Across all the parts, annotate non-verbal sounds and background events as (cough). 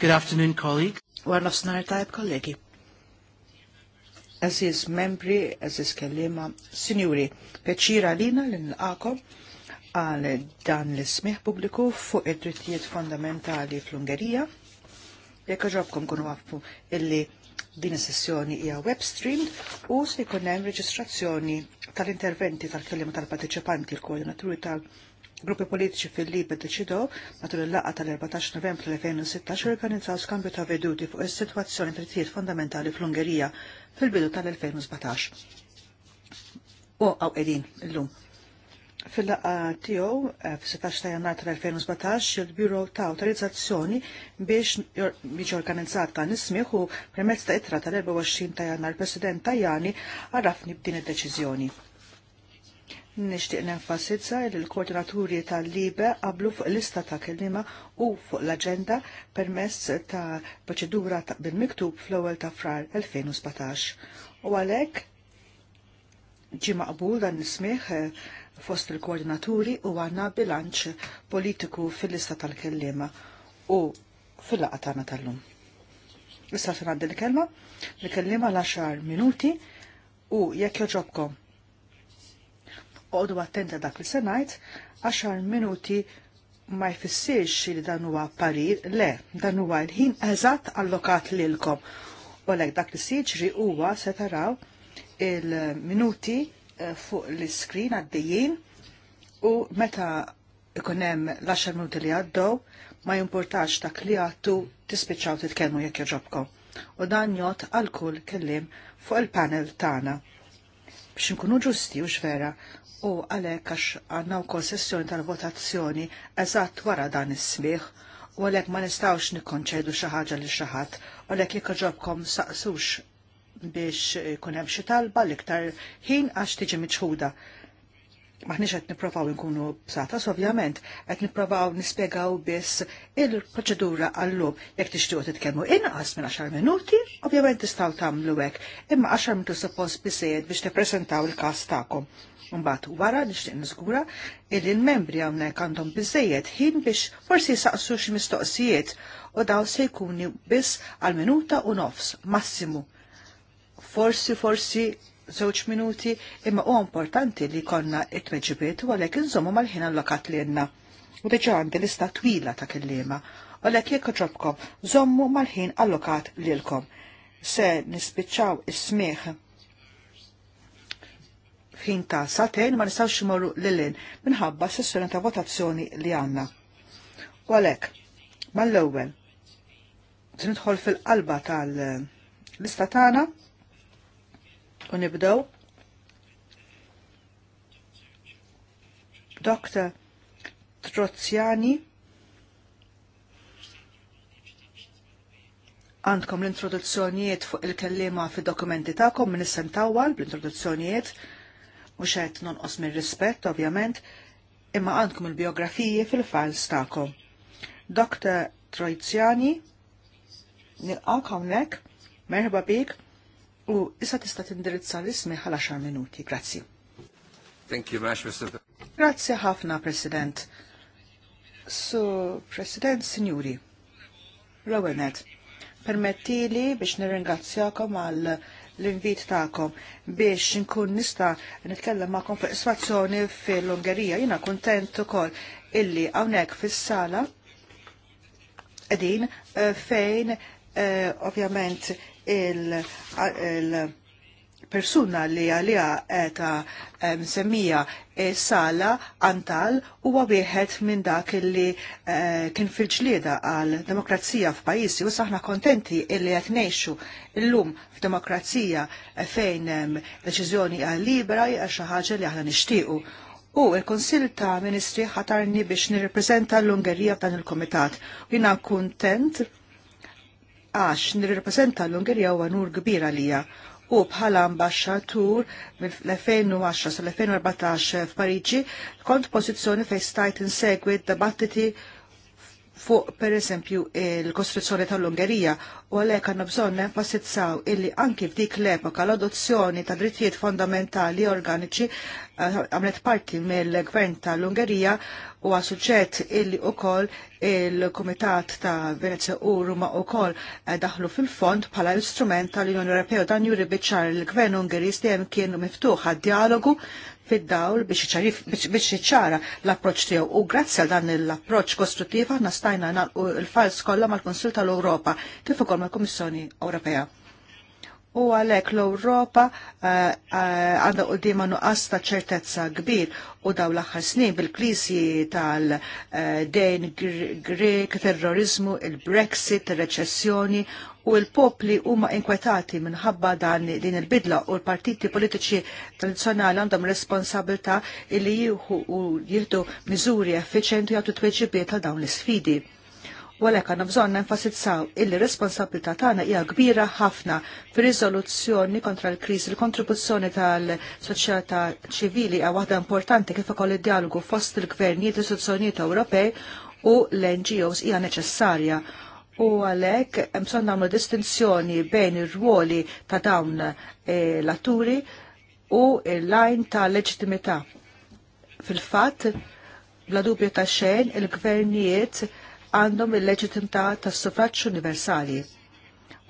Good afternoon, colleague. War nofsnar tajb, kollegi. Aziz membri, aziz kellima, sinjuri, peċira lina l-inqakom għal dan l-ismiħ publiku fuq id-drittijiet fondamentali fl-Ungerija. Jekk ġobkom kunu għafu illi din is-sessjoni hija web streamed u se jkun hemm reġistrazzjoni tal-interventi tal-kelliema tal-partiċipanti l-koordinaturi tal-, -interventi, tal kelliema tal parteċipanti l koordinaturi tal tal Gruppi politiċi fil-Libe deċidow matul il-laqqa tal-14 novembru 2016 organizzaw skambju ta' veduti fuq is-sitwazzjoni trittijiet fondamentali fl-Ungerija fil-bidu tal-2017. U għaw edin l-lum. Fil-laqqa tiegħu eh, f-16 ta' jannar tal-2017 il bureau ta' Autorizzazzjoni biex biex organizzat ta' nismiħ u permezz ta' itra tal-24 ta' jannar President Tajani għarrafni b'din id-deċiżjoni Nixtieq nenfasizza li l-koordinaturi tal-libe qablu fuq l-ista ta' kelliema u fuq l-aġenda permezz ta' proċedura ta' bil-miktub fl-ewwel ta' frar 2017. U għalhekk ġi maqbul dan nismih eh, fost il-koordinaturi u għanna bilanċ politiku fil-lista tal-kelliema u fil-laqa tagħna tal-lum. Issa se ngħaddi l-kelma, l-kellima l axar minuti u jekk joġobkom Odu attenta dak li se ngħid, minuti ma jfissirx li dan huwa parir, le, dan huwa l-ħin eżatt allokat lilkom. U lek dak li siġri huwa se taraw il-minuti eh, fuq l-iskrin għaddejjin u meta ikun hemm l-10 minuti li għaddew ma jimportax dak li għattu tispiċċaw titkellmu jekk jogħġobkom. U dan jgħod għal kull kellim fuq il-panel tagħna biex nkunu ġusti u xvera u għalhekk għax għandna wkoll sessjoni tal-votazzjoni eżatt wara dan is-smieħ u għalhekk ma nistgħux nikkonċedu xi ħaġa xaħat, xi ħadd u għalhekk li ġobkom saqsux biex kunem hemm xi talba l-iktar ħin għax tiġi miċħuda maħniċ għet niprofaw nkunu b'satas, ovvjament, għet niprofaw nispiegaw biss il-proċedura għallum. Jek tixtiju titkellmu inqas minn 10 minuti, ovvjament tistaw tamlu hekk, imma 10 minuti suppost bisejed biex tippreżentaw il-każ tagħkom. Mbagħad wara nixtieq niżgura illi l-membri hawnhekk għandhom biżejjed ħin biex forsi jsaqsu xi mistoqsijiet u daw se jkunu biss għal minuta u nofs massimu. Forsi forsi żewġ minuti imma huwa importanti li konna it-tweġibiet u għalhekk inżommu mal-ħin allokat li għandna. U diġà għandi lista twila ta' kelliema u għalhekk jekk ġobkom żommu mal-ħin allokat lilkom. Se nispiċċaw is-smieħ fin ta' satejn ma nistawx l lilin minħabba sessjoni ta' votazzjoni li għanna. U għalek, mal-ewwel, nidħol fil-qalba tal-lista tagħna u nibdew Dr. Trozziani għandkom l-introduzzjonijiet fuq il-kellima fi dokumenti ta'kom minn is sentawal bl-introduzzjonijiet mhux qed nonqos minn rispett ovvjament, imma għandkom il-biografiji fil-files takom. Dr. Trojzjani, nilqak hawnhekk, merħba bik, u issa tista' tindirizza l-ismi ħal 10 minuti. Grazzi. Thank you much, Mr. Grazzi ħafna, President. So, President, Signuri, l permettili biex nirringrazzjakom għal l-invit ta'kom biex nkun nista' nitkellem ma'kom fuq iswazzjoni fil-Ungerija. Jina kontent ukoll illi hawnhekk fis-sala qegħdin eh, fejn eh, ovvjament il persuna li għalija ta' eh, msemmija sala Antal huwa wieħed minn dak li eh, kien fil-ġlieda għal demokrazija f'pajjiżi u saħna kontenti illi qed ngħixu llum f'demokrazija fejn deċiżjoni għal libera hija xi ħaġa li aħna nixtiequ. U il-Konsil ta' Ministri ħatarni biex nirrepreżenta l-Ungerija f'dan il-Komitat. Jina kuntent għax nirrepreżenta l-Ungerija u għanur kbira lija u bħala ambasċatur mill-2010 sal-2014 f'Pariġi kont pożizzjoni fejn stajt insegwi d-dibattiti fuq per esempio il-kostruzzjoni tal-Ungerija u għalhekk għandna bżonn nenfasizzaw illi anki f'dik l-epoka l-adozzjoni ta' drittijiet fondamentali organiċi eh, għamlet parti mill-gvern tal-Ungerija u għasuġġett illi wkoll il-Kumitat ta' Venezia u Ruma wkoll eh, daħlu fil-fond bħala instrument tal-Unjoni Ewropea dan juri biċċar il-Gvern Ungeris dejjem kienu miftuħ għad-dialogu fid-dawl biex iċara l-approċ tiegħu u grazzi għal dan l-approċ kostruttiv aħna stajna nagħlqu l-files kollha mal-Konsil tal-Ewropa kif ukoll mal-Kummissjoni Ewropea. U għalhekk l-Ewropa eh, eh, għandha qudiema nuqqas ta' ċertezza kbir u daw l-aħħar snin bil-krisi tal-dejn eh, Grek, terrorizmu, il-Brexit, ir-reċessjoni u l-popli huma inkwetati minħabba dan din il-bidla u l-partiti politiċi tradizzjonali għandhom responsabilta li jieħu u jieħdu miżuri effiċenti għatu tweġibiet għal dawn l-sfidi. għalek għanna bżonna nenfasizzaw illi responsabilta tagħna hija kbira ħafna fir-riżoluzzjoni kontra l-kriżi, l-kontribuzzjoni tal-soċjetà ċivili hija waħda importanti kif ukoll id-dialogu fost il-gvernijiet l-istituzzjonijiet Ewropej u l-NGOs hija neċessarja U għalek, mson namlu distinzjoni bejn ir-ruoli ta' dawn eh, l-atturi u il-lajn ta' leġitimità. Fil-fat, bla dubju ta' xejn, il-gvernijiet għandhom il-leġitimità tas suffraċċ universali.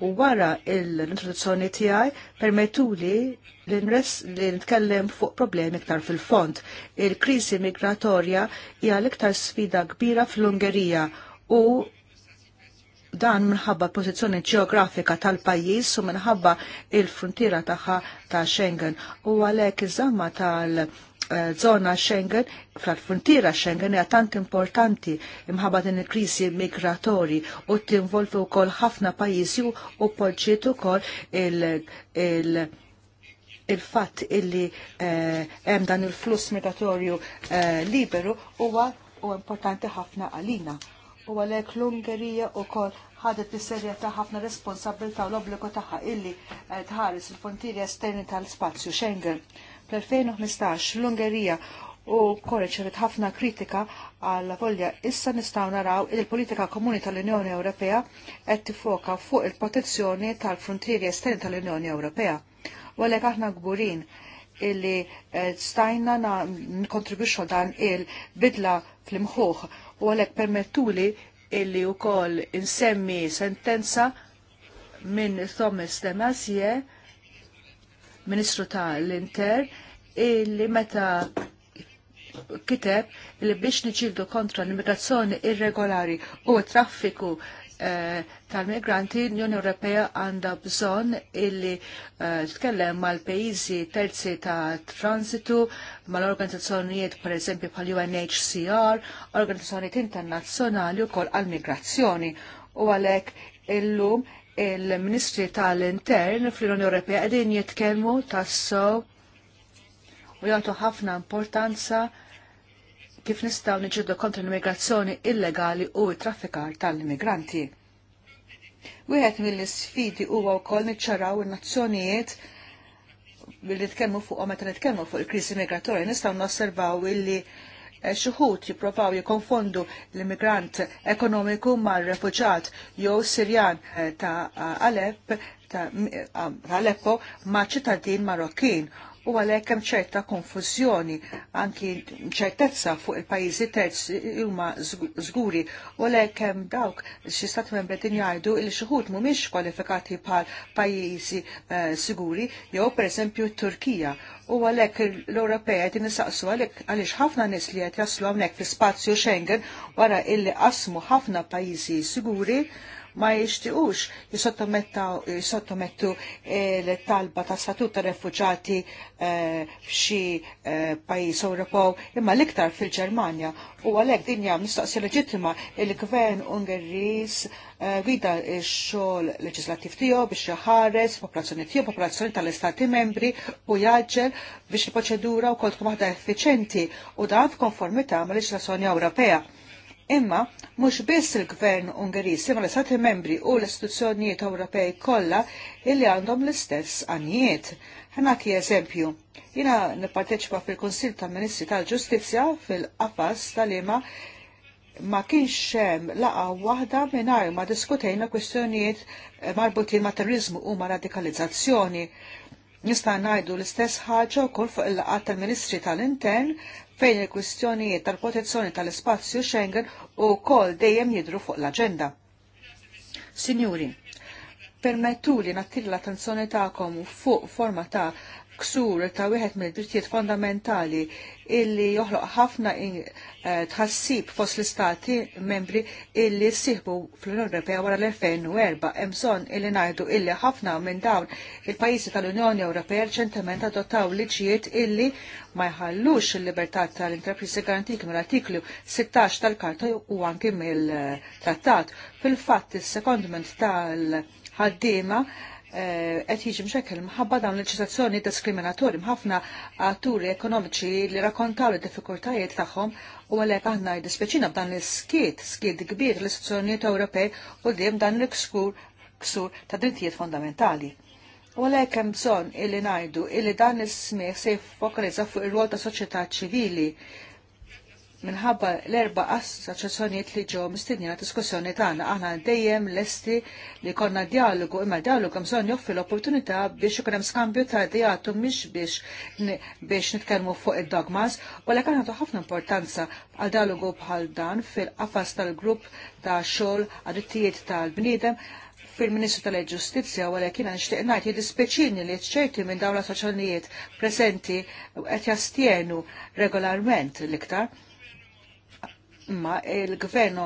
U wara l-introduzzjoni tiegħi permettuli li nitkellem fuq problemi iktar fil-fond. Il-krisi migratorja hija l-iktar sfida kbira fl-Ungerija u dan minħabba pożizzjoni ġeografika tal-pajjiż u minħabba il-frontiera tagħha ta' Schengen. U għalhekk iż-żamma tal-żona Schengen fl-frontiera Schengen hija tant importanti imħabba din il-krisi migratori u tinvolvi wkoll ħafna pajjiżi u poġġiet ukoll il-, il il-fatt illi eh, hemm dan il-fluss migratorju eh, liberu huwa u importanti ħafna għalina u għalhekk l-Ungerija wkoll ħadet t-serja ta' ħafna responsabilità u l-obbligo tagħha illi eh, tħares il-frontieri esterni tal-spazju Schengen. pl 2015 l-Ungerija u korreċeret ħafna kritika għal volja issa nistgħu naraw il-politika komuni tal-Unjoni Ewropea qed tifoka fuq il-protezzjoni tal-frontieri esterni tal-Unjoni Ewropea. U għalhekk aħna gburin illi eh, stajna na nkontribuxu dan il-bidla fl-imħuħ u għalek permettuli illi u koll insemmi sentenza minn Thomas de Masie, Ministru ta' l-Inter, illi meta kiteb li biex niċildu kontra l-immigrazzjoni irregolari u traffiku Eh, tal-migranti l-Unjoni Ewropea għandha bżonn illi eh, tkellem mal-pajjiżi terzi ta' transitu, mal-organizzazzjonijiet pereżempju bħal UNHCR, organizzazzjonijiet internazzjonali wkoll għall-migrazzjoni. U għalhekk illum il-Ministri tal-Intern fl-Unjoni Ewropea qegħdin jitkellmu tassew u jagħtu ħafna importanza kif nistgħu niġiddu kontra l-immigrazzjoni illegali u t-traffikar tal-immigranti. Wieħed mill-isfidi huwa wkoll niċċaraw in-nazzjonijiet billi tkellmu fuq meta nitkellmu fuq il-kriżi migratorja nistgħu nosservaw illi eh, xuħut jipprovaw jikkonfondu l-immigrant ekonomiku mal refuġat jew Sirjan eh, ta' Alep ta' eh, Aleppo ma' ċittadin Marokkin u għalhekk hemm ċerta konfużjoni anki ċertezza fuq il-pajjiżi terzi huma żguri u għalhekk hemm dawk xi stat membri din jgħidu li xi ħud mhumiex kwalifikati bħal pajjiżi siguri eh, jew pereżempju t-Turkija u għalhekk l-Ewropea qed nisaqsu għalhekk għaliex ħafna nies li qed jaslu hawnhekk fi spazju Schengen wara illi qasmu ħafna pajjiżi siguri ma jishtiqux jisottomettu eh, l-talba ta' statut ta' refuġati eh, f'xi eh, pajjiż Ewropew imma l-iktar fil-Ġermanja u għalhekk din hija mistoqsija leġittima il-Gvern Ungerriż vida x-xogħol leġislattiv tiegħu biex jaħares popolazzjoni tiegħu, popolazzjoni tal-Istati membri u jaġġel biex il-proċedura wkoll tkun waħda effiċenti u dan f'konformità mal-leġislazzjoni Ewropea Imma mhux biss il-Gvern Ungeris imma l-Istati Membri u l-istituzzjonijiet Ewropej kollha illi għandhom l-istess għanijiet. Ħanati eżempju, jina nipparteċipa fil-Konsil ta' Ministri tal-Ġustizzja fil-qafas tal-ima ma kienx hemm laqa waħda mingħajr ma diskutejna kwestjonijiet marbutin ma' terrorizmu u ma' radikalizzazzjoni. Nista' ngħidu l-istess ħaġa wkoll fuq il-laqgħat tal-Ministri tal-Intern fejn il-kwistjonijiet tal-protezzjoni tal-ispazju Schengen u wkoll dejjem jidru fuq l-aġenda. Signuri, permettu li nattiri l-attenzjoni tagħkom fuq forma ta' ksur ta' wieħed mill drittijiet fondamentali illi joħloq ħafna eh, tħassib fost l-istati membri illi siħbu fl-Unjoni Ewropea wara l-2004 hemm bżonn illi ngħidu illi ħafna minn dawn il-pajjiżi tal-Unjoni Ewropea reċentement adottaw liġijiet illi ma jħallux il-libertà tal-intrapriżi garantiti mill-artiklu 16 tal-Karta u anki mill-Trattat. Fil-fatt, il-secondment tal-ħaddiema Eh, qed jiġi mxekkel mħabba dawn l ċitazzjoni diskriminatorji mħafna atturi ekonomiċi li rakkontaw id-diffikultajiet tagħhom u għalhekk aħna jdispeċina b'dan l-skiet, skiet kbir l-istituzzjonijiet Ewropej u dejjem dan l-ksur ksur ta' drittijiet fondamentali. U għalhekk hemm bżonn illi ngħidu illi dan is-smieħ se jiffokalizza fuq ir-rwol ta' soċjetà ċivili minħabba l-erba assoċazzjonijiet li ġew għad diskussjoni tagħna aħna dejjem lesti li konna dialogu imma dialogu bżonn joffri l-opportunità biex ikun hemm skambju ta' ideatu mhix biex biex nitkellmu fuq id-dogmas, u lek aħna ħafna importanza għal dialogu bħal dan fil-qafas tal-grupp ta' xogħol għadittijiet tal-bniedem fil-Ministru tal-Ġustizzja u għalek jina nishtiq najt jidispeċini li ċerti minn dawn l-assoċjonijiet presenti qed jastjenu regolarment l-iktar imma il-gvern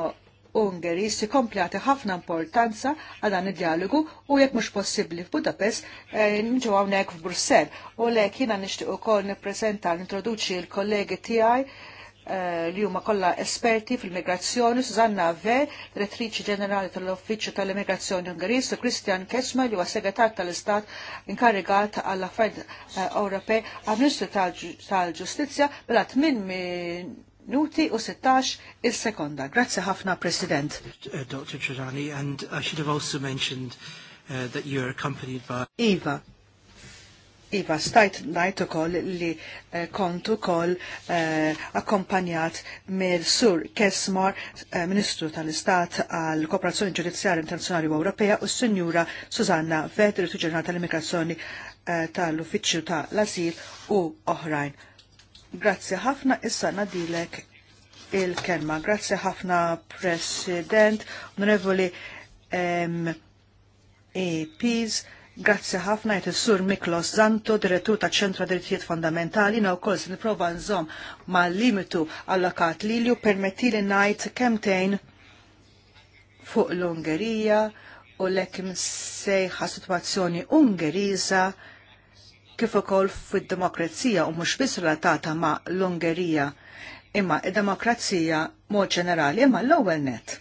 Ungeri si komplati ħafna importanza għal dan id-dialogu u jekk mhux possibbli f'Budapest eh, nġu hawnhekk f'Brussell. U lek jiena nixtieq ukoll nippreżenta nintroduċi l-kollegi tiegħi eh, li huma kollha esperti fil-migrazzjoni, Susanna Ve, direttriċi ġenerali tal-Uffiċċju tal-Immigrazzjoni Ungeris, u Christian Kesma li huwa segretar tal-Istat inkarigat għall affarijiet eh, Ewropej għal-Ministru tal-Ġustizzja bla tmien Nuti u 16 il-sekonda. Grazie ħafna, President. Uh, Dr. Trudani, and I should have also mentioned uh, that you're accompanied by... Iva, Iva, stajt najt u koll li eh, uh, kontu koll eh, uh, akkompanjat mill sur Kesmar, eh, Ministru tal-Istat għal Kooperazzjoni Ġudizzjarja Internazzjonali u Ewropea, u s-Sinjura Susanna Vedri, Ġenerali tal-Immigrazzjoni eh, tal-Uffiċċju tal-Azil u oħrajn. Grazzi ħafna issa nadilek il-kelma. Grazzi ħafna President, Onorevoli EPs, e grazzi ħafna jt sur Miklos Zanto, direttur ta' ċentra drittijiet fundamentali, na' u kol se niprofa nżom ma' limitu allokat li li permetti li najt kemtejn fuq l-Ungerija u l-ekim sejħa situazzjoni Ungeriza kif ukoll fid-demokrazija u mhux biss relatata ma' l-Ungerija imma id-demokrazija mod ġenerali imma l-ewwel net.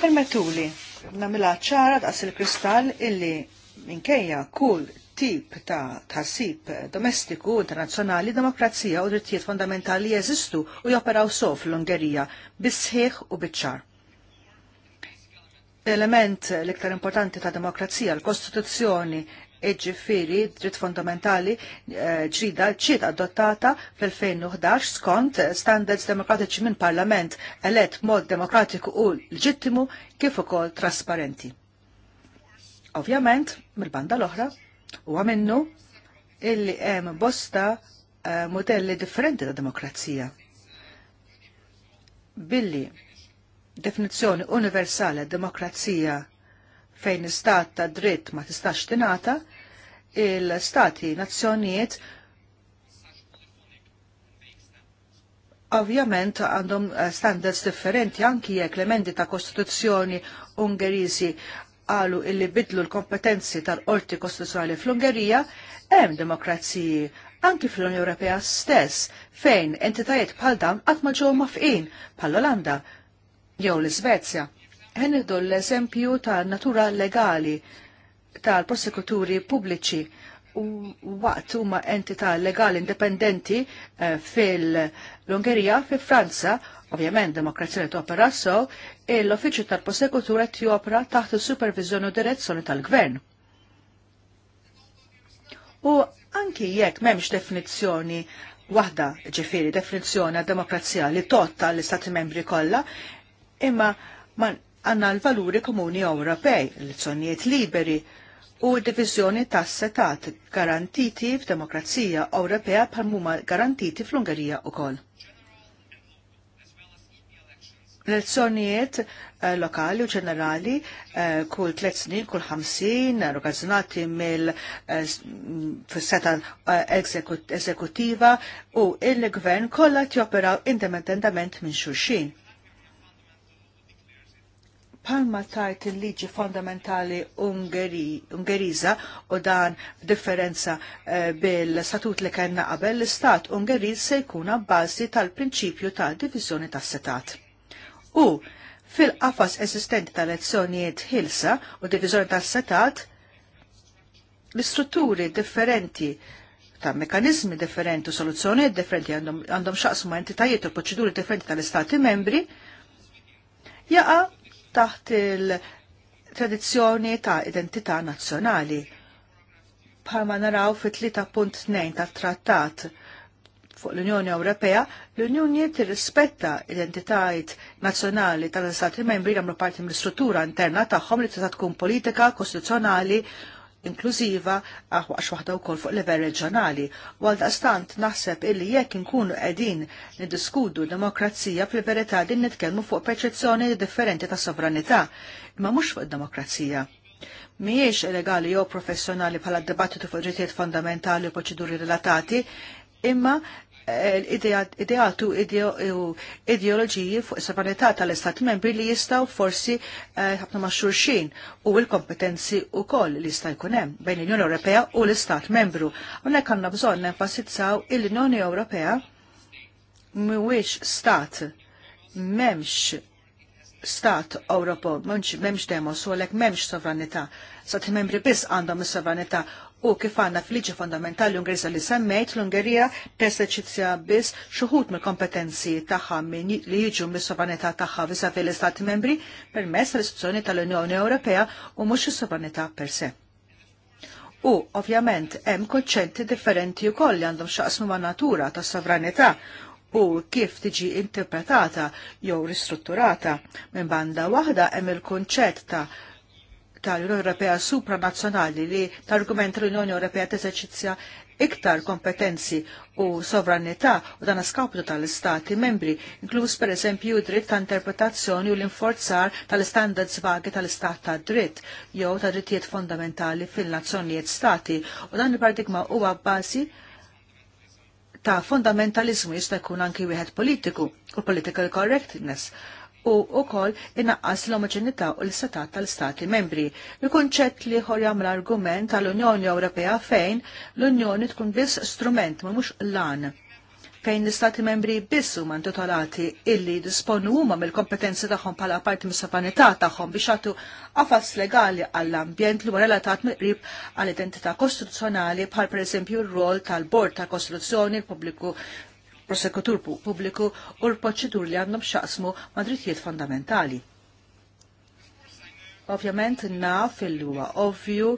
Permetuli nagħmilha ċara daqs il-kristall illi minkejja kull tip ta' tasib domestiku internazzjonali demokrazija u drittijiet fondamentali jeżistu u joperaw sof l-Ungerija bisħiħ u biċċar. Element l-iktar importanti ta' demokrazija, l-Kostituzzjoni, eġifiri dritt fundamentali eh, ġrida ċiet adottata fl-2011 skont standards demokratiċi minn parlament elett mod demokratiku u leġittimu kif ukoll trasparenti. Ovvjament, mill-banda l-oħra, huwa minnu illi hemm bosta eh, modelli differenti ta' demokrazija. Billi definizzjoni universali demokrazija fejn istat ta' dritt ma tistax tingħata, il-stati nazzjonijiet ovvjament għandhom eh, standards differenti anki jekk l-emendi ta' kostituzzjoni Ungerisi għalu illi bidlu l-kompetenzi tal-qorti kostituzzjonali fl-Ungerija, hemm demokrazija anki fl-Unjoni Ewropea stess fejn entitajiet bħal dan qatt ma ġew mafqin bħall-Olanda jew l-Iżvezja. Ħenidu l-eżempju ta' natura legali tal-prosekuturi pubbliċi u waqt huma entità legali indipendenti eh, fil-Ungerija, fi Franza, ovvjament demokrazija topera so, l-Offiċċju tal-Prosekutura tiopra taħt is-supervizjoni u direzzjoni tal-Gvern. U anki jekk m'hemmx definizzjoni waħda ġifieri definizzjoni għad demokrazija li totta l istati membri kollha, imma man għanna l-valuri komuni Ewropej, l-zonijiet liberi u d-divizjoni tas setat garantiti f'demokrazija Ewropea bħal muma garantiti fl-Ungerija ukoll. L-elezzjonijiet eh, lokali u ġenerali eh, kull tliet snin, kull ħamsin, organizzati mill eh, seta eżekutiva u il-gvern kollha joperaw indipendentament minn xulxin palma tajt il-liġi fondamentali Ungeriża u dan differenza eh, bil-statut li kellna qabel l-istat Ungeriz se jkun abbażi tal-prinċipju tal divizjoni tas-setat. U fil-qafas eżistenti tal-elezzjonijiet ħilsa u divizjoni tas-setat l-istrutturi differenti ta' mekanizmi differenti u soluzzjonijiet differenti għandhom xaqsma entitajiet u proċeduri differenti tal-istati membri jaqa' taħt il-tradizzjoni ta' identità nazzjonali. Bħalma naraw fit-3.2 tat-trattat fuq l-Unjoni Ewropea, l-Unjoni tirrispetta identitajt nazzjonali tal-Stati membri jagħmlu parti mill-struttura interna tagħhom li tista' tkun politika, kostituzzjonali inklużiva ah, għax waħda wkoll fuq livell reġjonali. U għal daqstant naħseb illi jekk inkunu qegħdin niddiskudu demokrazija fil-verità din nitkellmu fuq perċezzjoni differenti ta' sovranità, imma mhux fuq id-demokrazija. Mhijiex legali jew professjonali bħala dibattitu fuq ġitiet fondamentali u proċeduri relatati, imma l-ideatu ideoloġiji fuq sovranità tal-Istat membri li jistaw forsi eh, ħabna ma' xurxin u l-kompetenzi u koll li jista' jkun hemm bejn l-Unjoni Ewropea u l-Istat membru. Unek għandna bżonn nenfasizzaw il-Unjoni Ewropea mhuwiex stat m'hemmx stat Ewropew, m'hemmx demos u għalhekk m'hemmx sovranità. Stati membri biss għandhom is-sovranità u kif għandna fliġi liġi fondamentali Ungerija li semmejt l-Ungerija teseċizzja biss xuħut mill-kompetenzi tagħha li jiġu mis-sovranità tagħha visa fil istati membri permess l-istituzzjoni tal-Unjoni Ewropea u mhux is-sovranità per se. U ovvjament hemm konċetti differenti wkoll li għandhom x'aqsmu ma' natura tas sovranità u kif tiġi interpretata jew ristrutturata. Minn banda waħda hemm il-kunċett ta' tal-Unjoni Ewropea supranazzjonali li tal-argument l-Unjoni Ewropea teżerċizzja iktar kompetenzi u sovranità u dan skapitu tal-istati membri, inkluż per eżempju dritt ta' interpretazzjoni u l-inforzar tal-standards vagi tal-istat ta' dritt, jew ta' drittijiet fondamentali fil-nazzjonijiet stati, u dan il-paradigma huwa bbażi ta' fondamentalizmu jista' jkun anki wieħed politiku u political correctness u wkoll inaqqas l omoġenita u l-istatat tal-Stati membri. Il-kunċett li ħor l argument tal-Unjoni Ewropea fejn l-Unjoni tkun biss strument ma mhux lan fejn l-Istati membri biss huma intitolati illi disponu huma mill-kompetenzi tagħhom bħala parti mis-sovranità tagħhom biex jagħtu qafas legali għall-ambjent li huwa relatat miqrib għall-identità kostituzzjonali bħal pereżempju r-rol tal-Bord ta' kostruzzjoni l-Pubbliku prosekutur pubbliku u l-proċedur li għandhom xaqsmu ma' drittijiet fondamentali. Ovvjament naf il huwa ovvju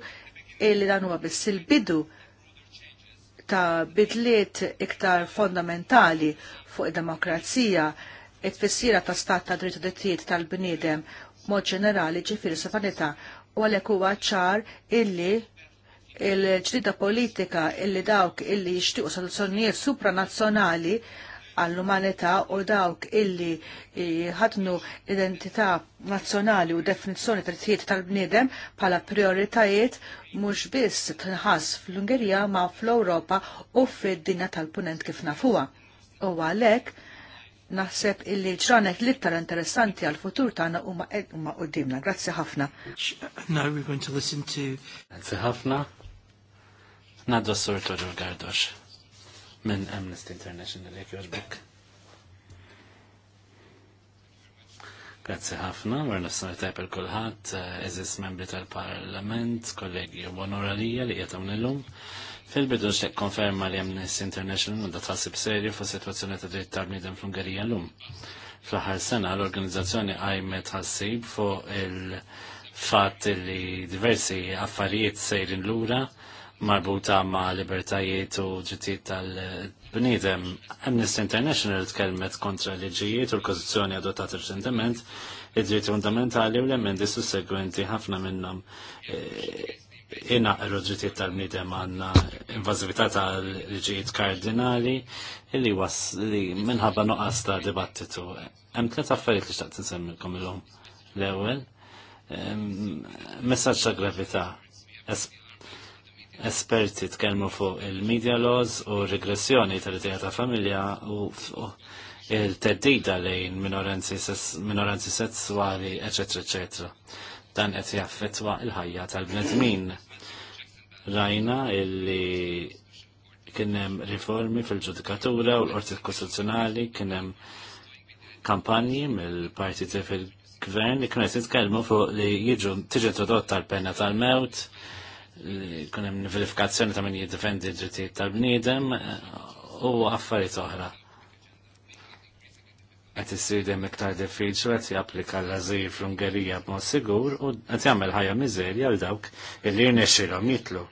illi dan huwa biss il-bidu ta' bidliet iktar fondamentali fuq id-demokrazija, it-fissira ta' stat ta' dritt drittijiet tal-bniedem, mod ġenerali ġifiri sofanita u għalhekk huwa ċar illi il-ġdida politika illi dawk illi jixtiqu soluzzjonijiet supranazzjonali għall-umanità u dawk illi ħadnu identità nazzjonali u definizzjoni trittijiet tal-bniedem bħala prioritajiet mhux biss tinħass fl-Ungerija ma fl-Ewropa u fid-dinja tal-punent kif nafuha. U għalhekk naħseb illi ġranet l-ittar interessanti għal futur tagħna huma huma qudiemna. Grazzi ħafna. Now we're going to listen to Grazzi ħafna. Naddu s-surtu ġur Gardox minn Amnesty International jek joġbuk. Grazzi ħafna, għarna s-sartajp il-kulħat, eh, eżis membri tal-parlament, kollegi u onoralija li jgħetam l-lum. Fil-bidu xek konferma li Amnesty International da tħassib serju fu situazzjoni ta' dritt tal-bnidem fl ungarija l-lum. Fl-ħar sena l-organizzazzjoni għajmet ħassib fu il-fat li diversi affarijiet sejrin l-ura marbuta ma' libertajiet u ġittijiet tal-bnidem. Amnesty International tkellmet kontra liġijiet u l kozizjoni adottat reċentement id-dritti fundamentali u l-emendi sussegwenti ħafna minnhom eh, r ġittijiet tal-bnidem għanna invażività tal-liġijiet kardinali illi was li minħabba noqas ta' dibattitu. Hemm tliet affarijiet li xtaqt insemmilkom illum. L-ewwel, messaġġ ta' gravità Esperti tkellmu fuq il-media laws u regressjoni tal-idea ta' familja u il-teddida lejn minoranzi sessuali, ecc. ecc. Dan qed jaffettwa il-ħajja tal-bnedmin. Rajna illi kienem riformi fil-ġudikatura u l-qorti kostituzzjonali kienem kampanji mill-partiti fil-gvern li kienet jitkellmu fuq li jiġu tiġi introdotta l-pena tal-mewt kun verifikazzjoni ta' min jiddefendi d tal-bniedem u affarijiet oħra. Qed issir dejjem iktar diffiċli qed japplika l-ażil fl-Ungerija b'mod sigur u qed jagħmel ħajja miżerja għal dawk illi jnexilom jitlu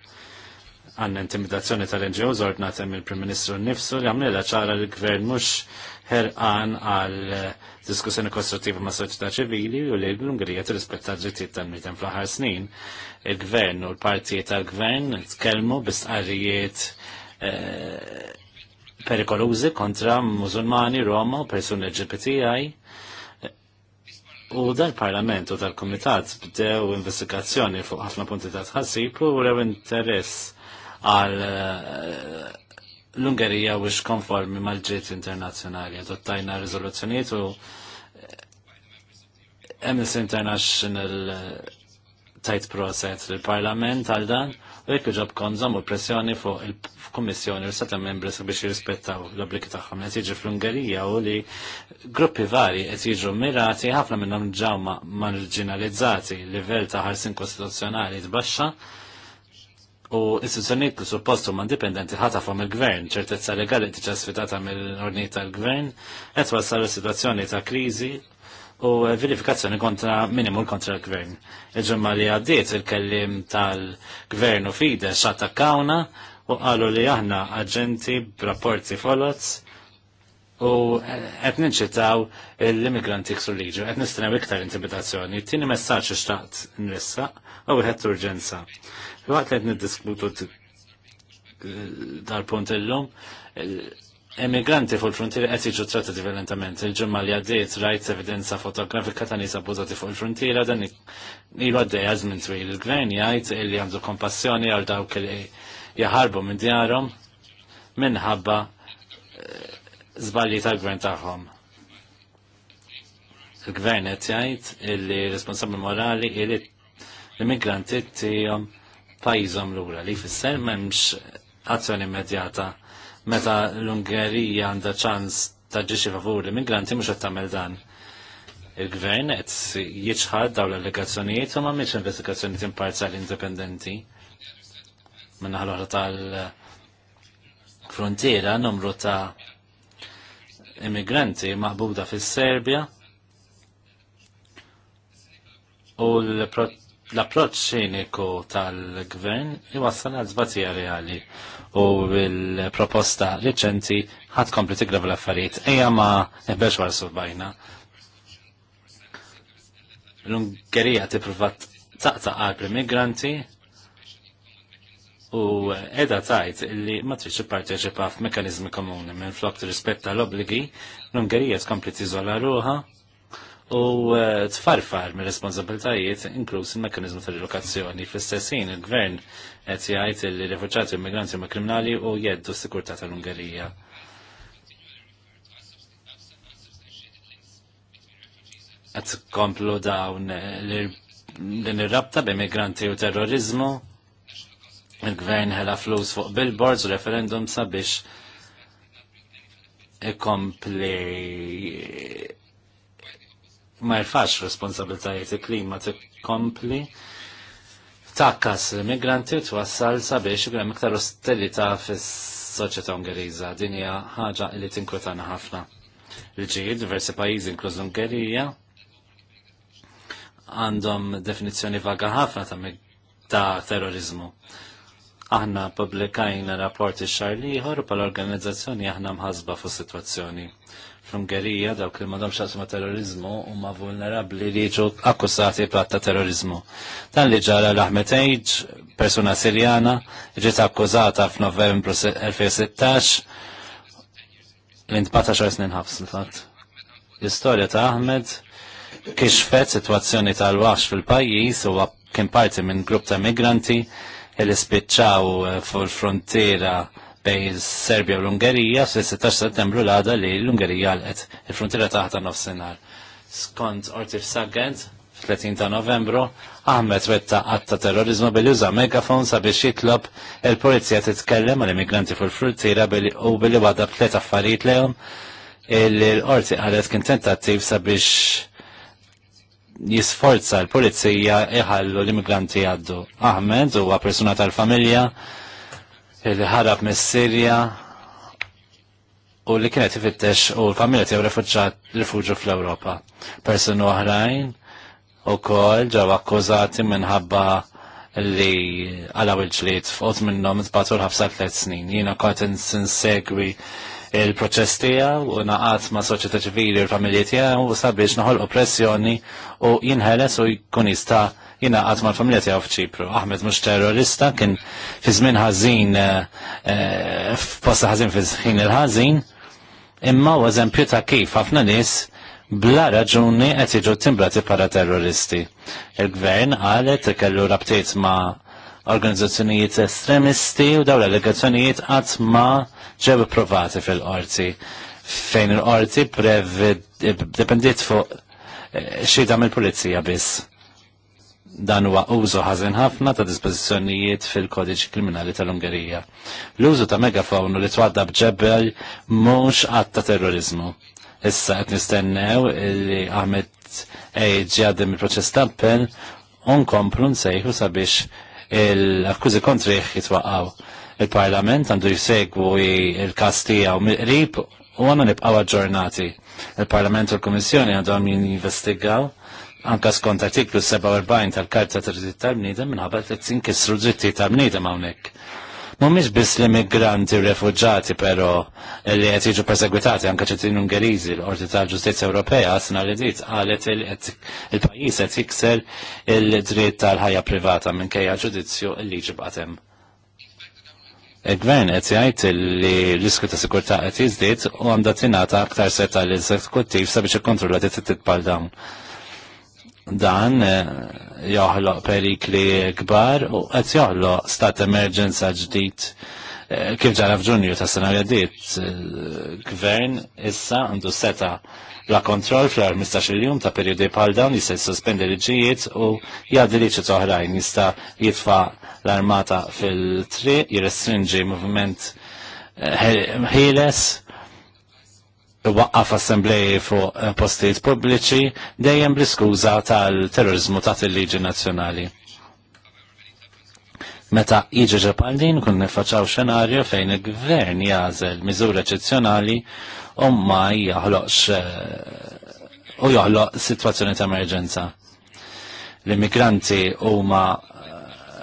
għanna intimidazzjoni tal-NGOs ordna tem il-Prim Ministru nifsu li għamnila ċara l gvern mux herqan għal diskussjoni kostruttiva ma' soċjetà ċivili u li l-Ungerija tirrispetta drittijiet tal-mitem fl-aħħar snin. Il-gvern u l-partijiet tal-gvern tkellmu bistqarrijiet eh, perikolużi kontra mużulmani, Roma u persuni LGBTI. U dal-parlament u dal-komitat bdew investigazzjoni fuq ħafna punti ta' tħassib u rew interess għal eh, l-Ungerija biex konformi mal-ġiet internazzjonali. Adottajna rizoluzzjoniet u eh, Amnesty International eh, tajt process l-Parlament għal dan u jekk ġab konżom u pressjoni fuq il-Kommissjoni s sata membri biex jirrispettaw l-obbligi tagħhom qed jiġi fl-Ungerija u li gruppi vari qed jiġu mirati ħafna minnhom ġaw marginalizzati livell ta' ħarsin kostituzzjonali tbaxxa u istituzzjonijiet li suppostu ma' indipendenti ħatafhom il-gvern, ċertezza legali tiġa sfidata mill ordni tal-gvern, qed wassal situazzjoni ta' kriżi u verifikazzjoni kontra minimum kontra l-gvern. Il-ġemma li għaddiet il-kellim tal-gvern u fide kawna u qalu li aħna aġenti b'rapporti folots u qed ninċitaw l-immigranti ksu liġu, qed nistenew iktar intimidazzjoni. Tieni messaġġ xtaqt nressa u wieħed urġenza. Waqt qed niddiskutu dal-punt illum, emigranti fuq il-frontiera qed jiġu trattati violentament. Il-ġimgħa li għaddiet rajt evidenza fotografika ta' nies abbużati fuq il-frontiera dan ilu għaddej żmien twil. Il-gvern jgħid li għandu kompassjoni għal dawk li jaħarbu minn djarhom minħabba eh, żbalji tal-gvern tagħhom. Il-gvern qed jgħid li responsabbli morali li l-immigranti tihom pajjiżhom lura li fisser m'hemmx azzjoni immedjata meta l-Ungerija għandha ċans taġġixi favur l-immigranti mhux qed tagħmel dan. Il-gvern qed jiġħad dawn l-allegazzjonijiet u m'għamilx investigazzjoniet imparzjali indipendenti. Minna ħalora tal-frontiera numru ta' immigranti maqbuda fis-Serbja u l-prot l-approċ ċiniku tal-gvern iwassal l-żbatija reali u l-proposta reċenti ħat kompli tigrab l-affarijiet. Eja ma ebbex warsu bajna. L-Ungerija tipruvat taqta qalb migranti immigranti u edha tajt li ma tridx parteċipa f'mekanizmi komuni minn flok rispetta l-obligi l-Ungerija tkompli tiżola ruħa u eh, tfarfar mir responsabiltajiet inkluż il-mekkanizmu tal-relokazzjoni. Fl-istessin, il-gvern qed jgħid li rifuġġati immigranti ma' kriminali u jeddu s-sikurtà tal-Ungerija. Qed komplu dawn din ir-rabta b'immigranti u terrorizmu. Il-gvern ħela flus fuq billboards u referendum sabiex ikompli ma jfax responsabiltajiet il-klima t-kompli. takkas l-immigranti twassal sabiex ikun hemm iktar austerità fis-soċjetà Ungeriża. Din hija ħaġa li tinkwetana ħafna. Il-ġid, diversi pajjiżi inkluż Ungerija, għandhom definizzjoni vaga ħafna ta' ta' terrorizmu. Aħna publikajna rapporti xarliħor u pal organizzazzjoni aħna mħazba fu situazzjoni fl-Ungerija dawk li m'għandhomx ma terrorizmu huma vulnerabbli li jiġu akkusati platta terrorizmu. Dan li ġara l-Ahmed Age, persuna Sirjana, ġiet akkużata f'Novembru 2016 l-intbata xar snin ħabs l-fatt. L-istorja ta' Ahmed kixfet situazzjoni tal wax fil-pajjiż u kien parti minn grupp ta' migranti li spiċċaw eh, fuq il-frontiera bejn Serbia u l-Ungerija fl 16 settembru l-għada li l-Ungerija għalqet il-frontiera taħta nofsinhar. Skont Ortif Sagent, 30 ta' novembru, Ahmed wetta għatta terrorizmu billi uża megafon sabiex jitlob il-polizija titkellem għal immigranti fuq il-frontiera u billi wada tliet affarijiet lehom il-qorti għalet kien tentattiv sabiex jisforza l-polizija iħallu l-immigranti għaddu. Ahmed huwa persuna tal-familja li ħarab mis sirja u li kienet ifittex u l-familja tiegħu refuġġat rifuġu fl-Ewropa. Persuni oħrajn ukoll ġew akkużati minħabba li għalaw il-ġlied f'qod minnhom tbatu l-ħabsa tliet snin. Jiena kont insegwi il-proċess tiegħu u naqat ma' soċjetà ċivili u l-familji tiegħu sabiex noħolqu pressjoni u jinħeles u jkun jista' jina għazma l-familja tijaw fċipru. Ahmed mux terrorista, kien fi żmien ħażin, eh, eh, f'posta ħażin fi żħin il ħazin imma u eżempju ta' kif ħafna nies bla raġuni qed jiġu timbrati para terroristi. Il-gvern qalet kellu rabtiet ma' organizzazzjonijiet estremisti u dawn l-allegazzjonijiet qatt ma ġew provati fil-qorti fejn il-qorti prev dependiet fuq eh, xi mill-pulizija biss dan huwa użu ħażin ħafna ta' dispożizzjonijiet fil-kodiċ kriminali tal-Ungerija. L-użu ta' megafonu li twadda b'ġebel mhux qatt ta' terrorizmu. Issa qed nistennew li Ahmed Ejġi għaddim il-proċess tampel unkomplu nsejħu sabiex l-akkużi kontriħ jitwaqgħu. Il-Parlament għandu jsegwu il tiegħu mill miqrib u għandna nibqgħu aġġornati. Il-Parlament u l-Komissjoni għandhom jinvestigaw anka skont artiklu 47 tal-Karta ta' Drittijiet tal-Bniedem minħabba li tinkissru drittijiet tal-bniedem hawnhekk. Mhumiex biss l-immigranti u però li qed jiġu perseguitati anke ċittadini Ungeriżi l-Qorti tal-Ġustizzja Ewropea sna li dit qalet il-pajjiż qed jikser il-dritt tal-ħajja privata minkejja ġudizzju li ġibqat hemm. Il-gvern qed jgħid li l-risku ta' sikurtà qed jiżdied u għandha tingħata aktar seta' l-eżekuttiv sabiex ikkontrolla titit dawn. Dan eh, joħloq perikli kbar u qed joħloq stat emerġenza ġdid eh, kif ġara f'Ġunju ta' sena għadiet eh, gvern issa għandu seta la kontrol fl-15 jum ta' periodi bħal dawn jista' jissospendi liġijiet u jgħaddi liċi oħrajn jista' jitfa' l-armata fil-triq jirrestringi moviment ħieles waqqaf assembleji fuq eh, postijiet pubbliċi dejjem bl-iskuża tal-terrorizmu ta' il-liġi nazzjonali. Meta jiġi ġepaldin kun nifaċaw xenarju fejn il-gvern jazel miżur eċezzjonali u ma jaħloqx eh, u joħloq situazzjoni ta' emerġenza. L-immigranti huma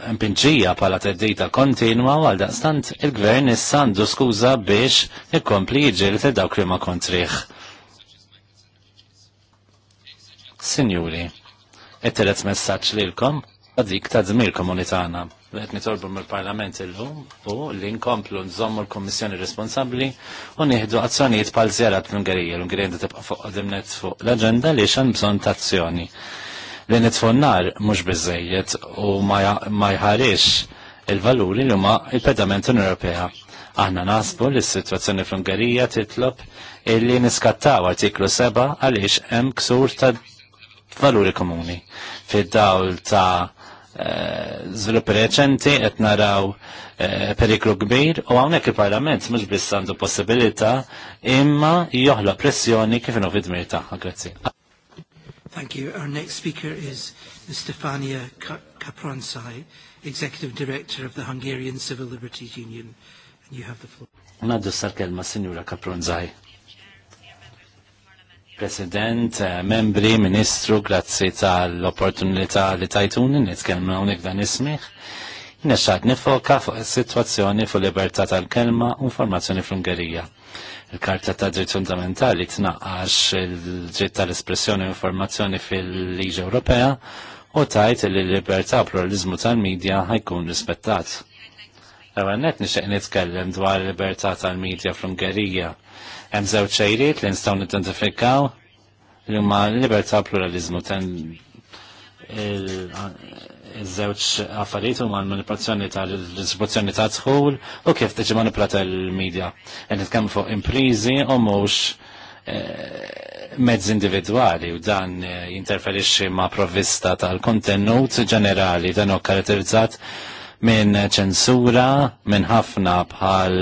impinġija pala teddita kontinwa għal daqstant il-gvern issa għandu skuża biex ikkompli jġil te dawk li ma kontriħ. Sinjuri, it-telet messaċ l-kom, għadik ta' dmir komunitana. Għetni nitolbu mill-parlament il-lum u li nkomplu nżommu l-kommissjoni responsabli u nieħdu azzjonijiet pal zjarat fl-Ungerija. L-Ungerija tibqa' fuq dimnet fuq l-agenda li xan bżon ta' azzjoni li nitfu nar mux bizzejiet u ma jħarix il-valuri li huma il-pedament Ewropea. Aħna nasbu li s-situazzjoni fl-Ungerija titlob illi niskattaw artiklu 7 għaliex hemm ksur ta' valuri komuni. Fid-dawl ta' eh, żviluppi reċenti qed naraw eh, periklu kbir u hawnhekk il-Parlament mhux biss għandu possibilità imma joħla pressjoni kif inhu fid-dmir Grazzi. Thank you. Our next speaker is Stefania Kapronsai, Executive Director of the Hungarian Civil Liberties Union. And you have the floor. Naddu sal-kelma, Signora Kapronsai. President, eh, membri, ministru, grazzi tal-opportunità li tajtuni, nitkelma unik dan ismiħ. Nexxat nifoka fuq il-situazzjoni fuq libertà tal-kelma u informazzjoni fl-Ungerija il-Karta ta' Dritt Fundamentali tnaqqax il-dritt tal-espressjoni u informazzjoni fil-Liġi Ewropea u tajt li l-libertà u pluralizmu tal-medja ħajkun rispettat. net nixtieq nitkellem dwar l-libertà tal-medja fl-Ungerija. Hemm żewġ xejriet li nistgħu nidentifikaw li huma l-libertà pluralizmu tal iż-żewġ affarijiet huma l-manipolazzjoni tal-distribuzzjoni ta' dħul u kif tiġi manipulata l-medja. Qed nitkellmu fuq imprizi u mhux eh, mezz individwali u dan eh, jinterferixxi ma' provvista tal-kontenut ġenerali dan hu karatterizzat minn ċensura minn ħafna bħal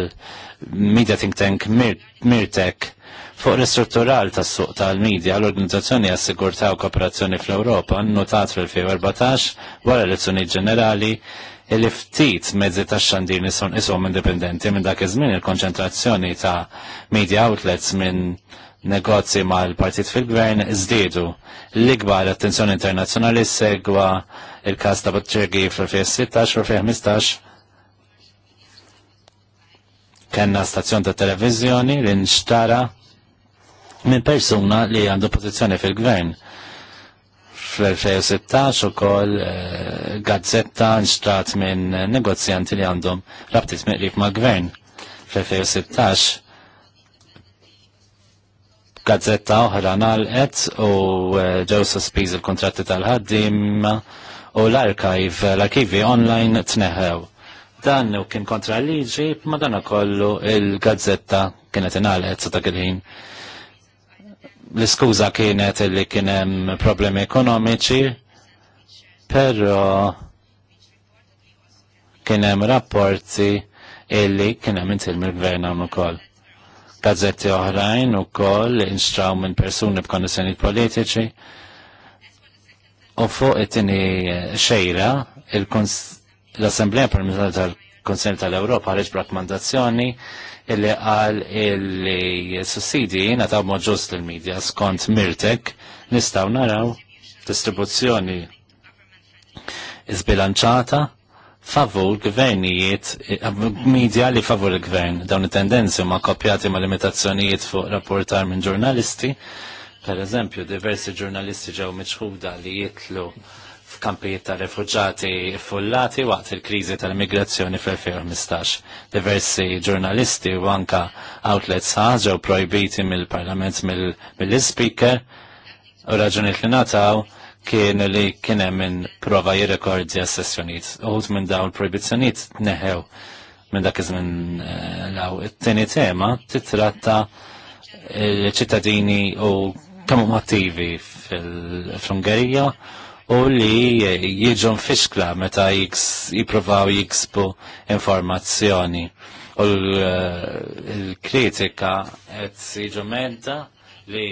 media think tank Mirtek Fuq l-istruttural tas suq tal-medja l-Organizzazzjoni għas-Sigurtà u Kooperazzjoni fl-Ewropa nnotat fil-2014 wara l-elezzjoni ġenerali li ftit mezzi ta' xandir nisun isom indipendenti minn dak iż-żmien il-konċentrazzjoni ta' media outlets minn negozji mal-partit fil-gvern żdiedu. L-ikbar attenzjoni internazzjonali segwa il-każ ta' Butchergi fl-2016 u fl-2015 kenna stazzjon ta' televizjoni li nxtara minn persuna li għandu pozizjoni fil-gvern. Fl-2016 u koll eh, gazzetta nxtrat minn negozjanti li għandhom rabtit meqrif ma' gvern. Fl-2016 gazzetta oħra nalqet u eh, ġew sospiż il-kontratti tal-ħaddim u l arkajv l-arkivi online tneħew. Dan u kien kontra liġi, ma dan kollu il-gazzetta kienet inqalqet sa dak il-ħin l-iskuża kienet li kien hemm problemi ekonomiċi, però kien hemm rapporti illi kien hemm intil mill-gvern hawn ukoll. Gazzetti oħrajn ukoll inxtraw minn persuni b'kondizzjonijiet politiċi. U fuq it tini xejra l-Assemblea Permanente tal konsil tal-Ewropa ħareġ brakmandazzjoni illi qal illi s-sidi nataw mod ġust lill-medja skont Mirtek nistgħu naraw distribuzzjoni izbilanċata favur gvernijiet, media li favur il-gvern, dawn it-tendenzi ma kopjati ma limitazzjonijiet fuq rapportar minn ġurnalisti, per eżempju, diversi ġurnalisti ġew miċħuda li jitlu f'kampijiet ta' refugġati fullati waqt il-kriżi tal-immigrazzjoni fl-2015. Diversi ġurnalisti u anka outlets ħaġew projbiti mill-Parlament mill-Speaker u raġuniet li nataw kienu li kien hemm min prova jirrekordja sessjoniet. Uħud minn dawn il projbizjoniet neħew minn dak iż-żmien eh, law. It-tieni tema titratta l-ċittadini eh, u kemm motivi fl-Ungerija u li jiġu fiskla meta jiprofaw jiksbu informazzjoni. U eh, l-kritika qed jiġu li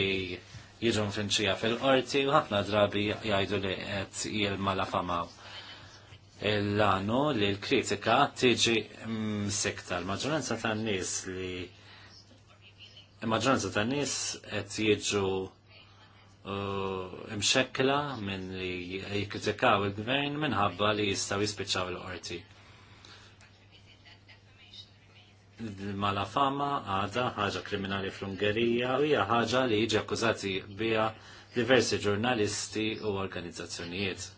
jiġu finċija fil-qorti u ħafna drabi jgħidu li qed jilma la famaw l-għanu li l-kritika tiġi msekta. L-maġġoranza tan-nies li l maġġoranza tan-nies qed jiġu imxekla minn li jikritikaw il-gvern minħabba li jistaw jispiċċaw l-qorti. Mala fama għada ħaġa kriminali fl-Ungerija u hija ħaġa li jiġi akkużati biha diversi ġurnalisti u organizzazzjonijiet.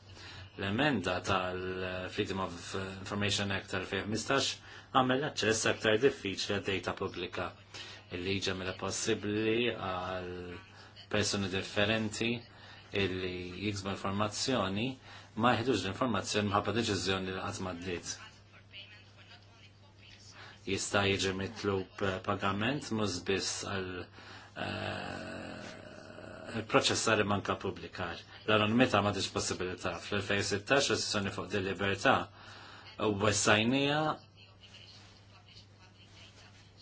L-emenda tal-Freedom of Information Act tal-2015 għamel aċċess aktar diffiċli għad-data pubblika. Il-liġa mela possibbli għal persuni differenti illi jiksbu informazzjoni ma jħidux l-informazzjoni mħabba deċizjoni li għazma d-ditt. Jista' jieġi mitlub eh, pagament mużbis għal eh, il-proċessari manka publikar. l meta ma diġ possibilita. Fl-2016 s sessjoni fuq di libertà u wessajnija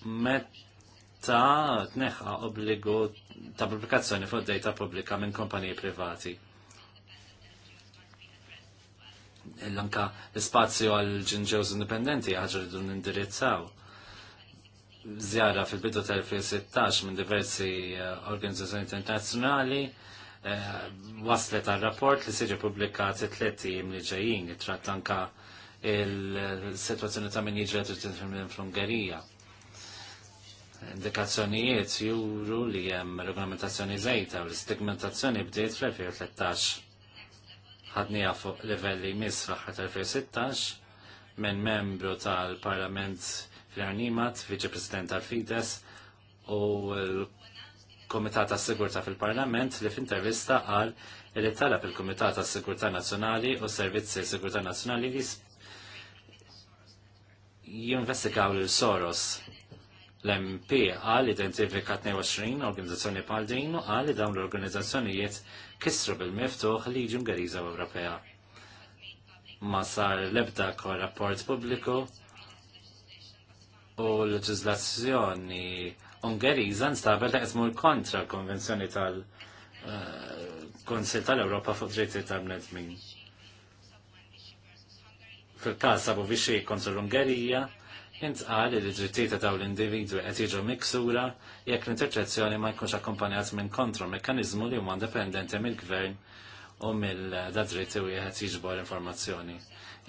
meta t-neħħa obligot ta' pubblikazzjoni fuq data pubblika minn kompaniji privati. L-anka l-spazju għal ġinġewż indipendenti ħagġa rridu nindirizzaw. Zjara fil-bidu tal-2016 minn diversi eh, organizzazzjoni internazzjonali eh, waslet għal rapport li siġi publikat it-tletim li ġejjin, trattanka il-situazzjoni ta' min jiġi fl ungerija Indikazzjonijiet juru li hemm regolamentazzjoni żejta u l-istigmentazzjoni bdiet fl-2013. Ħadnija fuq livelli mis fl-aħħar 2016 minn membru tal-Parlament fl-Arnimat, viċe-president tal-Fides u l-Komitat tas-Sigurta fil-Parlament li f'intervista qal li talab il-Komitat tas-Sigurta Nazzjonali u Servizzi Sigurta Nazzjonali li jinvestigaw l-Soros L-MP għal identifika 22 organizzazzjoni bħal din u għal dawn l-organizzazzjonijiet kisru bil-miftuħ li ġum Ungeriża Ewropea. Ma sar l-ebda rapport pubbliku u l-leġizlazzjoni Ungeriża nstabel ta' jismur kontra l-Konvenzjoni tal-Konsil eh, tal-Ewropa fuq dritti tal-Nedmin fil-kas sabu viċi kontra l-Ungerija, għal li d ta' dawn l-individwi qed jiġu miksura jekk l-interċezzjoni ma jkunx akkompanjat minn kontro mekkaniżmu li huma indipendenti mill-gvern u mill-dadritti u jħet jiġbor informazzjoni.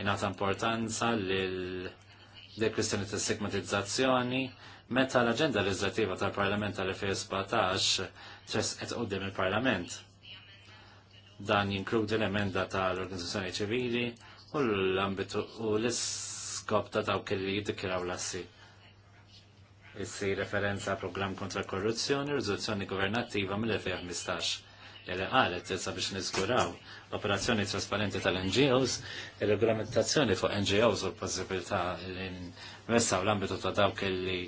Inata importanza lil dik dekwistjoni ta' stigmatizzazzjoni meta l-aġenda legislativa tal-Parlament tal-2017 ċes qed qudiem il-Parlament. Dan jinkludi l-emenda tal-Organizzazzjoni Ċivili u l-ambitu u l-is skop ta' dawk li jiddikiraw lassi. Issi referenza program kontra korruzzjoni u rizoluzzjoni governattiva mill-2015 li għalet jessa biex nizguraw operazzjoni trasparenti tal-NGOs, il-regolamentazzjoni fuq NGOs u l-possibilità li nwessaw l-ambitu ta' dawk li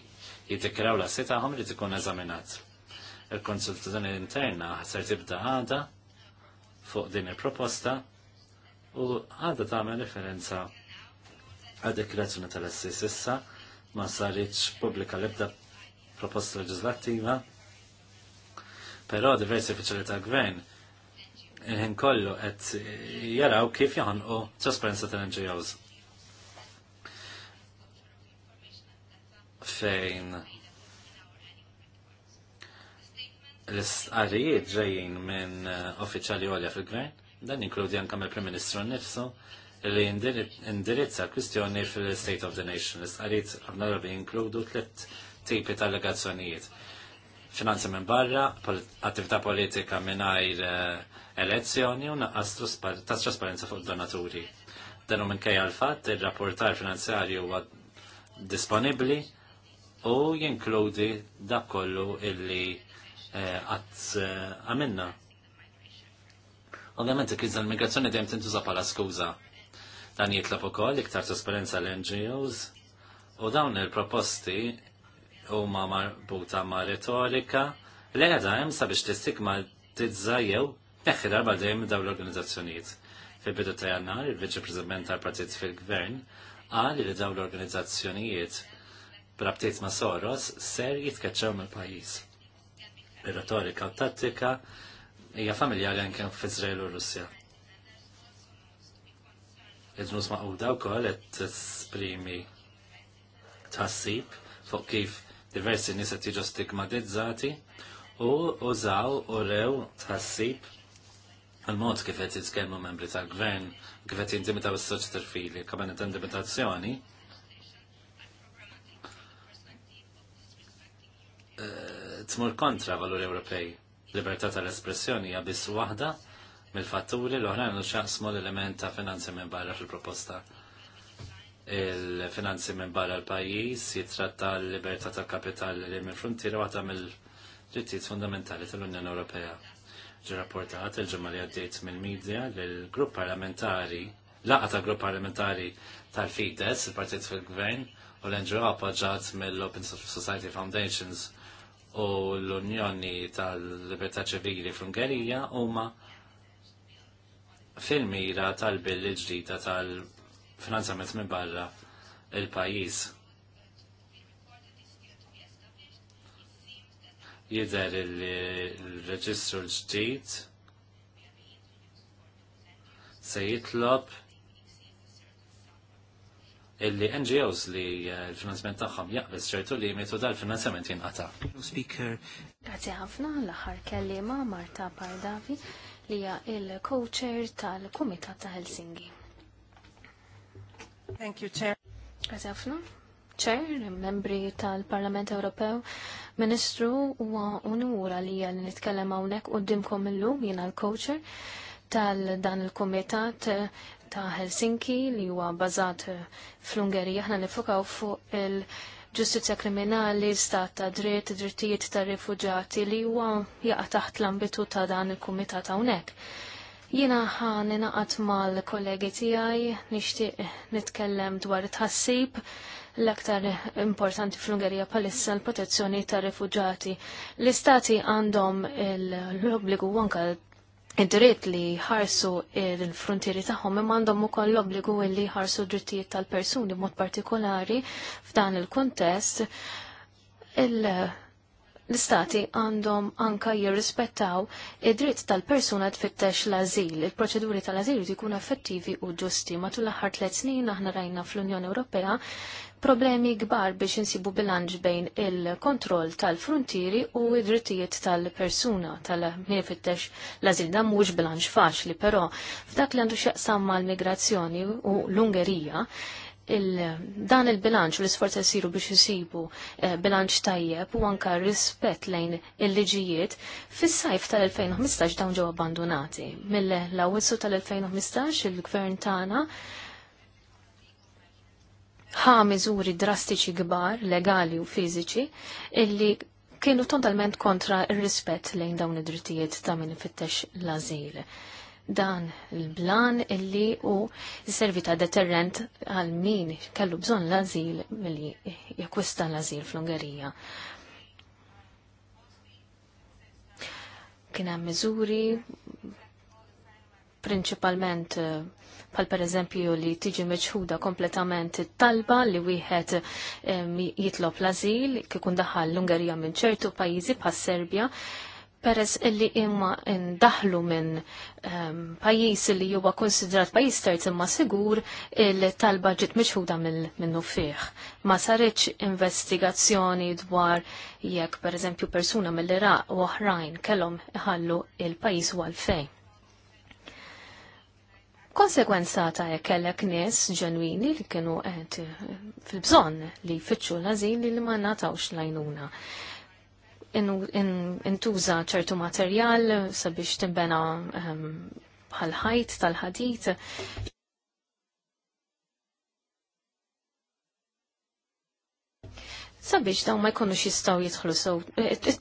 jitikraw lassi ta' għom li tikun eżaminat. Il-konsultazzjoni interna ħasar tibda għada fuq din il-proposta u għada ta' referenza għad-deklarazzjoni tal-assis issa ma sarriċ pubblika l-ebda proposta leġislattiva. Però diversi uffiċjali ta' gvern il-ħin kollu qed jaraw kif jaħonqu trasparenza tal-NGOs. Fejn l-istqarijiet ġejjin minn uffiċjali għolja fil-gvern, dan jinkludi anke mill-Prim Ministru nnifsu, li indirizza kwistjoni fil-State of the Nation. Istqarit għabna rabi inkludu tlet tipi ta' allegazzjonijiet. Finanzi minn barra, attività politika minnajr eh, elezzjoni u naqqas trasparenza fuq donaturi. Dan minn kaj l-fat, il-rapportar finanzjarju huwa disponibli u jinkludi dak kollu illi eh, għat eh, għamilna. Ovvjament, kizza l-migrazzjoni dejjem tintuża bħala skuża Dan jitlob ukoll iktar trasparenza l-NGOs u dawn il-proposti huma marbuta ma' retorika li qiegħda hemm sabiex tistigmatizza jew neħħi darba dejjem dawn l-organizzazzjonijiet. Fil-bidu ta' jannar, il-Viċi President tal-Partit fil-Gvern qal li dawn l-organizzazzjonijiet b'rabtiet ma' Soros ser jitkeċċew mill-pajjiż. Ir-retorika u tattika hija familjari anke f'Iżrael u Russja il nus maquda u koll għed t-sprimi tħassib fuq kif diversi nisa qed jiġu stigmatizzati u użaw u rew tassib għal-mod kif qed jitkellmu membri tal-gvern, kif qed jintimidaw is-soċ terfili kamen intimitazzjoni. Eh, tmur kontra valuri Ewropej. Libertà tal-espressjoni hija biss waħda mill-fatturi l-oħrajn u xaqsmu l-element ta' finanzi minn barra fil-proposta. Il-finanzi minn barra l-pajis jitratta l-libertà tal kapital li minn frontiera għata mill-ġittijiet fundamentali tal-Unjoni Ewropea. Ġi rapportat il-ġemma li għaddejt mill-medja l-grupp parlamentari, laqa ta' grupp parlamentari tal-Fides, il-partit fil-gvern, u l-NGO appoġġat mill-Open Society Foundations u l-Unjoni tal-Libertà Ċivili fl-Ungerija huma ma' fil-mira tal bill ġdida tal-finanzament minn barra il-pajis. Jider il-reġistru l-ġdid se jitlob illi NGOs li eh, l-finanzament tagħhom jaqbis ċertu li mitu dal-finanzament jinqata'. Speaker. Grazie ħafna l-aħħar kellima Marta Pardavi li hija il-co-chair tal-Kumitat ta' Helsinki. Thank you, Chair. Grazie ħafna. Chair, membri tal-Parlament Ewropew, Ministru huwa unura li hija li nitkellem hawnhekk qudiemkom illum jiena l chair tal-dan il-Kumitat ta' Helsinki li huwa bażat fl-Ungerija aħna nifokaw fuq il- ġustizja kriminali, stat ta' dritt, drittijiet ta' rifugġati li huwa jaqa taħt l-ambitu ta' dan il-kumitat hawnhekk. Jiena ħan inaqat mal-kollegi tiegħi nixtieq nitkellem dwar tħassib l-aktar importanti fl-Ungerija palissa l-protezzjoni ta' rifugjati. L-istati għandhom l-obbligu anka id-dritt li ħarsu l-frontieri tagħhom imma għandhom ukoll l-obbligu li ħarsu drittijiet tal-persuni mod partikolari f'dan il-kuntest l-istati għandhom anka jirrispettaw id-dritt tal-persuna tfittex l-azil. Il-proċeduri tal-azil jkunu effettivi u ġusti. Matul l-aħħar tliet snin aħna rajna fl-Unjoni Ewropea problemi kbar biex insibu bilanċ bejn il-kontroll tal-frontieri u id-drittijiet tal-persuna tal-min l-azil dan mhux bilanċ faċli, però f'dak li għandu x'jaqsam mal-migrazzjoni u l-Ungerija il, dan il-bilanċ u l-isforza jisiru biex jisibu eh, bilanċ tajjeb u anka rispett lejn il-liġijiet fis-sajf tal-2015 dawn ġew abbandonati. Mill-lawwissu tal-2015 il-gvern tagħna ħa miżuri drastiċi kbar, legali u fiżiċi, illi kienu totalment kontra il rispett lejn dawn id-drittijiet ta' min ifittex l-azil. Dan il-blan illi u servi ta' deterrent għal min kellu bżonn l-azil milli jakwista l-azil fl-Ungerija. Kien hemm miżuri prinċipalment eh, pal per eżempju li tiġi meċħuda kompletament talba li wieħed jitlob l-azil kikun daħal l-Ungerija minn ċertu pajjiżi pa' Serbja peress illi imma ndaħlu minn um, pajis li huwa konsidrat pajis terz imma sigur il-talba ġiet miċħuda minn uffiħ. Ma sarriċ investigazzjoni dwar jekk per eżempju persuna mill-Iraq u oħrajn kellhom ħallu il-pajis u għalfejn. Konsekwenza ta' jekk kellek nies ġenwini li kienu għed eh, fil-bżonn li jfittxu l-azil li ma natawx lajnuna. Intuża ċertu materjal sabiex timbena ehm, bħal ħajt tal-ħadit. Sabiex dawn ma jkunux jistgħu jidħlu eh, it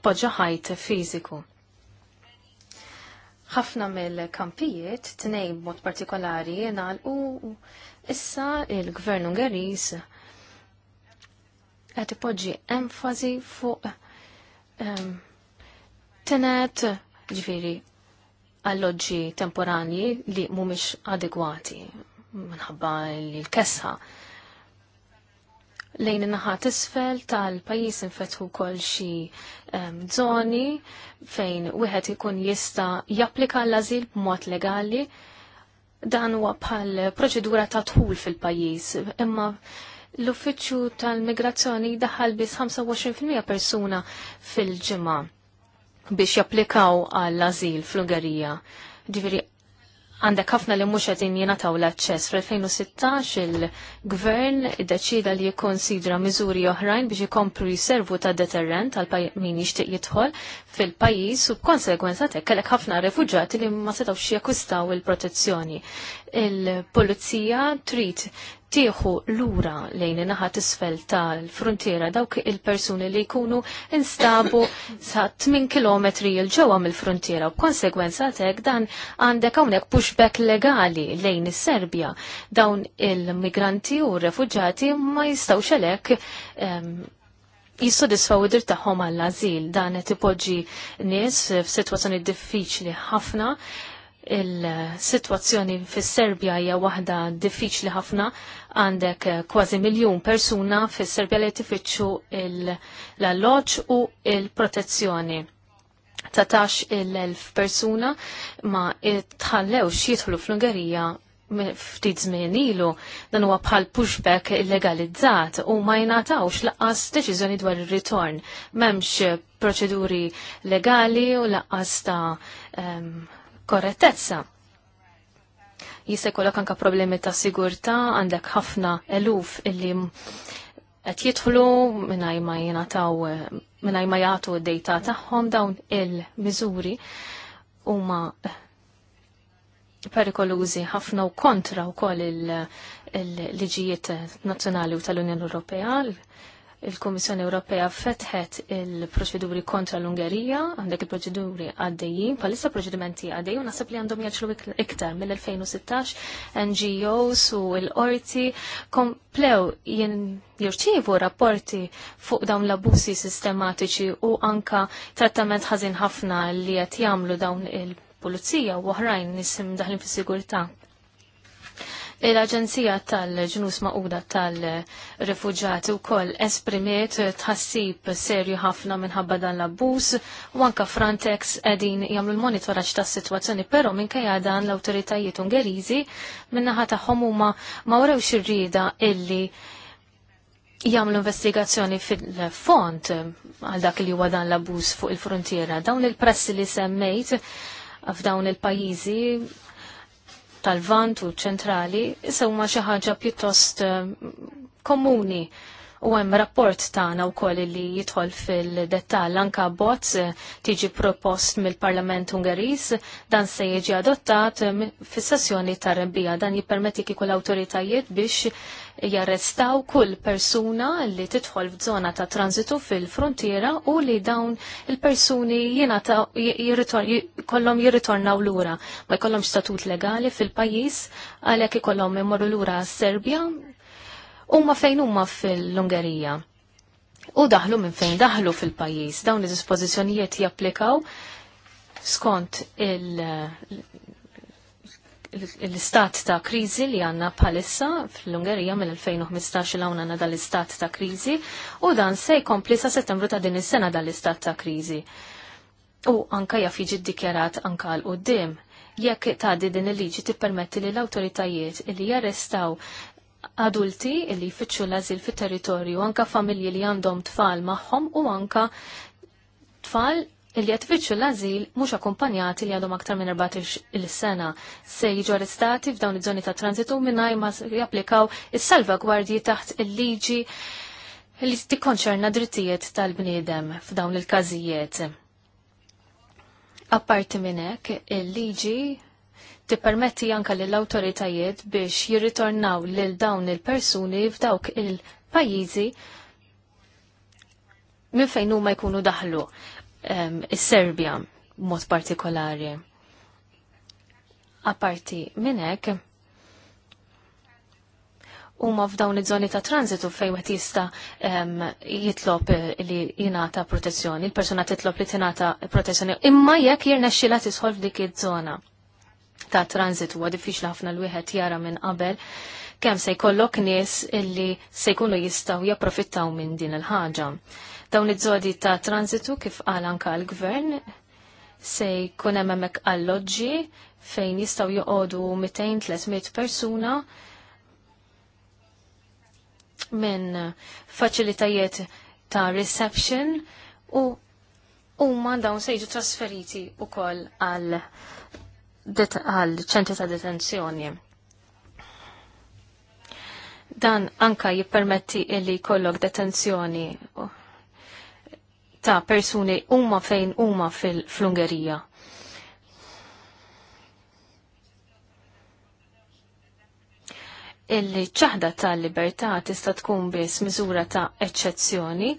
tpoġġi ħajt fiżiku ħafna mill-kampijiet t-nejn mod partikolari jenal u issa il-gvern Ungeris qed ipoġġi enfazi fuq um, tenet ġviri alloġġi temporani li mhumiex adegwati minħabba l-kesħa lejn in-naħa tisfel tal-pajjiż infetħu wkoll xi ehm, żoni fejn wieħed ikun jista' japplika l-ażil b'mod legali dan huwa bħal proċedura ta' tħul fil-pajjiż imma l-uffiċċju tal-migrazzjoni daħal biss 25% persuna fil-ġimgħa biex japplikaw għall-azil fl-Ungerija. Ġifieri għandek ħafna li mhux qed jingħataw l-aċċess. Fl-2016 il-gvern iddeċida li jikkonsidra miżuri oħrajn biex ikomplu jiservu ta' deterrent għal min jixtieq jidħol fil-pajjiż u b'konsegwenza tek kellek ħafna refuġġati li ma setgħux jakkwistaw il-protezzjoni il-polizija trid tieħu lura lejn naħa tisfel tal-frontiera dawk il-persuni li jkunu instabu sa 8 km il ġewwa mill-frontiera u b'konsegwenza tek dan għandek hawnhekk pushback legali lejn is-Serbja dawn il-migranti u r-refuġati ma jistgħux għalhekk ehm, jissodisfaw id-dir taħħom għall-azil dan qed ipoġġi nies f'sitwazzjoni diffiċli ħafna il-situazzjoni fis serbja hija waħda diffiċli ħafna għandek eh, kważi miljun persuna fis serbja li tifittxu l-alloġġ u il-protezzjoni. Tatax il-elf persuna ma tħallewx jidħlu fl-Ungerija ftit żmien ilu dan huwa bħal pushback illegalizzat u ma jingħatawx laqas deċiżjoni dwar ir-ritorn. M'hemmx proċeduri legali u laqas ta' um, korrettezza. Jista' jkollok anke problemi ta' sigurtà għandek ħafna eluf illi qed jidħlu minnaj ma jgħatu jagħtu d-dejta tagħhom dawn il-miżuri huma perikolużi ħafna u kontra wkoll il-liġijiet nazzjonali u tal-Unjoni Ewropea il-Komissjoni Ewropea fetħet il-proċeduri kontra l-Ungerija, għandek il-proċeduri għaddejjin, palissa proċedimenti għaddejjin, nasab li għandhom jaċlu iktar mill-2016, NGOs u l-orti komplew jirċivu rapporti fuq dawn l-abusi sistematiċi u anka trattament ħażin ħafna li qed jagħmlu dawn il-pulizija u oħrajn nisim daħlin fis-sigurtà L-Aġenzija tal-ġnus maquda tal-refugġati u koll esprimiet tħassib serju ħafna minħabba dan l-abbus u anka Frontex edin jamlu l-monitoraċ ta' situazzjoni pero minkajja dan l-autoritajiet ungerizi minnaħa taħħom huma ma wrewx irrida illi jamlu investigazzjoni fil-font għal dak li huwa dan l-abbuż fuq il-frontiera. Dawn il-press li semmejt f'dawn il-pajjiżi tal-vant u ċentrali, issa huma xi ħaġa pjuttost eh, komuni U hemm rapport tagħna wkoll li jidħol fil-dettall anka bots tiġi propost mill-Parlament Ungeriż dan se jiġi adottat fis-sessjoni tar rebbija dan jippermetti kieku l-awtoritajiet biex jarrestaw kull persuna li tidħol f'żona ta' transitu fil-frontiera u li dawn il-persuni kollom jirritornaw lura ma jkollom statut legali fil-pajjiż għalhekk ikollhom imorru lura Serbja huma fejn huma fil-Ungerija. U daħlu minn fejn daħlu fil-pajjiż. Dawn id dispozizjonijiet japplikaw skont l-istat ta' krizi li għanna palissa fil-Lungerija mill-2015 il għawna għanna dal-istat ta' krizi u dan se jkompli sa' settembru ta' din is-sena dal-istat ta' krizi. U anka jaf jiġi ddikjarat anka l qoddim jekk tgħaddi din il-liġi tippermetti li l-awtoritajiet li jarrestaw adulti li jfittxu l-azil fit territorju anka familji li għandhom tfal magħhom u anka tfal illi qed ifittxu l-azil mhux akkumpanjati li għadhom aktar minn 14 il-sena se jiġu arrestati f'dawn iż-żoni ta' tranzitu mingħajr ma japplikaw is-salvagwardji taħt il-liġi li tikkonċerna drittijiet tal-bniedem f'dawn il-każijiet. Apparti minn hekk, il-liġi tippermetti anka lill awtoritajiet biex jirritornaw lil dawn il-persuni f'dawk il-pajjiżi minn fejn huma jkunu daħlu um, is-Serbja mod partikolari. Aparti minn hekk huma f'dawn iż-żoni ta' transitu fejn qed jista' jitlob li jingħata protezzjoni, il-persuna titlob li tingħata protezzjoni, imma jekk jirnexxilha tisħol f'dik iż-żona ta' transit huwa diffiċli ħafna l-wieħed jara minn qabel kemm se jkollok nies illi se jkunu jistgħu japprofittaw minn din il-ħaġa. Dawn iż-żodi ta' transitu kif qal anka l-gvern se jkun hemm hemmhekk alloġġi fejn jistgħu joqogħdu 200-300 persuna minn faċilitajiet ta' reception u huma dawn se jiġu trasferiti wkoll għal għal ċentri ta' detenzjoni. Dan anka jippermetti li kollok detenzjoni ta' persuni huma fejn huma fil-Flungerija. Illi ċaħda ta' libertà tista' tkun biss miżura ta' eċċezzjoni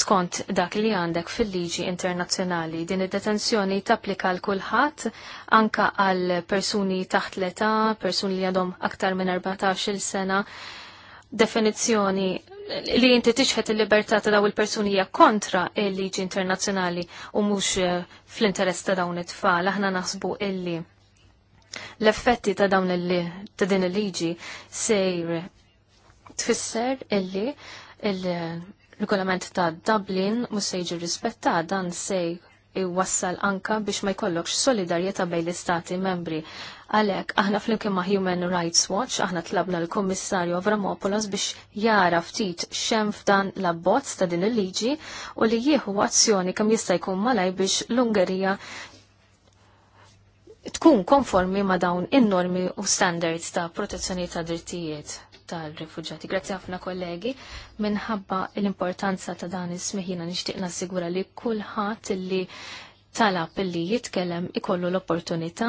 skont dak li għandek fil-liġi internazzjonali. Din id-detenzjoni tapplika l kulħadd anka għal persuni taħt l-età, persuni li għadhom aktar minn 14 sena. Definizzjoni li inti tiċħet il-libertà ta' daw il-persuni hija kontra il-liġi internazzjonali u mhux eh, fl-interess ta' dawn it-tfal. Aħna naħsbu illi l-effetti ta' dawn ta' din il-liġi sejr tfisser illi il- regolament ta' Dublin mus se jiġi rispetta dan se iwassal anka biex ma jkollokx solidarjetà bejn l-istati membri. Għalhekk aħna flimkien ma' Human Rights Watch aħna tlabna l-Kummissarju Avramopoulos biex jara ftit xem f'dan l-abbozz ta' din il-liġi u li jieħu azzjoni kemm jista' jkun malaj biex l-Ungerija tkun konformi ma' dawn in-normi u standards ta' protezzjoni ta' drittijiet tal-refugġati. Grazzi ħafna kollegi, minħabba l-importanza ta' dan ismiħina nixtieq nassigura li kulħadd li talab li jitkellem ikollu l-opportunità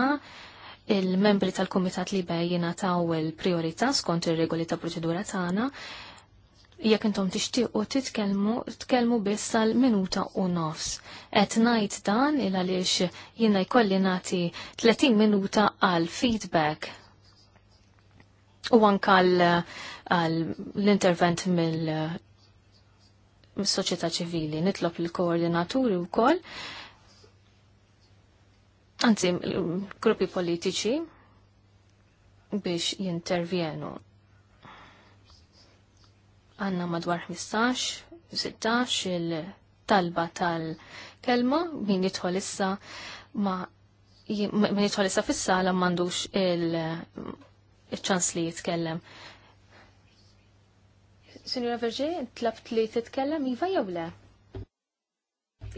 il-membri tal-Kumitat li bejjina u l priorità skont ir-regoli ta' proċedura tagħna jekk intom tixtiequ titkellmu tkellmu biss għal minuta u nofs. Qed ngħid dan il għaliex jiena jkolli nagħti 30 minuta għal feedback u anka l-intervent mill soċjetà ċivili. Nitlob il-koordinaturi wkoll, anzi gruppi politiċi biex jintervjenu. Għanna madwar 15-16 il-talba tal-kelma min jitħol issa ma min jitħol issa fis mandux m'għandux il- il ċans li jitkellem. Signora Verġi, tlabt li titkellem Iva jew le?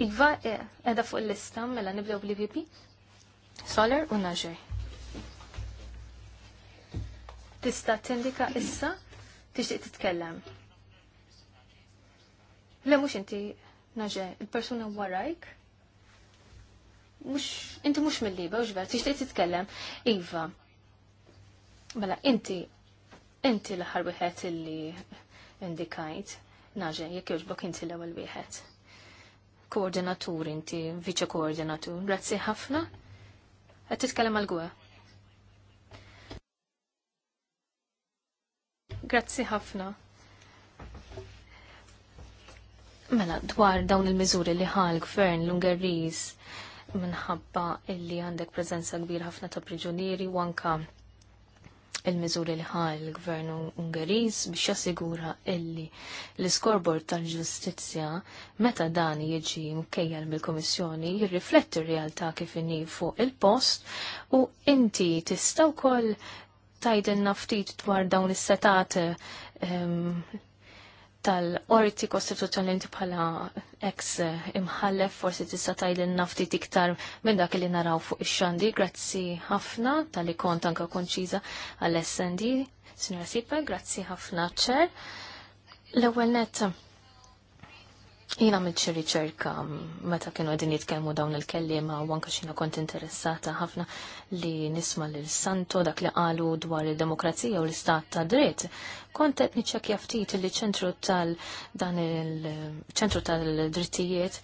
Iva e, edha fuq l-lista mela nibdew bli VP. Soler u Naġer. Tista' tindika issa tixtieq titkellem. Le mhux inti Naġer, il-persuna warajk mux, inti mux mill-liba, uġver, tixtieq titkellem. Iva, Mela, inti, inti l-ħar wieħed illi indikajt, naġe, jekk jogħġbok inti l ewwel wieħed. Koordinatur inti, viċe koordinatur, grazzi ħafna. Għed titkellem għal gwe. Grazzi ħafna. Mela, dwar dawn il-miżuri li ħal gvern l-Ungerriż minħabba illi għandek preżenza kbir ħafna ta' priġunieri u anka il-miżuri li ħal il-Gvern Ungeriz biex jassigura illi l iskorbor tal-ġustizzja meta dan jiġi mkejjel mill-Kummissjoni jirrifletti r-realtà kif inhi fuq il-post u inti tista' wkoll tajden ftit dwar dawn is-setat ehm, tal-orti li bħala ex imħallef forsi tista' tgħidilna nafti iktar minn dak li naraw fuq ix-xandi. Grazzi ħafna tal kont anke konċiża għall-SND. Signora Sipa, grazzi ħafna ċer. L-ewwel net Jina għamilt xi riċerka meta kienu qegħdin jitkellmu dawn il-kellima u anke xina kont interessata ħafna li nisma' lil Santo dak li qalu dwar il-demokrazija u l-istat ta' dritt. Kont qed niċċekkja ftit li ċentru tal dan il-ċentru tal-drittijiet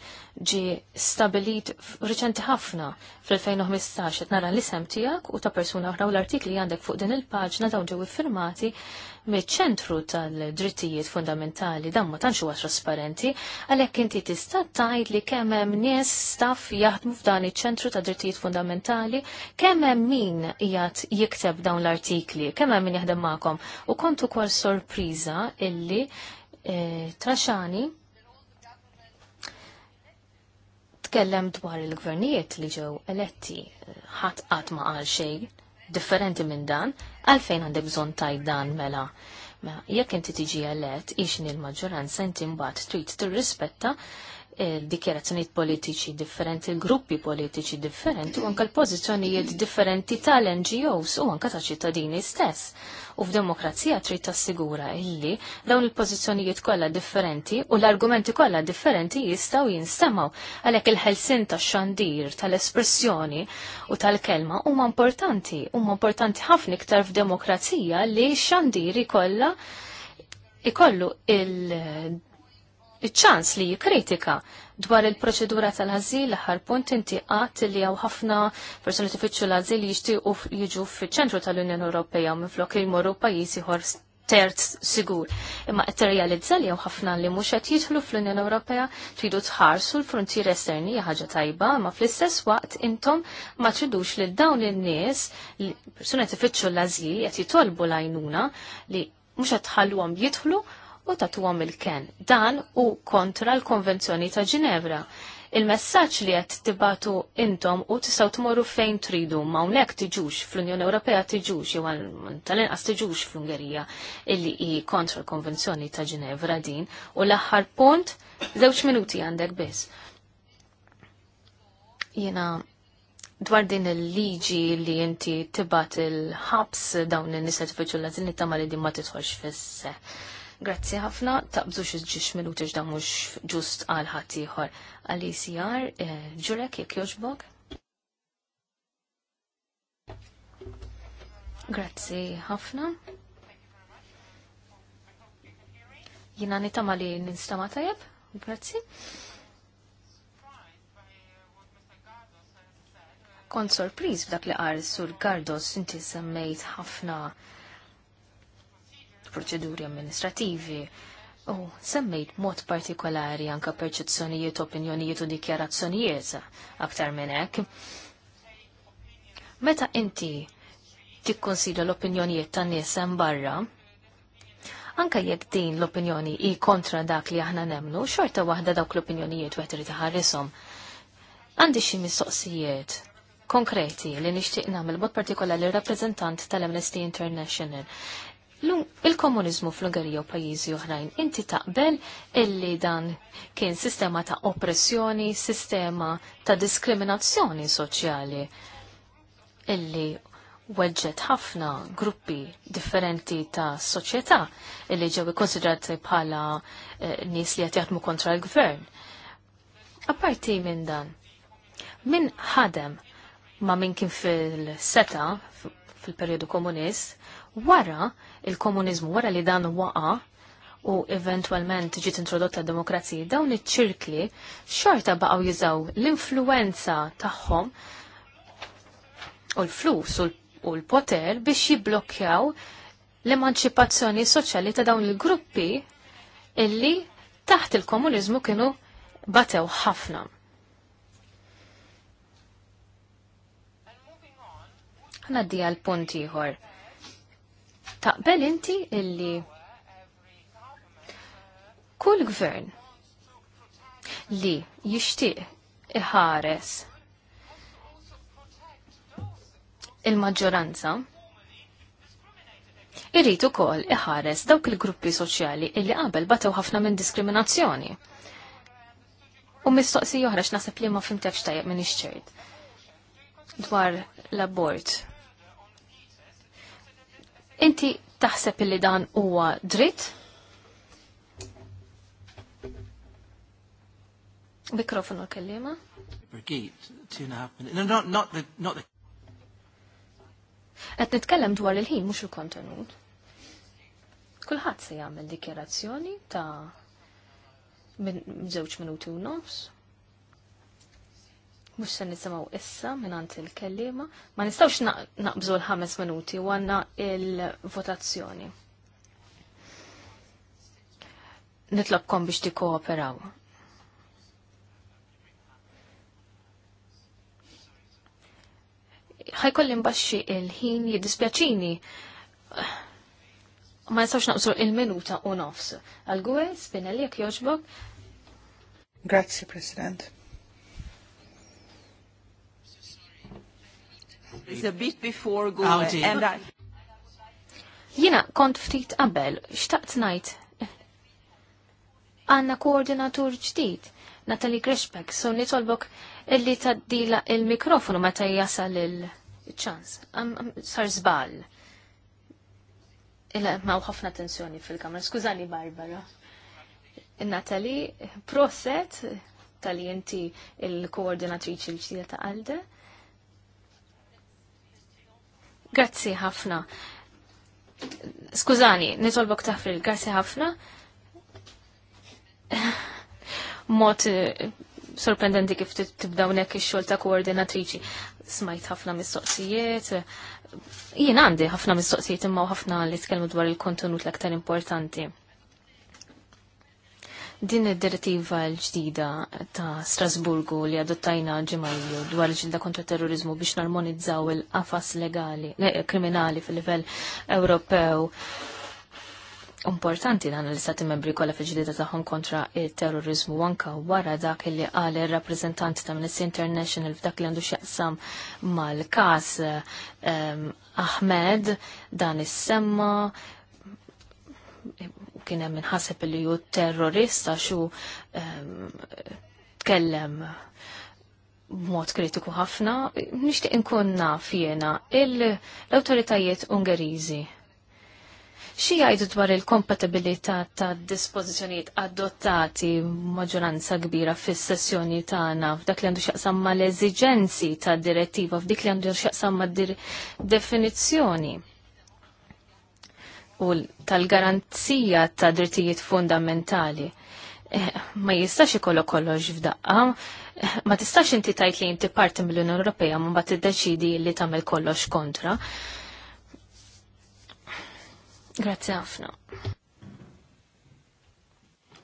ġi stabilit riċenti ħafna fl-2015 qed nara l-isem tiegħek u ta' persuna oħra u l-artikli għandek fuq din il-paġna dawn ġew iffirmati miċ-ċentru tal-drittijiet fundamentali dan ma tantx huwa trasparenti, għalhekk inti tista' tgħid li kemm hemm nies staff jaħdmu f'dan iċ-ċentru ta' drittijiet fundamentali, kemm hemm min jgħat jikteb dawn l-artikli, kemm hemm min jaħdem magħkom. U kont ukoll sorpriża illi e, eh, Traxani tkellem dwar il-gvernijiet li ġew eletti eh, ħadd qatt ma qal xejn differenti minn dan, għalfejn għandek bżon taj dan mela. Ma mela, jekk inti tiġi għalet ixin il-maġġoranza inti mbagħad trid tirrispetta dikjerazzjonijiet politiċi differenti, il-gruppi politiċi differenti u anka l-pożizzjonijiet differenti tal-NGOs u anka ta' ċittadini stess. U f'demokrazija trid tassigura illi dawn il-pożizzjonijiet kollha differenti u l-argumenti kollha differenti jistgħu jinstemaw għalhekk il-ħelsin tax-xandir, tal-espressjoni u tal-kelma huma importanti, huma importanti ħafna iktar f'demokrazija li x-xandir ikollha ikollu il- iċ-ċans li jikritika dwar il-proċedura tal-azil l-aħħar punt inti qatt li għaw ħafna persuni tifittxu l-azil jixtiequ jiġu fiċ-ċentru tal-Unjoni Ewropea minflok jmorru pajjiż ieħor terz sigur. Imma qed tirrealizza li ħafna li mhux qed jidħlu fl-Unjoni Ewropea tridu tħarsu l-frontier esterni ħaġa tajba, ma fl-istess waqt intom ma tridux li dawn in-nies persuni tifittxu l-azil qed jitolbu l-għajnuna li mhux qed ħalluhom jidħlu u tatuhom il-ken. Dan u kontra l-Konvenzjoni ta' Ġinevra. Il-messaġġ li qed tibatu intom u tistgħu tmorru fejn tridu ma hawnhekk tiġux fl-Unjoni Ewropea tiġux jew tal-inqas tiġux fl-Ungerija illi hi kontra l-Konvenzjoni ta' Ġinevra din u l-aħħar punt żewġ minuti għandek biss. Jiena dwar din il-liġi li inti tibat il-ħabs dawn in-nisa tfiċu l-għazin li li din ma titħolx fisse. Grazzi ħafna, taqbżux ġiġ minuti ġda mux ġust għal ħatiħor. Għal-ICR, ġurek eh, jek joġbog? Grazzi ħafna. Jina nitama li ninstama tajab? Grazzi. Kont sorpriz b'dak li għar sur Gardos inti semmejt ħafna proċeduri amministrativi. U semmejt mod partikolari anka perċezzjonijiet, opinjonijiet u dikjarazzjonijiet aktar minn hekk. Meta inti tikkonsidra l-opinjonijiet tan nies hemm barra, anka jekk din l-opinjoni i kontra dak li aħna nemnu, xorta waħda dawk l-opinjonijiet wieħed irid iħarrishom. Għandi xi mistoqsijiet konkreti li nixtieq nagħmel mod partikolari rappreżentant tal-Amnesty International il-komunizmu fl-Ungerija u pajjiżi oħrajn. Inti taqbel illi dan kien sistema ta' oppressjoni, sistema ta' diskriminazzjoni soċjali illi weġġet ħafna gruppi differenti ta' soċjetà illi ġew ikkonsidrati bħala eh, nies li qed jaħdmu kontra l-gvern. Apparti minn dan, min ħadem ma' min kien fil-seta fil-periodu komunist Wara il-komuniżmu, wara li dan waqa' u eventualment ġiet introdotta demokrazija, dawn iċ-ċirkli xorta baqgħu jiżaw l-influenza tagħhom u l-flus u l-poter biex jibblokkjaw l-emanċipazzjoni soċjali ta' dawn il-gruppi illi taħt il-komuniżmu kienu batew ħafna. Ħana d-dija l-punt ieħor taqbel inti illi kull gvern li jixtieq iħares il-maġġoranza irrid ukoll iħares dawk il-gruppi soċjali illi qabel batew ħafna minn diskriminazzjoni. U mistoqsi joħraġ nasab li ma fimtekx tajjeb minn ixċert dwar l-abort Inti taħseb illi dan huwa dritt? Mikrofonu kellima. Qed nitkellem dwar il-ħin mhux il-kontenut. Kulħadd se jagħmel dikjerazzjoni ta' żewġ minuti u nofs mux se nisimaw issa minnant il-kellima, ma nistawx naqbżu l-ħames minuti u għanna il-votazzjoni. Nitlobkom biex ti kooperaw. ħajkolli mbaxxi il-ħin jiddispjaċini. Ma nistawx naqbżu il-minuta u nofs. Għal-gwe, spinelli, jek joġbok. Grazie, President. It's a bit before go and I... Jina kont ftit qabel, xtaqt najt. Għanna koordinatur ġdid, Natalie Grishbeck, so nitolbok illi taddila il-mikrofonu meta jasal il-ċans. Sar zbal. Illa ma' ħafna tensjoni fil-kamra. Skużani, Barbara. Natalie, proset tal inti il-koordinatriċi l-ġdida ta' għalde. Grazzi ħafna. Skużani, nitolbok taħfil, grazzi ħafna. (laughs) Mod eh, sorprendenti kif tibdaw nek ix-xogħol ta' koordinatriċi. Smajt ħafna mistoqsijiet, jien għandi ħafna mistoqsijiet imma ħafna li tkellmu dwar il-kontenut l-aktar importanti. Din id-direttiva l-ġdida ta' Strasburgu li adottajna ġemajju dwar il-ġilda kontra terrorizmu biex narmonizzaw il-qafas legali, kriminali fil-livell Ewropew. Importanti dan l-istati membri kolla fil-ġdida tagħhom kontra il-terrorizmu wanka wara dak li qal il rappreżentant ta' Amnesty International f'dak li għandu x'jaqsam mal-każ ehm, Ahmed dan is-semma kien hemm inħaseb li hu terrorista xu tkellem b'mod kritiku ħafna, nixtieq inkun naf jiena l-awtoritajiet Ungeriżi xi jgħidu dwar il-kompatibilità ta' dispożizzjonijiet adottati maġġoranza kbira fis-sessjoni tagħna f'dak li għandu x'jaqsam mal eżiġenzi ta' direttiva f'dik li għandu x'jaqsam d definizzjoni u tal-garanzija ta' drittijiet fundamentali. Eh, ma jistax ikollok kollox f'daqqa, eh, ma tistax inti tajt li inti parti mill-Unjoni Ewropea ma mbagħad tiddeċidi li tagħmel kollox kontra. Grazie ħafna.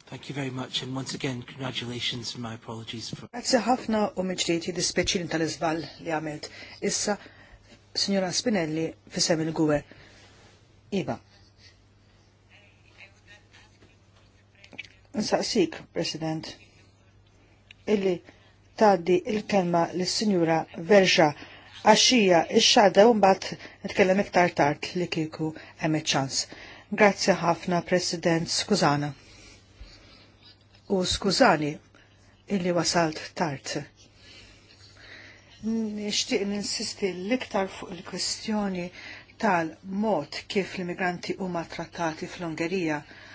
Thank you very much and once again congratulations and my apologies for Grazie ħafna u miġdieti dispeċin tal-iżball li għamilt. Issa, Signora Spinelli, fisem il-gwe. Iva, Nsaqsik, President, illi taddi il-kelma l-Sinjura Verġa għaxija il xada un bat nitkellem iktar tard li kieku hemm ċans. Grazzi ħafna, President, skużana. U skużani illi wasalt tard. Nixtieq ninsisti l-iktar fuq il-kwestjoni tal-mod kif l-immigranti huma trattati fl-Ungerija. fl ungerija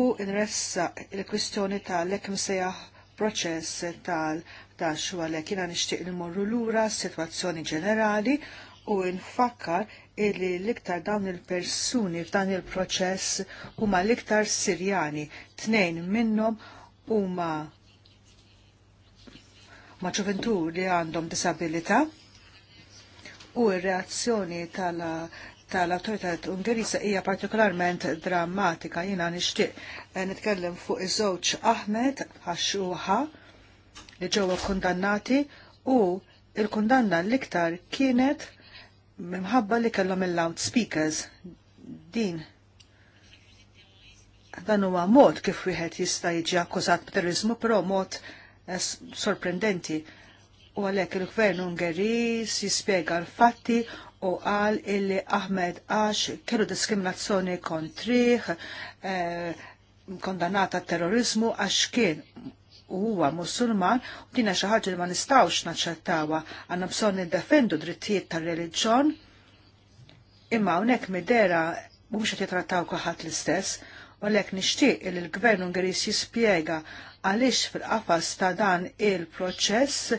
u nressa il-kwistjoni tal-lek msejaħ proċess tal-dax u għalek jina nishtiq li morru l-ura situazzjoni ġenerali u nfakkar illi l-iktar dawn il-persuni f'dan il-proċess huma l-iktar Sirjani, tnejn minnhom huma ma ġuventu li għandhom disabilità u r-reazzjoni tal tal-autoritet Ungerisa hija partikolarment drammatika. Jiena nixtieq eh, nitkellem fuq iż-żewġ Ahmed ħaxuħa li ġewwa kundannati u il-kundanna l-iktar kienet minħabba li kellhom il-loudspeakers. Din dan huwa mod kif wieħed jista' jiġi akkużat b'terrorizmu, però mod eh, sorprendenti u għalhekk il-gvern Ungeris jispjega l-fatti u qal illi Ahmed għax kellu diskriminazzjoni kontriħ, eh, kondannata terrorizmu għax kien u huwa musulman u tina xi ħaġa li ma nistgħux naċċettawha għandna bżonn niddefendu drittijiet tar-reliġjon imma hawnhekk midera mhux qed jitrattaw kulħadd l-istess u lek nixtieq li l-Gvern Ungeriż jispjega għaliex fil-qafas ta' dan il-proċess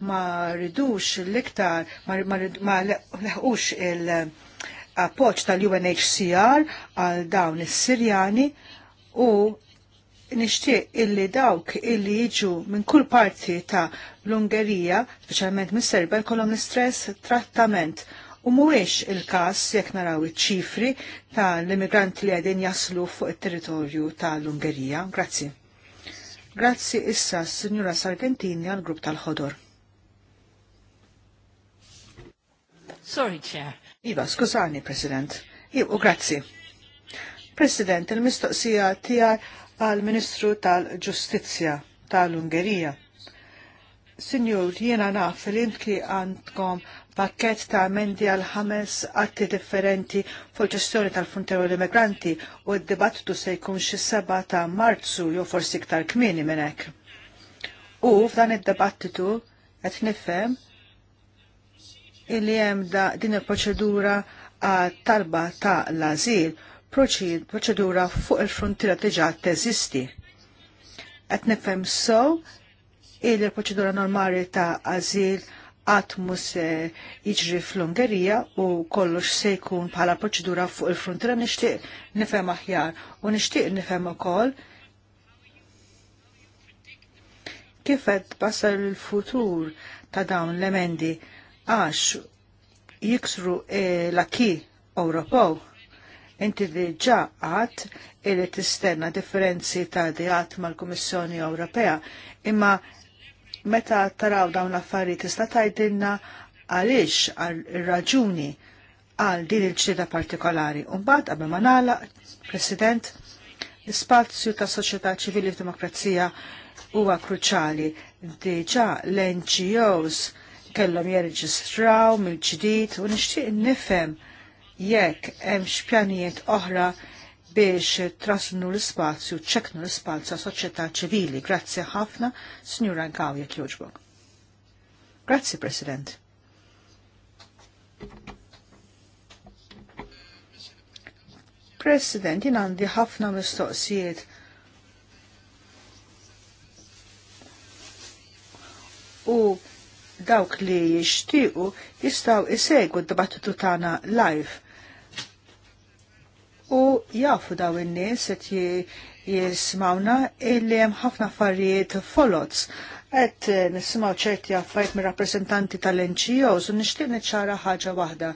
ma ridux l-iktar, ma leħqux il-appoċ tal-UNHCR għal dawn is-Sirjani u nixtieq illi dawk illi jiġu minn kull parti ta' l-Ungerija, speċjalment minn Serbia, kolom l-istress trattament. U mhuwiex il-każ jekk naraw iċ-ċifri tal-immigranti li għedin jaslu fuq it-territorju tal-Ungerija. Grazzi. Grazzi issa, Signora Sargentini, għal-grupp tal-ħodor. Sorry, Chair. Iva, skużani, President. Iva, grazzi. President, il-mistoqsija tiegħi għal Ministru tal-Ġustizzja tal-Ungerija. Signor, jiena naf li intki għandkom pakket ta' mendi għal ħames atti differenti fuq ġestjoni tal-frontier l-immigranti u d-dibattitu se jkun xi seba ta' Marzu jew forsi iktar kmieni minn hekk. U f'dan id-dibattitu qed nifhem illi hemm din il-proċedura talba ta' l-azil, proċedura fuq il-frontiera diġà teżisti. Qed nifhem so, illi l-proċedura normali ta' azil għat mus jiġri fl-Ungerija u kollox se jkun bħala proċedura fuq il frontira nixtieq nifhem aħjar u nixtieq nifhem ukoll kif qed basal il-futur ta' dawn l-emendi għax jiksru e, l-aki Ewropew. Inti diġà għat illi tistenna differenzi ta' diħat mal-Kummissjoni Ewropea, imma meta taraw dawn l-affarijiet tista' tgħidilna għaliex għal raġuni għal din il ċida partikolari. Umbad, qabel ma nagħlaq, President, l-ispazju ta' soċjetà ċivili f demokrazija huwa kruċali. Diġà l-NGOs kellhom jirreġistraw mill-ġdid u nixtieq nifem jekk hemm x'pjanijiet oħra biex trasnu l-spazju, ċeknu l-spazju għas soċjetà ċivili. Grazzi ħafna, Signora Gawja Kjoġbog. Grazzi, President. President, jien għandi ħafna mistoqsijiet. U dawk li jixtiequ jistgħu isegwu d-dibattitu tagħna live. U jafu daw in-nies qed jismawna illi hemm ħafna affarijiet folots Et nismaw ċerti għaffajt mir rappresentanti tal-NGOs u nishtiq ċara ħaġa wahda.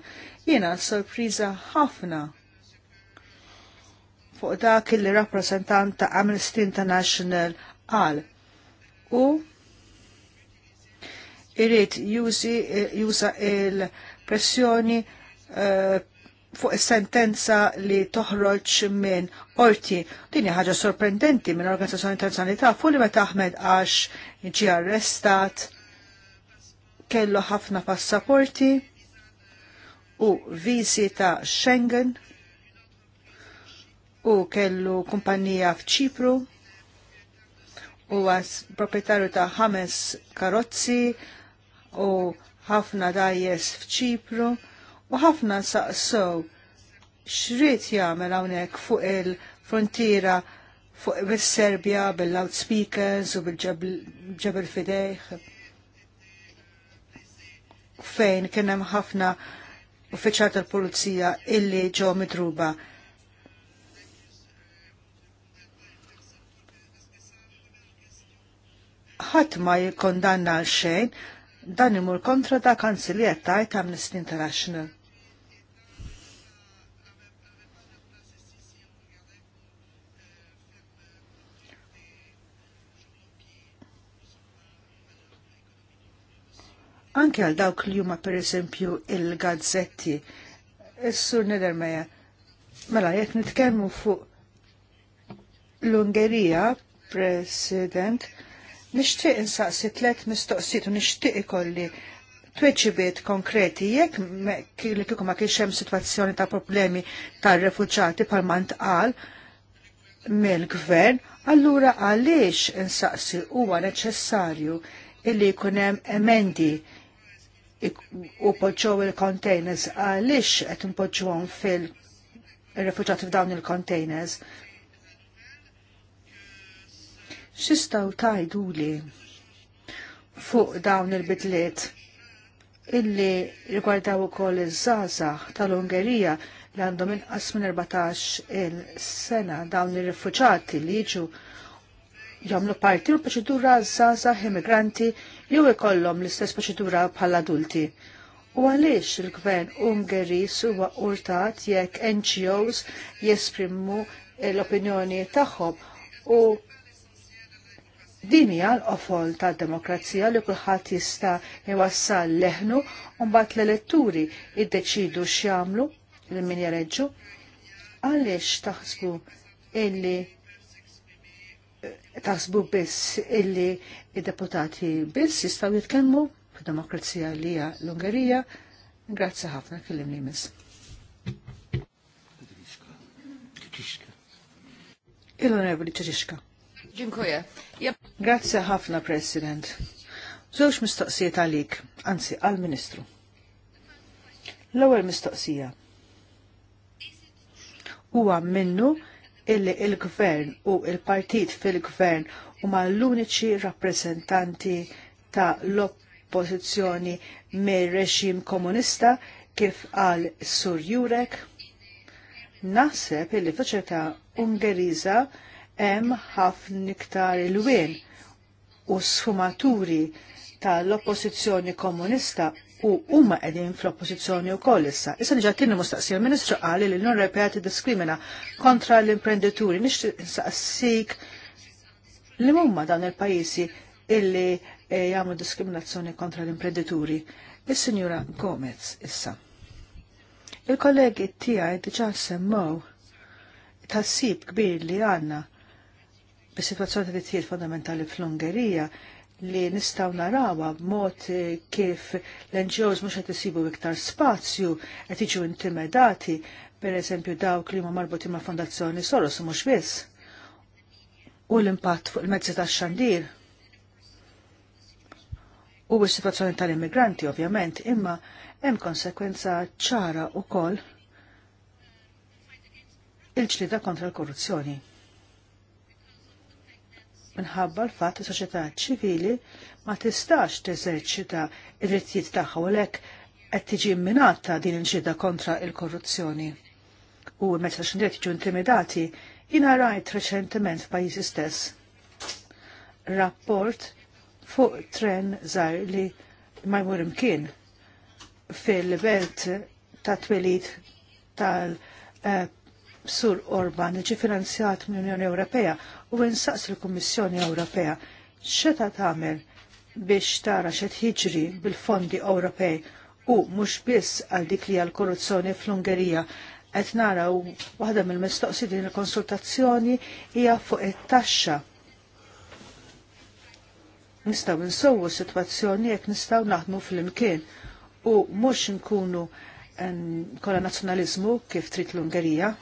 Jena sorpriza ħafna fuq dak il-rappresentant ta' Amnesty International għal. U irrit jusa il-pressjoni eh, fuq is-sentenza li toħroġ minn orti. Din hija ħaġa sorprendenti minn Organizzazzjoni Internazzjonalità fuq li meta Ahmed għax ġie arrestat kellu ħafna passaporti u viżi ta' Schengen u kellu kumpanija f'Ċipru u għas proprietarju ta' ħames karozzi u ħafna dajjes f'ċipru u ħafna saqsow xrid jagħmel hawnhekk fuq il-frontiera fuq bis-Serbja bil-loudspeakers u bil-ġebel fidejh fejn kien hemm ħafna uffiċjal tal-pulizija illi ġew midruba. Ħadd ma jikkondanna għal xejn, dan imur kontra ta' kanzilijiet ta' Amnesty International. Anke għal dawk li huma per esempio il-gazzetti, il sur Nedermeja, mela jekk nitkellmu fuq l-Ungerija, President, Nixtieq insaqsi tlet mistoqsit u nixtieq ikolli tweċibiet konkreti jekk li kikum ma kienx hemm sitwazzjoni ta' problemi tar-refuġati pal mantqal mill-gvern, allura għaliex insaqsi huwa neċessarju illi jkun hemm emendi u poġġow il-containers għaliex qed impoġġuhom fil-refuġati f'dawn il-containers xistaw tajdu li fuq dawn il-bidliet illi rigwardaw ukoll iż żazax tal-Ungerija li għandhom inqas minn 14 il-sena dawn ir-rifuġati li jiġu jagħmlu parti mill proċedura żgħażagħ immigranti jew ikollhom l-istess proċedura bħala adulti U għaliex il-gvern Ungeris huwa urtat jekk NGOs jesprimu l-opinjoni tagħhom u Din hija l-qofol tad-demokrazija li kulħadd jista' jwassal leħnu u mbagħad l-elettori jiddeċidu x'jagħmlu lil min jareġġu. Għaliex taħsbu illi eh, taħsbu biss illi id-deputati biss jistgħu jitkellmu fid-demokrazija li hija l-Ungerija. Grazzi ħafna kellim li miss. Il-Onorevoli Ċeċiċka. Ġinkoja. Grazzi ħafna, President. Żewġ mistoqsijiet għalik, anzi għal-Ministru. L-ewwel mistoqsija. Huwa minnu illi il-gvern u il-partit fil-gvern huma l-uniċi rappreżentanti ta' l-oppożizzjoni mir-reġim komunista kif qal Sur Jurek. Naħseb illi soċjetà Ungeriża hemm ħafna iktar il-wien u sfumaturi tal-oppożizzjoni komunista u huma qegħdin fl-oppożizzjoni wkoll issa. Issa niġa tieni mustaqsija l-Ministru qali li l-Unjoni diskrimina tiddiskrimina kontra l-imprenditori nixtieq saqsik li mumma dan il-pajjiżi illi eh, jagħmlu diskriminazzjoni kontra l-imprenditori. Is-Sinjura Gomez issa. Il-kollegi tiegħi diġà semmew tassib kbir li għandna bis-situazzjoni t-tħil fondamentali fl-Ungerija li nistaw narawa b'mod eh, kif l-NGOs mhux qed isibu iktar spazju qed jiġu intimedati, per eżempju dawk li huma marbuti ma' Fondazzjoni Soros mhux biss. U l-impatt fuq il-mezzi tax-xandir. U s-situazzjoni tal-immigranti ovvjament, imma hemm konsekwenza ċara kol il-ġlida kontra l-korruzzjoni. il-ġlida kontra l-korruzzjoni minħabba l-fatt li soċjetà ċivili ma tistax teżerċita id-drittijiet tagħha u lek qed tiġi minata din il-ġida kontra il-korruzzjoni. U għax xindiet jiġu intimidati, jina rajt reċentement f'pajjiżi stess. Rapport fuq tren żgħar li ma jmur imkien fil-belt ta' twelid tal- eh, sur Orban ġi finanzjat mill-Unjoni Ewropea u nsaqs l kummissjoni Ewropea xeta tagħmel biex tara xed jiġri bil-fondi Ewropej u mhux biss għal dik li għal korruzzjoni fl-Ungerija qed naraw waħda mill-mistoqsi din il-konsultazzjoni hija fuq it-taxxa. Nistgħu nsowu sitwazzjoni jekk nistgħu naħdmu fl-imkien u mhux nkunu kolla nazzjonaliżmu kif trid l-Ungerija.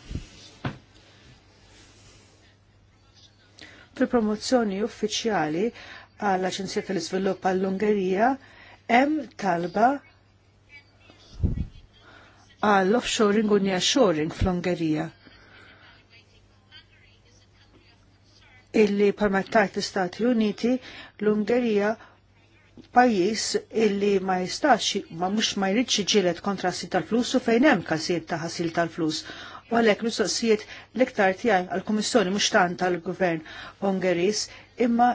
fil-promozzjoni uffiċjali għall-Aġenzija tal-Iżvilupp għall-Ungerija hemm talba għall-offshoring u nearshoring fl-Ungerija. Illi parmettaj l-Stati Uniti l-Ungerija pajis illi ma jistax, ma mux ma jridx ġilet kontra sil tal-flus u fejn hemm każijiet ta' ħasil tal-flus. U għalek mistoqsijiet l-iktar tiegħi għall-Kummissjoni mhux tant tal gvern Ungeris imma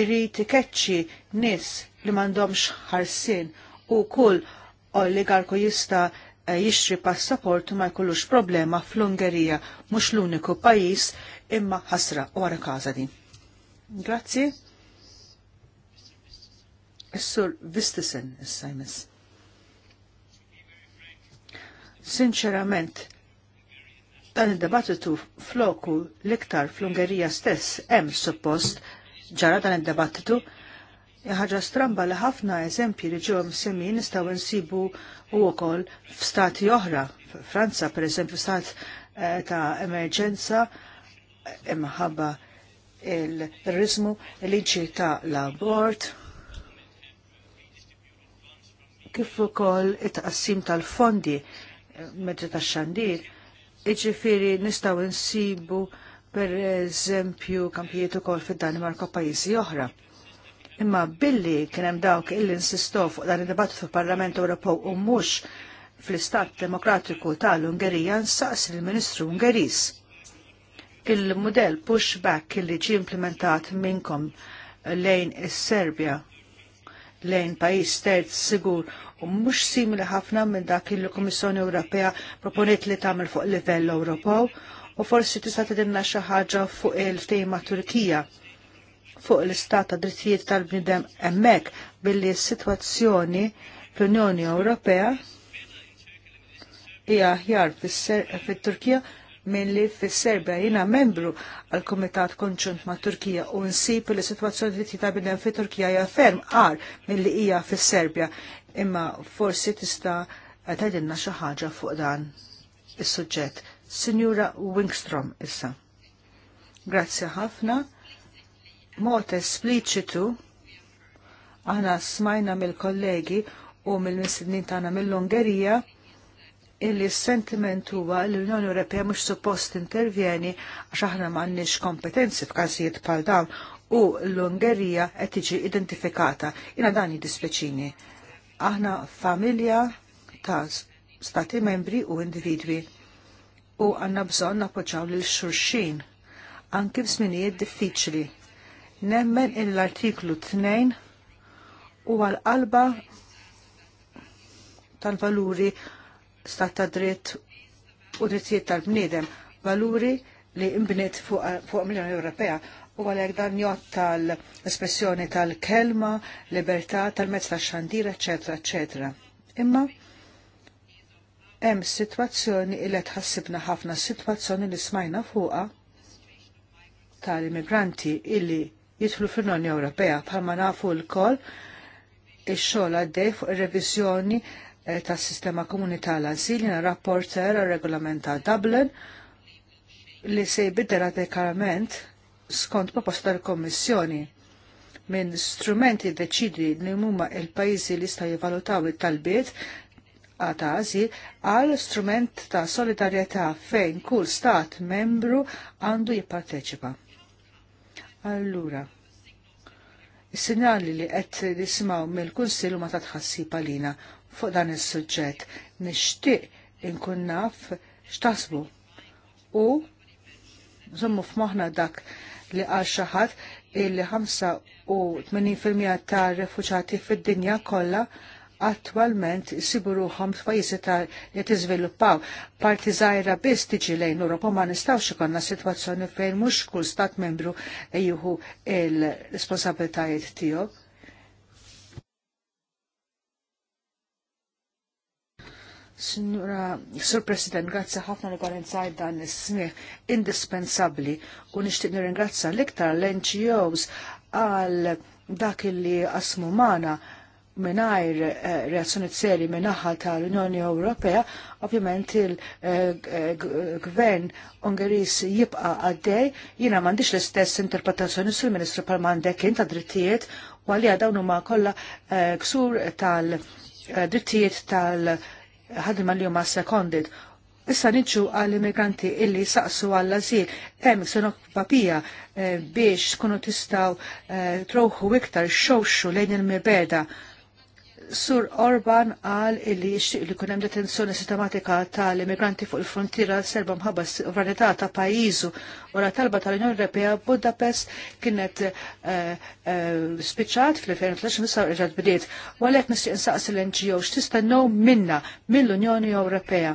irrid ikeċċi nies li m'għandhomx ħarsien u kull oligarku jista' jixtri passaport ma jkollux problema fl-Ungerija mhux l-uniku pajjiż imma ħasra wara każa din. Grazzi. Is-sur Vistisen is-sajmis. Sinċerament, dan id-debattitu floku l-iktar fl-Ungerija stess hemm suppost ġara dan id-debattitu ħaġa stramba li ħafna eżempji li ġew semmi nistgħu nsibu wkoll f'stati oħra. Franza pereżempju stat eh, ta' emerġenza imħabba il-terrorizmu, liġi ta' l-abort, kif ukoll it-tqassim tal-fondi mezzi ta' xandir. Iġifiri nistaw insibu per eżempju kampijiet ukoll fid-Danimarka pajjiżi oħra. Imma billi kien hemm dawk illi insistow fuq dan id-dibattu fil-Parlament Ewropew u mhux fl-Istat Demokratiku tal-Ungerija nsaqs il-Ministru Ungeris. Il-modell pushback illi ġi implementat minnkom lejn is-Serbja lejn pajis terz sigur u mhux simili ħafna minn dak li l-Kummissjoni Ewropea proponiet li tagħmel fuq livell Ewropew u forsi tista' tidilna xi ħaġa fuq il-ftehim ma' Turkija fuq l-istat ta' drittijiet tal-bnidem hemmhekk billi s-sitwazzjoni fl-Unjoni Ewropea hija aħjar fit-Turkija minn li fis-Serbja jiena membru għal Kumitat Konċunt ma' Turkija u nsib li situazzjoni li ta' bidem fi Turkija hija ferm qar minn li hija fis-Serbja imma forsi tista' tgħidilna xi ħaġa fuq dan is-suġġett. Sinjura Wingstrom issa. Grazzi ħafna. Mot espliċitu aħna smajna mill-kollegi u mill-missidnin tagħna mill-Ungerija illi s-sentiment huwa li l-Unjoni Ewropea mhux suppost intervjeni għax aħna m'għandniex kompetenzi f'każijiet bħal dawn u l-Ungerija qed tiġi identifikata. Jiena dan jiddispeċini. Aħna familja ta' stati membri u individwi u għanna bżonn nappoġġaw lil xurxin Anke f'żminijiet diffiċli. Nemmen l-artiklu 2 u għal-qalba tal-valuri stat ta' dritt u drittijiet tal-bniedem, valuri li imbniet fuq fu l-Unjoni Ewropea u għalhekk dan jgħod tal-espressjoni tal-kelma, libertà, tal-mezz tax-xandir, eċetera, eċetera. Imma hemm sitwazzjoni li tħassibna ħafna sitwazzjoni li smajna fuqha tal-immigranti illi jidħlu fl-Unjoni Ewropea bħalma nafu l-koll ix-xogħol għaddej fuq ir-reviżjoni Eh, tas sistema komunità l-azil jina rapporter regolamenta ta' Dublin li se jbidder dekarament skont proposta l-Kommissjoni minn strumenti deċidi li huma il-pajjiżi li jista' jivalutaw it-talbiet ta' azil għal strument ta' solidarjetà fejn kull stat membru għandu jipparteċipa. Allura, il sinjali li qed nismaw mill-Kunsill huma ta' tħassib għalina fuq dan is-suġġett. Nixtieq inkun naf x'tasbu. U zommu f'moħħna dak li għal xi ħadd illi 85% ta' refuġati fid-dinja kollha attualment siburu ruħom f'pajjiżi ta' li tiżviluppaw. Parti żgħira biss tiġi lejn Europa ma nistgħux ikollna sitwazzjoni fejn mhux kull stat membru jieħu l-responsabbiltajiet tiegħu. Signora, Sur President, grazzi ħafna li għal dan is-smih indispensabli u nixtieq nirringrazzja l-iktar l-NGOs għal dak li qasmu mana minajr eh, reazzjoni seri minaħħa tal-Unjoni Ewropea, ovvjament il-gvern eh, Ungeris jibqa għaddej, jina mandiċ l-istess interpretazzjoni sul ministru Palmandekin ta' drittijiet, u għalija dawnu ma' kolla eh, ksur tal- drittijiet tal- ħadma li huma sekondit. Issa nidġu għall-immigranti illi saqsu għall-azil, hemm papija eh, biex tkunu tistaw eh, trowħu iktar xoxxu lejn il-mibeda Sur Orban għal illi jixtieq li kunem detenzjoni sistematika tal-immigranti fuq il-frontiera serba mħabba sovranità ta' pajizu wara talba tal-Unjoni Ewropea Budapest kienet eh, eh, spiċċat fl-2013 nisa irġad bdiet. Walek nistieq insaqsi l-NGO x'tistennew minna mill-Unjoni Ewropea.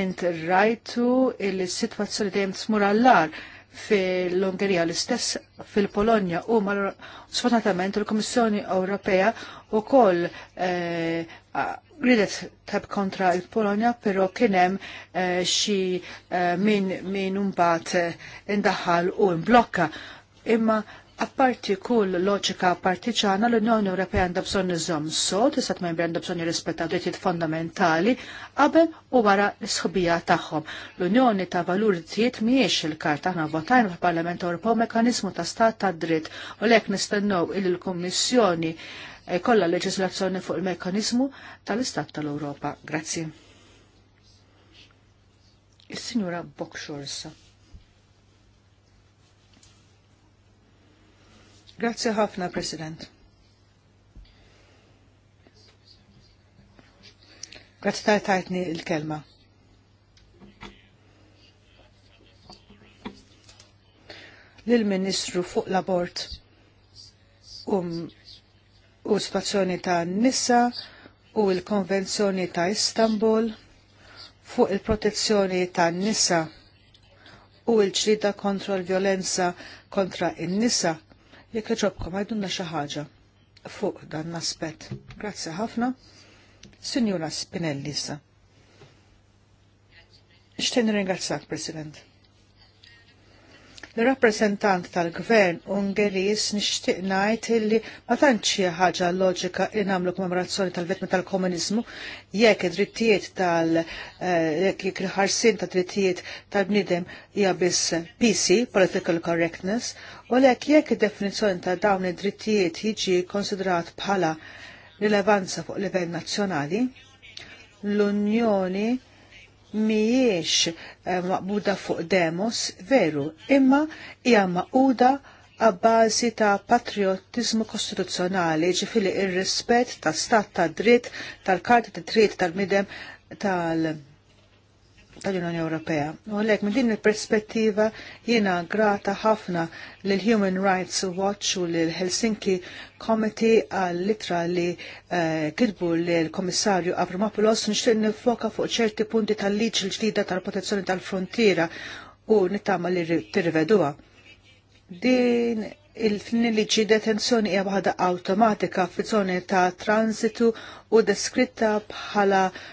Int rajtu il-sitwazzjoni dejjem tmur għall għar fil-Ungerija l-istess fil-Polonja u mal sfortunatament il kummissjoni Ewropea u koll eh, ridet tab kontra il-Polonja, pero kienem eh, xi eh, min min bat indaħal u imblokka. Imma Apparti kull loġika partiċana l-Unjoni Ewropea għandha bżonn iżomm sod, istat membri għandha bżonn jirrispettaw drittijiet fondamentali qabel u wara l-sħubija tagħhom. L-Unjoni ta' Valur Tiet mhijiex il-karta aħna votajna fil-Parlament Ewropew mekanizmu ta' stat ta' dritt u lek nistennew il l-Kummissjoni eh, kollha leġislazzjoni fuq il-mekanizmu tal-Istat tal-Ewropa. Grazzi. Is-Sinjura Bokxorsa. Grazie ħafna, President. Grazie tal il-kelma. Lil-Ministru fuq l-abort um, u spazzjoni ta' Nissa u l-Konvenzjoni ta' Istanbul fuq il-protezzjoni ta' Nissa u l-ċrida kontra l-violenza kontra in-nisa jekk ġobkom għajdunna xi ħaġa fuq dan l-aspett. Grazzi ħafna. Sinjura Spinelli sa. Xtejn ringrazzjak, President. L-rappresentant tal-gvern Ungeris nixtieq ngħid illi ma tantx ħaġa loġika li nagħmlu kommemorazzjoni tal vetmi tal-komuniżmu jekk id-drittijiet tal- eh, jekk il-ħarsien ta' drittijiet tal-bniedem hija biss PC, political correctness, u lek jekk id-definizzjoni ta' dawn id-drittijiet jiġi konsidrat bħala rilevanza fuq livell nazzjonali, l-Unjoni miex eh, maqbuda fuq demos, veru, imma hija maquda għabbażi ta' patriotizmu kostituzzjonali ġifili ir-rispett ta' stat ta' dritt, tal-karta ta' dritt tal-midem tal-, -dritt, tal tal-Unjoni Ewropea. U għalhekk minn din il-perspettiva jiena grata ħafna lil Human Rights Watch u lil Helsinki Committee għal litra li uh, kitbu lil Komissarju Avramopoulos nixtieq nifoka fuq ċerti punti tal-liġi l-ġdida tal-protezzjoni tal-frontiera u nittama li tirveduha. Din il-fni li ġi detenzjoni hija waħda awtomatika fi zoni ta' transitu u deskritta bħala uh,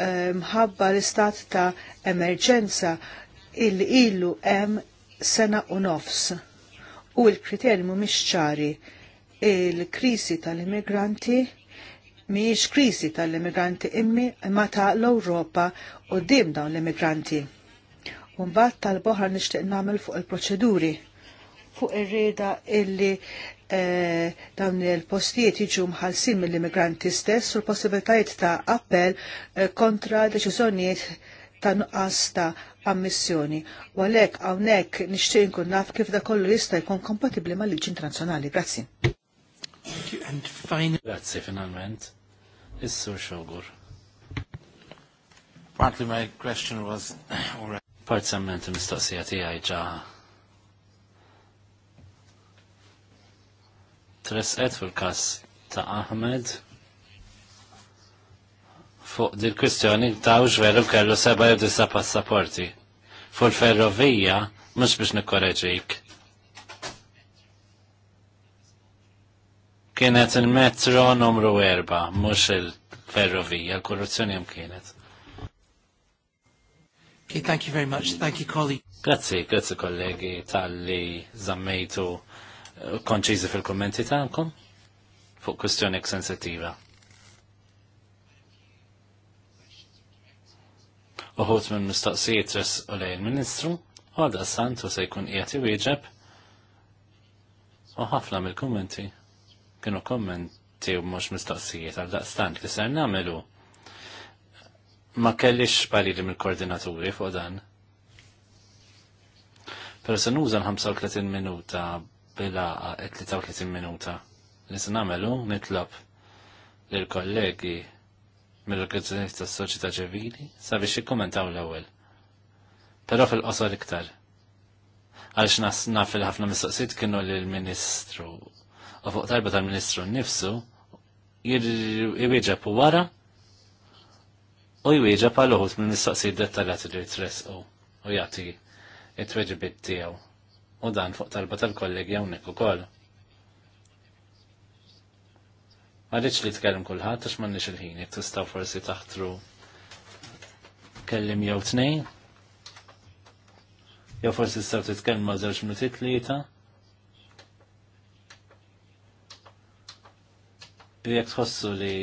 mħabba l-istat ta' emerġenza illi illu hemm sena u nofs. U l kriterju mhumiex ċari il-krisi tal-immigranti miex krisi tal-immigranti immi ma ta' l-Ewropa u dim dawn l-immigranti. Un-bat tal-boħra nixtieq nagħmel fuq il-proċeduri fuq ir-rieda illi E, dawn il-postijiet jiġu mħalsin mill-immigranti stess u l-possibilitajiet ta' appell e, kontra deċiżjonijiet ta' nuqqas ta' ammissjoni. U għalek għawnek nishtiq nkun naf kif da kollu jista' jkun kompatibli ma' liġi internazzjonali. Grazzi. Grazzi finalment. Issu xogur. Partly my question was (coughs) already. Parzialment mistoqsija tiegħi ġa tresqet fil-kas ta' Ahmed fuq dil kwistjoni ta' uġveru kellu seba' jew disa passaporti. Fuq il-ferrovija mhux biex nikkoreġik. Kienet il-metro numru erba' mhux il-ferrovija, l-korruzzjoni hemm kienet. Okay, thank you very much. Thank you, colleague. Grazzi, grazie, kollegi tal-li zammejtu konċiżi fil-kommenti tagħkom fuq kwestjoni sensittiva. Uħut minn mistoqsijiet res u lejn ministru, għadha santu se jkun qiegħed iwieġeb u ħafna mill-kummenti kienu kommenti u mhux mistoqsijiet għal daqstant li ser nagħmlu. Ma kellix palili mill-koordinaturi fuq dan. Pero se nuża l-35 minuta bilaqa 33 minuta. Li se nagħmelu nitlob lil kollegi mill-organizzazzjoni tas-soċjetà ċivili sabiex jikkumentaw l-ewwel. Però fil-qosor iktar. Għaliex nas naf il-ħafna mistoqsijiet kienu lill-Ministru u fuq talba tal-Ministru nnifsu jwieġeb wara u jwieġeb għal uħut mill mistoqsijiet dettaljati li jitresqu u jagħti it-tweġibiet tiegħu u dan fuq talba tal-kollegi hawnhekk ukoll. Ma rridx li tkellem kulħadd għax m'għandniex il-ħin, jekk tistgħu forsi taħtru kellim jew tnejn. Jew forsi tistgħu ma' żewġ minuti tlieta. Jekk tħossu li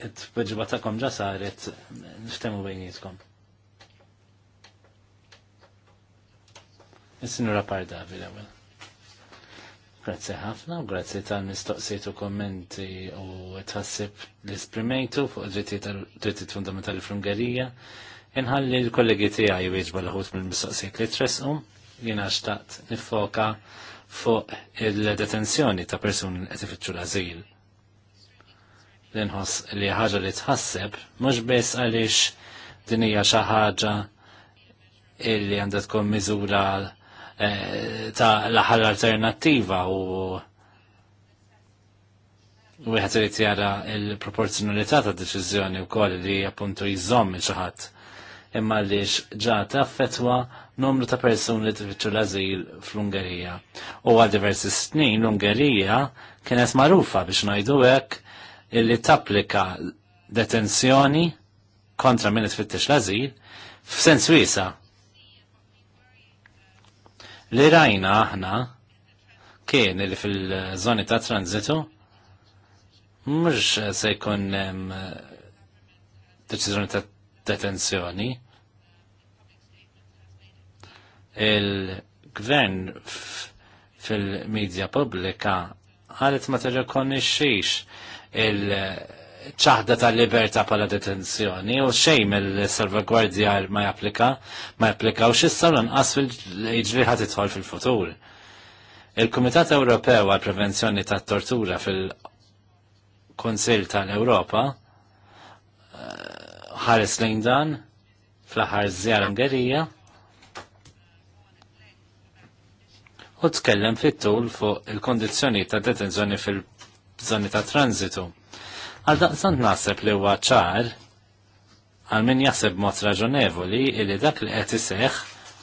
it-tweġba eh, eh, tagħkom ġa saret niftemu bejnietkom. Is-sinura Parda, l-ewwel. Grazzi ħafna u grazzi tal-mistoqsijiet u kommenti u tħassib li sprimejtu fuq drittijiet fundamentali fl-Ungerija. Inħalli l-kollegi tiegħi wieġba l-ħut mill-mistoqsijiet li tresqum jiena xtaqt nifoka fuq il-detenzjoni ta' persuni qed ifittxu l-ażil. L-inħoss li ħaġa li tħasseb mhux biss għaliex din hija xi ħaġa illi għandha tkun miżura Eh, ta' l-aħħar alternattiva u wieħed irid jara l-proporzjonalità ta' deċiżjoni wkoll li appuntu jżomm xi ħadd imma għaliex ġata taffetwa numru ta' persuni li tfittxu l-azil fl-Ungerija. U għal diversi snin l-Ungerija kienet magħrufa biex ngħidu hekk illi tapplika detenzjoni kontra minnet tfittex l-azil f'sens wiesa' Li rajna aħna kien li fil-żoni ta' tranzitu mhux se jkun eh, deċiżjoni ta' detenzjoni. Il-gvern fil-medja pubblika għalet ma tirrekonixxix il- ċaħda tal-liberta pala detenzjoni u xej mill-salvagwardja ma japplika, ma japplika u xissa lanqas fil-ġri ħat fil-futur. Il-Kumitat Ewropew għal Prevenzjoni tat Tortura fil-Konsil tal-Ewropa eh, ħares lejn dan fl-aħħar zjar Ungerija u tkellem fit-tul fuq il-kondizzjoni ta' detenzjoni fil-żoni ta' transitu Għal daqsan naħseb li huwa ċar għal min jaseb mod raġonevoli li dak li qed iseħħ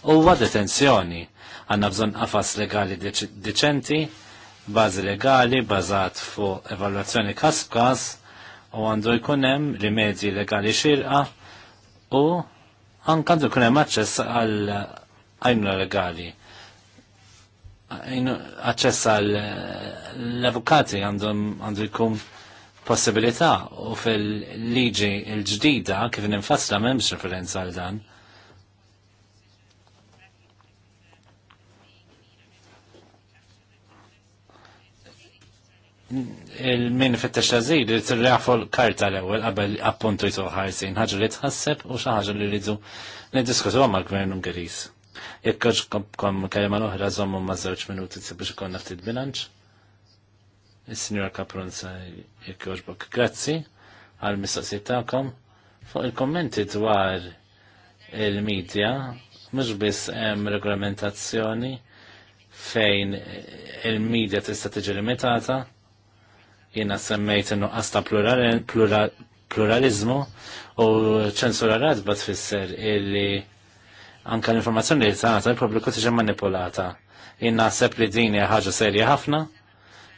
huwa detenzjoni. Għandna bżonn qafas legali deċenti, bażi legali bażat fuq evalwazzjoni kaskas każ u għandu jkun hemm rimedji legali xirqa u anke għandu jkun hemm aċċess għal għajnuna legali. Aċċess għal eh, l-avukati għandhom għandu jkun possibilità u fil-liġi l-ġdida kif ninfassla m'hemmx referenza għal dan. il-min fit-tex tażid li tirrafu l-karta l-ewwel qabel appuntu jtu ħarsin ħaġa li tħasseb u xi ħaġa li rridu għamma mal-Gvern Ungeriż. Jekk kom kelma l-oħra zommu ma' żewġ minuti biex konna ftit bilanċ il-Sinjora Kaprunza jekk Grazzi għal mistoqsijiet tagħkom fuq il-kommenti dwar il-medja mhux biss hemm regolamentazzjoni fejn il-medja tista' tiġi limitata. Jiena semmejt in-nuqqas ta' pluralizmu u ċensura radba tfisser illi anka l-informazzjoni li tagħta il-pubbliku tiġi manipulata. Jien naħseb li din hija ħaġa serja ħafna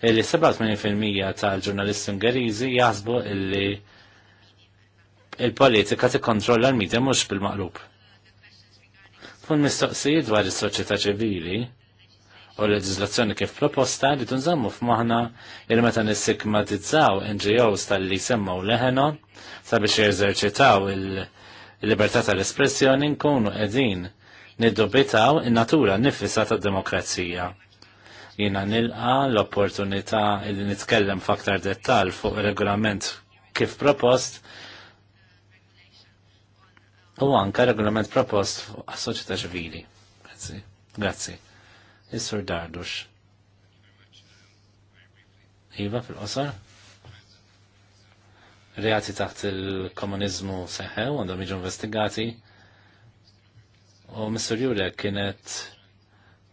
illi 87% tal-ġurnalisti ungerizi jaħsbu illi il-politika tikkontrolla l-medja mhux bil-maqlub. Fun mistoqsijiet dwar is-soċjetà ċivili u l-leġiżlazzjoni kif proposta li tunżammu f'moħħna il meta nissigmatizzaw NGOs tal-li semmaw leħenhom sabiex jeżerċitaw il-libertà tal-espressjoni nkunu qegħdin niddubitaw in-natura nifisa tad-demokrazija. Jina nilqa l-opportunità li nitkellem f'aktar dettal fuq regolament kif propost u anka regolament propost fuq soċjetà ċivili. Grazzi. Grazzi. Is-Sur Dardux. Iva fil-qosar? reati taħt il-komunizmu seħew għandhom jiġu investigati. U Mr. Jurek kienet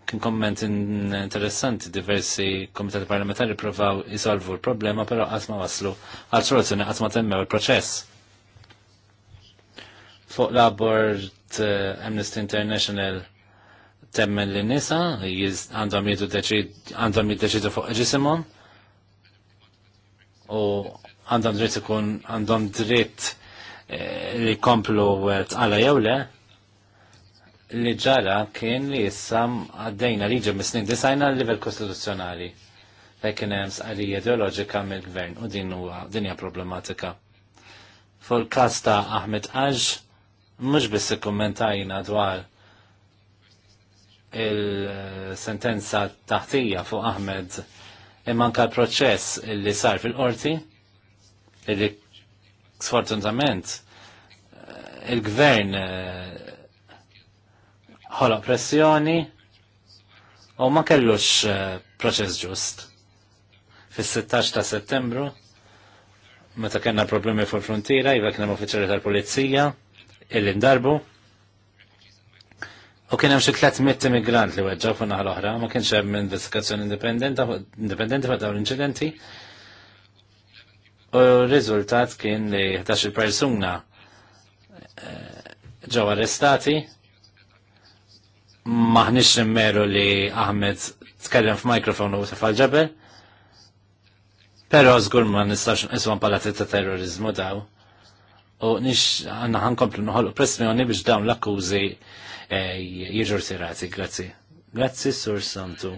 kien komment interessanti diversi komitati parlamentari provaw jisolvu l-problema, pero għasma waslu għal soluzzjoni għasma temmew il-proċess. Fuq l-abort eh, Amnesty International temmen li nisa, għandhom jiddeċidu fuq ġisimom, u għandhom dritt ikun għandhom dritt eh, li komplu eh, tqala jew le, li ġara kien li jissam għaddejna liġi mis-snin disajna l-livell kostituzzjonali. Fekken kien hemm sqarija ideoloġika mill-gvern u din huwa dinja problematika. Fol każ ta' Ahmed Aġ mhux biss ikkummentajna dwar il-sentenza taħtija fuq Ahmed imma anka l-proċess li sar fil-qorti li sfortunatament eh, il-gvern eh, ħoloq pressjoni u ma kellux eh, proċess ġust. Fis-16 ta' settembru, meta kellna problemi fuq frontiera, iva kien hemm uffiċjali tal-pulizija, illi ndarbu. U kien hemm xi 300 immigrant li weġġaw fuq naħa l-oħra, ma kienx hemm investigazzjoni indipendenti fuq dawn l-inċidenti. U r-riżultat kien li 11 persuna eh, ġew arrestati maħnix nimmeru li Ahmed tkellem f-mikrofon u tafal ġebel, pero għazgur ma nistax nqiswan palati ta' terrorizmu daw. U nix għanna ħankomplu nħollu pressjoni biex dawn l-akkużi eh, jiġu tirati, grazzi. Grazzi, Sur Santu.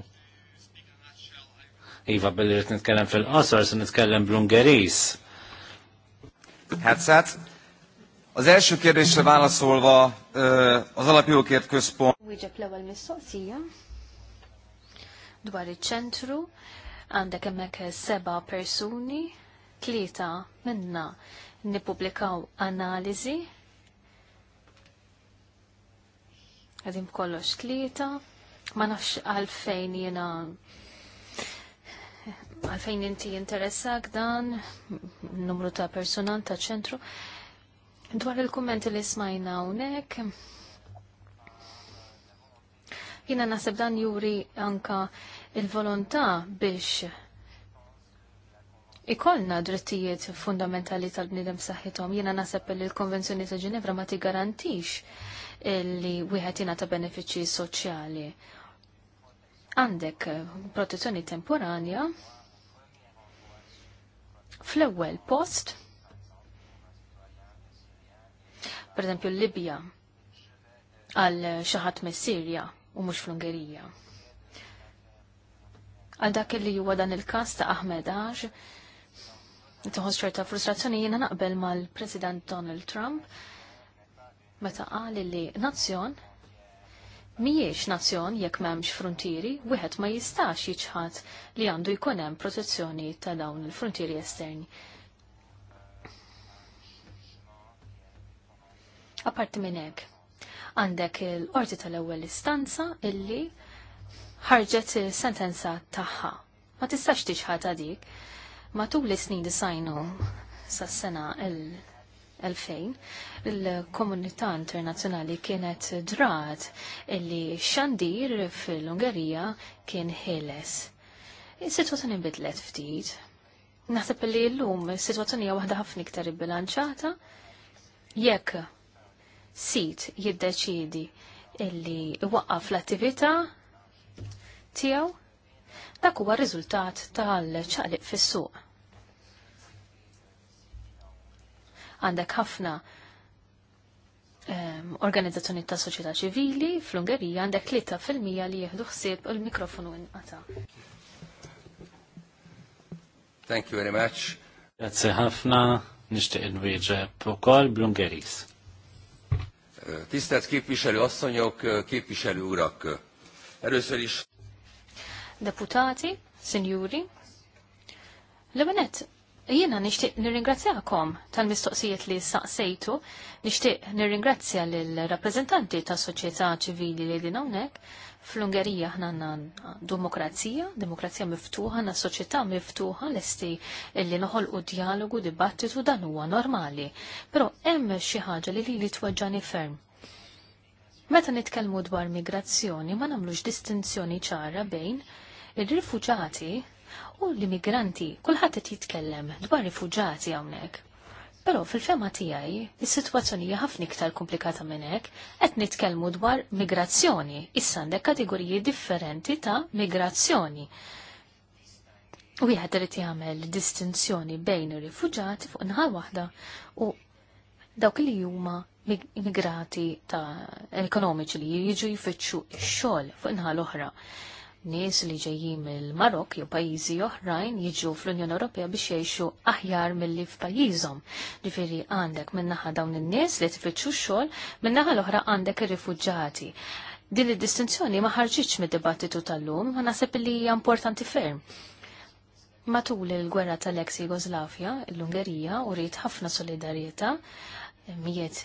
Iva, billi rrit nitkellem fil-qosor, s nitkellem bl-Ungeris. Headset. Az első kérdésre válaszolva az Alapjogokért Központ. l-ewwel mistoqsija dwar iċ-ċentru għandek hemmhekk seba' persuni, tlieta minna nippubblikaw analiżi Qegħdin kollox tlieta, ma nafx għalfejn jiena għalfejn inti jinteressak dan, numru ta' personal ta' ċentru, Dwar il-kummenti li smajna hawnhekk, jina nasib dan juri anka il-volontà biex ikollna drittijiet fundamentali tal-bnidem saħħithom. Jina nasib li l-Konvenzjoni ta' Ġenevra ma tigarantix li wieħed jingħata benefiċċji soċjali. Għandek protezzjoni temporanja fl-ewwel post per esempio l-Libja għal xaħat mis sirja u mhux fl-Ungerija. Għal dak li huwa dan il-każ ta' Ahmed Aj, tħoss ċerta frustrazzjoni jiena naqbel mal-President Donald Trump meta qal li nazzjon mhijiex nazzjon jekk m'hemmx frontieri, wieħed ma jistax jiċħad li għandu jkun hemm protezzjoni ta' dawn il-frontieri esterni. Apart minn hekk, għandek il-qorti tal-ewwel istanza illi ħarġet il-sentenza tagħha. Ma tistax tixħat dik. Matul is-snin disajnu sas-sena l-2000, il-komunità internazzjonali kienet drat illi xandir fil-Ungerija kien ħeles. Is-sitwazzjoni bidlet ftit, Naħseb li l-lum situazzjoni hija waħda ħafna iktar ibbilanċata jekk sit jiddeċidi illi waqqaf l-attività tiegħu dak huwa riżultat tal-ċaqliq fis-suq. Għandek ħafna um, organizzazzjoni ta' soċjetà ċivili fl-Ungerija għandek 3% li jieħdu ħsieb il-mikrofonu inqata. Thank you very much. Grazie ħafna, nixtieq inwieġeb ukoll bl-Ungeris. Tisztelt képviselő asszonyok, képviselő urak! Először is... Deputáti, signori, l Jiena nixtieq nirringrazzjakom tal-mistoqsijiet li saqsejtu, nixtieq nirringrazzja lill rappreżentanti tas soċjetà ċivili li din hawnhekk Fl-Ungerija ħna għandna demokrazija, demokrazija miftuħa, għandna soċjetà miftuħa lesti li noħolqu dialogu, dibattitu dan huwa normali. Però hemm xi ħaġa li lili tweġġani ferm. Meta nitkellmu dwar migrazzjoni ma nagħmlux distinzjoni ċara bejn ir-rifuġati u l-immigranti, kulħadd qed jitkellem dwar rifuġati hawnhekk. Però fil-fema tiegħi, is-sitwazzjoni hija ħafna iktar komplikata minn hekk, qed nitkellmu dwar migrazzjoni, issa għandek kategoriji differenti ta' migrazzjoni. Wieħed irid jagħmel distinzjoni bejn ir-rifuġati fuq inħal waħda u dawk li huma immigrati ta' ekonomiċi li jiġu jfittxu x-xogħol fuq inħal oħra nies li ġejjin mill-Marok jew pajjiżi oħrajn jiġu fl-Unjoni Ewropea biex jgħixu aħjar milli f'pajjiżhom. Ġifieri għandek minnaħa dawn in-nies li tfittxu x-xogħol, minnaħa l-oħra għandek ir-rifuġġati. Din id-distinzjoni ma ħarġitx mid-dibattitu tal-lum, ma naħseb li hija importanti ferm. Matul il-gwerra tal-ex Jugoslavja, l-Ungerija, u rrit ħafna solidarieta, mijiet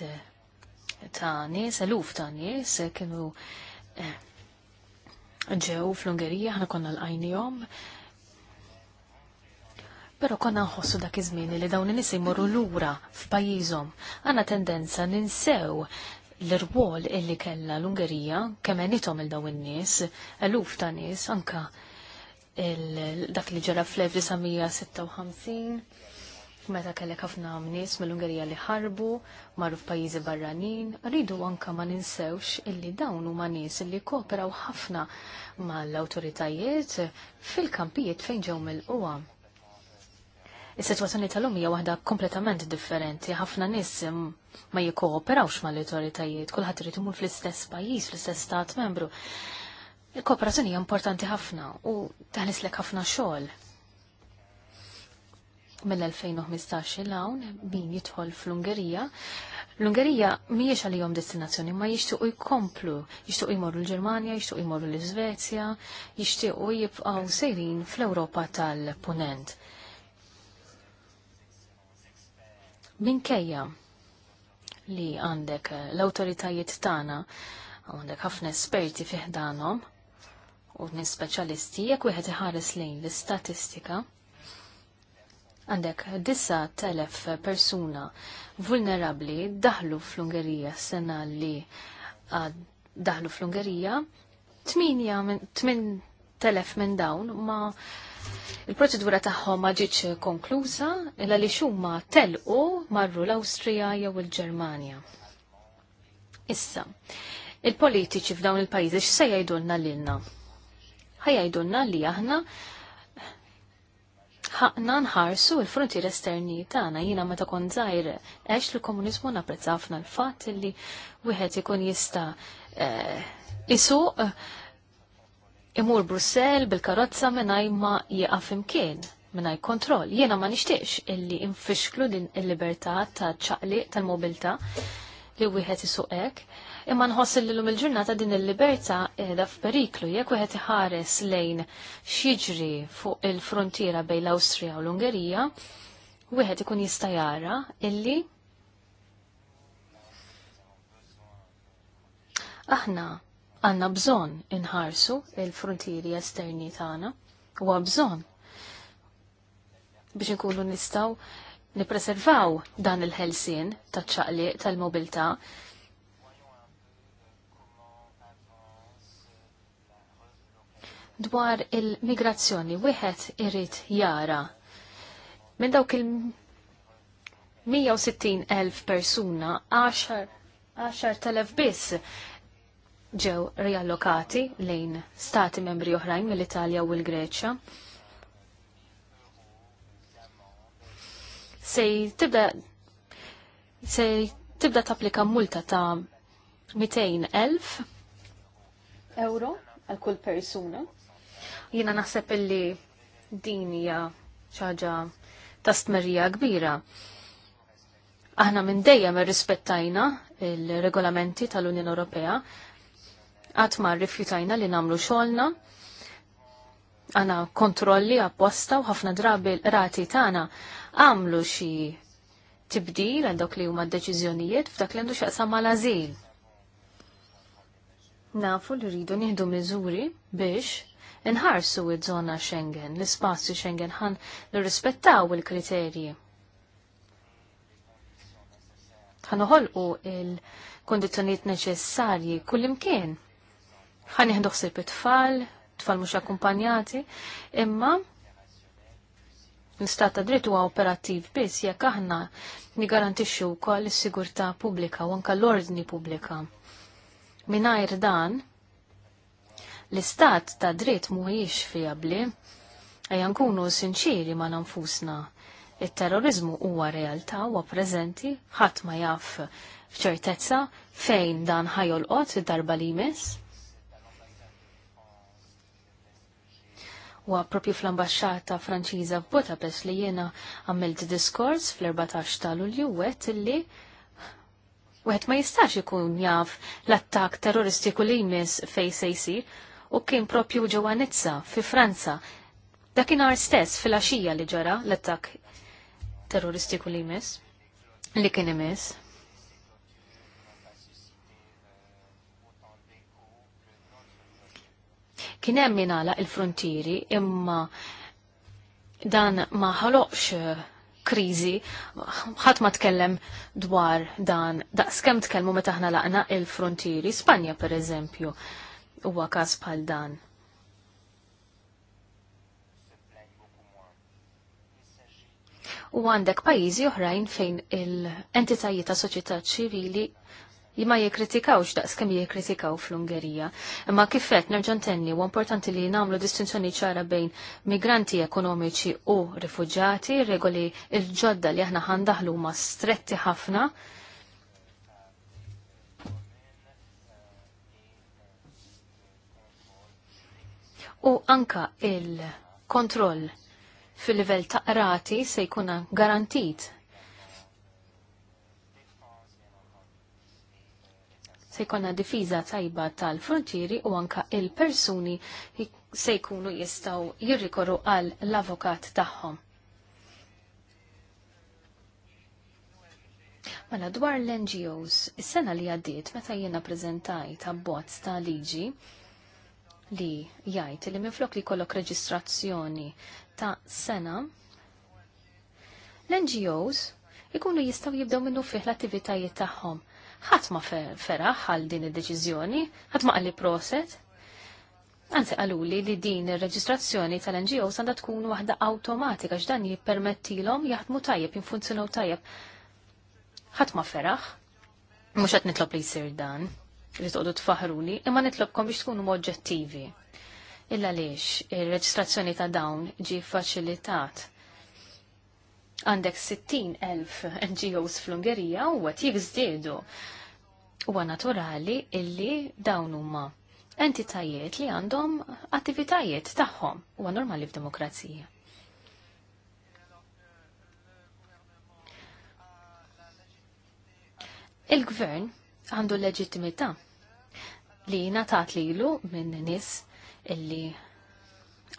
ta' nies, eluf ta' nies, kienu eh, ġew fl-Ungerija, ħana konna l jom. pero konna nħossu dak iż-żmien li dawn in-nies jmorru lura f'pajjiżhom. Għandna tendenza ninsew l-irwol illi kella l-Ungerija kemm għenitom il dawn in-nies, eluf ta' nies anka dak li ġara fl-1956 meta kellek ħafna nies mill-Ungerija li ħarbu, marru f'pajjiżi barranin, rridu anka ma ninsewx illi dawn huma nies illi kooperaw ħafna mal-awtoritajiet fil-kampijiet fejn ġew mill-qwa. Is-sitwazzjoni tal-lum hija waħda kompletament differenti. Ħafna nies ma jikkooperawx mal-autoritajiet, kulħadd irid imur fl-istess pajjiż, fl-istess stat membru. Il-kooperazzjoni hija importanti ħafna u taħnislek ħafna xogħol mill-2015 l-għawn min jidħol fl-Ungerija. L-Ungerija miex għal-jom destinazzjoni, ma jixtiequ jkomplu, jixtiequ jmorru l-Ġermanja, jixtiequ jmorru l-Iżvezja, jixtiequ jibqgħu sejrin fl-Ewropa tal-Punent. Minkejja li għandek l-awtoritajiet tagħna għandek ħafna esperti fiħdanom u n-speċjalisti jekk wieħed iħares lejn l-istatistika Għandek telef persuna vulnerabli daħlu fl-Ungerija sena li daħlu fl-Ungerija, 8,000 minn dawn ma il-proċedura tagħhom ma ġietx konkluża illa li xumma telqu marru l-Awstrija jew il-Ġermanja. Issa, il-politiċi f'dawn il-pajjiżi x'se jgħidulna lilna? Ħajajdulna li aħna ħaqna nħarsu l-frontier esterni tagħna jiena meta kont żgħir għex li komuniżmu napprezza ħafna l-fatt li wieħed ikun jista' eh, isuq eh, imur Brussell bil-karozza mingħajr ma jieqaf imkien minnaj kontroll. Jiena ma nixtiex illi infixklu din il-libertà ta' ċaqli tal mobilta li wieħed isuq hekk imma nħoss l-lum il-ġurnata din il-liberta edha f'periklu jekk wieħed iħares lejn xiġri fuq il-frontiera bejn l-Awstrija u l-Ungerija, wieħed ikun jista' jara illi aħna għandna bżonn inħarsu il-frontieri esterni tagħna huwa bżonn biex inkunu nistgħu nipreservaw dan il-ħelsien taċ-ċaqliq tal-mobilità dwar il-migrazzjoni. Wieħed irrid jara minn dawk il 160000 elf persuna 10,000 biss ġew riallokati lejn stati membri oħrajn mill-Italja u l-Greċja. Se tibda se tibda tapplika multa ta' 200,000 euro għal kull persuna. Jiena naħseb illi din hija ċaġa ta' stmerija kbira. Aħna minn dejjem irrispettajna il-regolamenti tal-Unjoni Ewropea, għat ma rrifjutajna li namlu xolna, għana kontrolli apposta u ħafna drabi l rati tana għamlu xi tibdil għal dawk li huma deċiżjonijiet f'dak li għandu xaqsam mal azil Nafu li rridu nieħdu miżuri biex Inħarsu id-żona Schengen, l-ispazju Schengen ħan nirrispettaw il-kriterji. Ħan uħolqu il-kondizjoniet neċessarji kullimkien. Ħan jihduħsib it-tfal, tfal mhux akkumpanjati, imma l-istat ta' dritt huwa operattiv biss jekk aħna nigarantixxu wkoll is-sigurtà pubblika u anke l-ordni pubblika. Mingħajr dan L-istat ta' dritt mhuwiex għabli, għajan nkunu sinċiri ma' nanfusna. Il-terrorizmu huwa realtà huwa preżenti, ħadd ma jaf f'ċertezza fejn dan ħajolqot id-darba li jmiss. u propju fl-ambasċata Franċiża f'Budapest li jiena għamilt diskors fl-14 ta' Lulju wet li wieħed ma jistax ikun jaf l-attak terroristiku li jmiss fej se jsir u kien propju ġewwa fi Franza. Dakinhar stess fil-għaxija li ġara l-attak terroristiku li jmiss li kien imiss. Kien hemm jingħalaq il-frontieri imma dan ma ħaloqx krizi, ħadd ma tkellem dwar dan, daqskemm tkellmu meta aħna laqna il-frontieri, Spanja per eżempju, huwa każ bħal dan. U għandek pajjiżi oħrajn fejn il-entitajiet ta' soċjetà ċivili ma daqs kemm jikkritikaw fl-Ungerija. Imma kifet nerġan tenni u importanti li namlu distinzjoni ċara bejn migranti ekonomiċi u rifugġati, regoli il-ġodda li aħna ħandaħlu ma stretti ħafna u anka il-kontroll fil-livell ta' rati se jkuna garantit se jkuna difiza tajba tal-frontieri u anka il-persuni se jkunu jistaw jirrikorru għal l-avokat tagħhom. Mela dwar l-NGOs, is-sena li għaddiet meta jiena preżentajt abbozz ta' liġi li jgħid li minflok li kollok reġistrazzjoni ta' sena, l-NGOs ikunu jistaw jibdew minnu fih l-attivitajiet tagħhom. Ħadd ma feraħ għal din id-deċiżjoni, ħadd ma qalli proset. Anzi qaluli li din ir-reġistrazzjoni tal-NGOs għandha tkun waħda awtomatika x'dan jippermettilhom jaħdmu tajjeb, jinfunzjonaw tajjeb. Ħadd ma feraħ, mhux qed nitlob li jsir dan li toqdu tfaħruni, imma nitlobkom biex tkunu oġġettivi. Illa lix, il-reġistrazzjoni ta' dawn ġi faċilitat. Għandek 60.000 NGOs fl-Ungerija u għat jibżdiedu. Huwa naturali illi dawn huma entitajiet li għandhom attivitajiet tagħhom huwa normali f'demokrazija. Il-gvern għandu l-leġittimità li natat lilu minn nis illi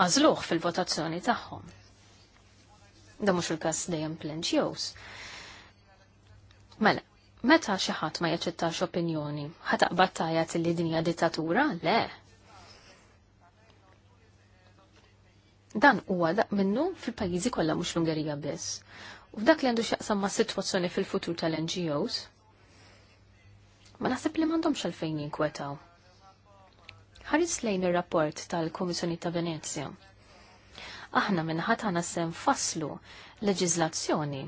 għazluħ fil-votazzjoni tagħhom. Da mhux il-każ dejjem plenġjows. Mela, meta xi ħadd ma jaċċettax opinjoni, ħataq battajat li dinja dittatura? Le. Dan huwa daq minnu fil-pajjiżi kollha mhux l-Ungerija biss. U f'dak li għandu x'jaqsam ma' sitwazzjoni fil-futur tal-NGOs, ma naħseb li m'għandhomx għalfejn jinkwetaw. Ħaris lejn ir-rapport tal komissjoni ta' Venezja. Aħna minħat għana sem faslu leġizlazzjoni.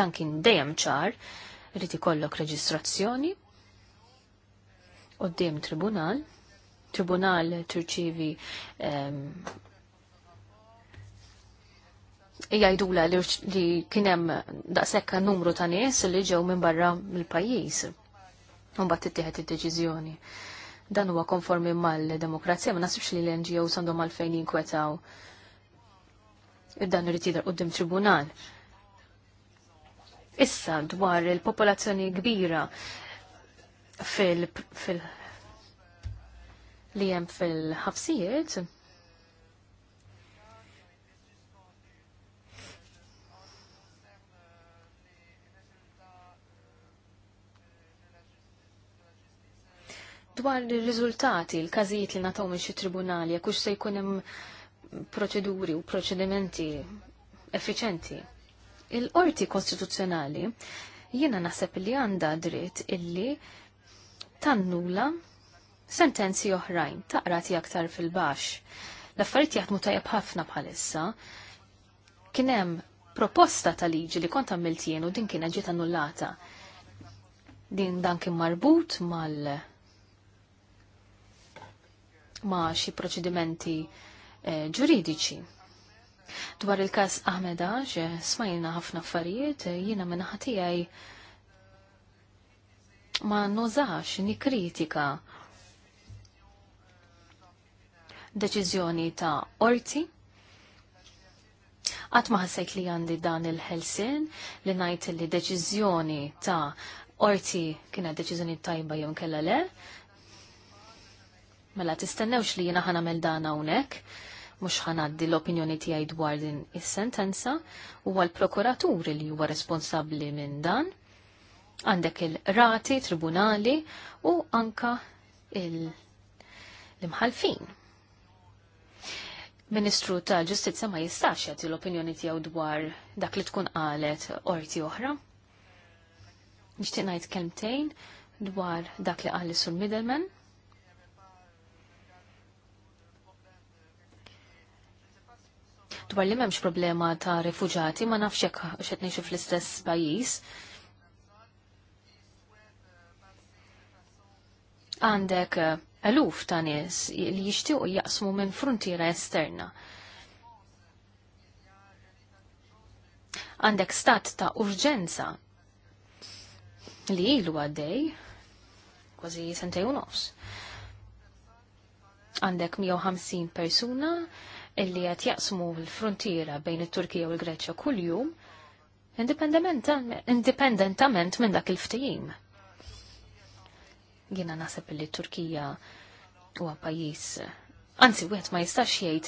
Dan kien dejjem ċar, rrid ikollok reġistrazzjoni qoddim tribunal. Tribunal tirċivi ehm, jgħidula li kienem sekka numru ta' nies li ġew minn barra mill-pajjiż Mbagħad ittieħed id-deċiżjoni. Dan huwa konformi mal-demokrazija, ma nasibx li l ngo sandhom għalfejn jinkwetaw. Dan irid jidher qudiem tribunal. Issa dwar il-popolazzjoni kbira fil, fil li hemm fil-ħabsijiet, Dwar il-riżultati, il-każijiet li nataw minn xi tribunali, jekk se jkun hemm proċeduri u proċedimenti effiċenti. Il-qorti kostituzzjonali jiena naħseb li għandha dritt illi tannula sentenzi oħrajn taqrati aktar fil-baxx. L-affarijiet jaħdmu tajjeb ħafna bħalissa. Kien hemm proposta ta' liġi li kont għamilt jien u din kienet ġiet annullata. Din dan kien marbut mal- ma' xi proċedimenti eh, ġuridiċi. Dwar il-kas Ahmeda, ġe smajna ħafna affarijiet, eh, jiena minn ħatijaj ma nużax ni kritika deċiżjoni ta' orti. Għat ma ħassejt li għandi dan il-ħelsin li najt li deċiżjoni ta' orti kiena deċiżjoni tajba jom kella le, Mela tistennewx li jiena ħanamel dan hawnhekk, mhux ħanaddi l-opinjoni tiegħi dwar din is-sentenza, huwa l-prokuratur li huwa responsabbli minn dan. Għandek il-rati, tribunali u anka l-imħalfin. Ministru tal-Ġustizza ma jistax jagħti l-opinjoni tiegħu dwar dak li tkun qalet orti oħra. Nixtieq ngħid kelmtejn dwar dak li qal sul Middleman dwar li memx problema ta' rifugjati ma nafx jekk xed fl-istess pajjiż. Għandek eh, eluf ta' nies li jixtiequ jaqsmu minn frontiera esterna. Għandek stat ta' urġenza li ilu għaddej kważi sentej u nofs. Għandek 150 persuna illi qed jaqsmu l-frontiera bejn it-Turkija u l-Greċja kuljum indipendentament minn dak il ftijim Jiena naħseb li t-Turkija huwa pajjiż Anzi, wieħed ma jistax jgħid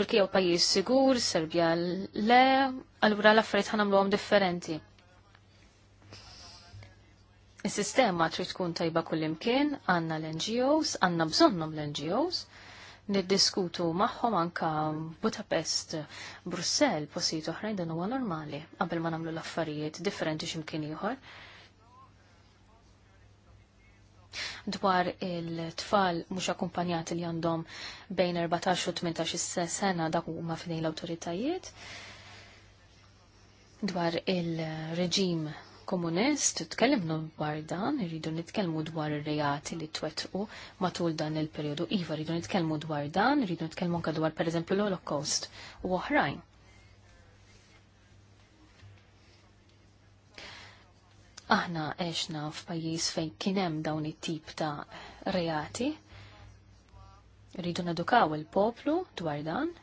Turkija u pajjiż sigur, Serbja le, allura l-affarijiet ħanamluhom differenti. Is-sistema trid tkun tajba kull imkien, għandna l-NGOs, għandna bżonnhom l-NGOs, niddiskutu magħhom anka Budapest, Brussell, posijiet oħrajn dan huwa normali qabel ma nagħmlu l-affarijiet differenti x'imkien ieħor. Dwar il-tfal mhux akkumpanjati li għandhom bejn 14 u 18 sena dak huma fidejn l-awtoritajiet dwar il-reġim komunist tkellimnu dwar dan, rridu nitkellmu dwar ir-reati li twettqu matul dan il-perjodu. Iva, rridu nitkellmu dwar dan, rridu nitkellmu anke dwar pereżempju l-Holocaust u oħrajn. Aħna għexna f'pajjiż fejn kien hemm dawn it-tip ta' reati. Rridu nadukaw il-poplu dwar dan,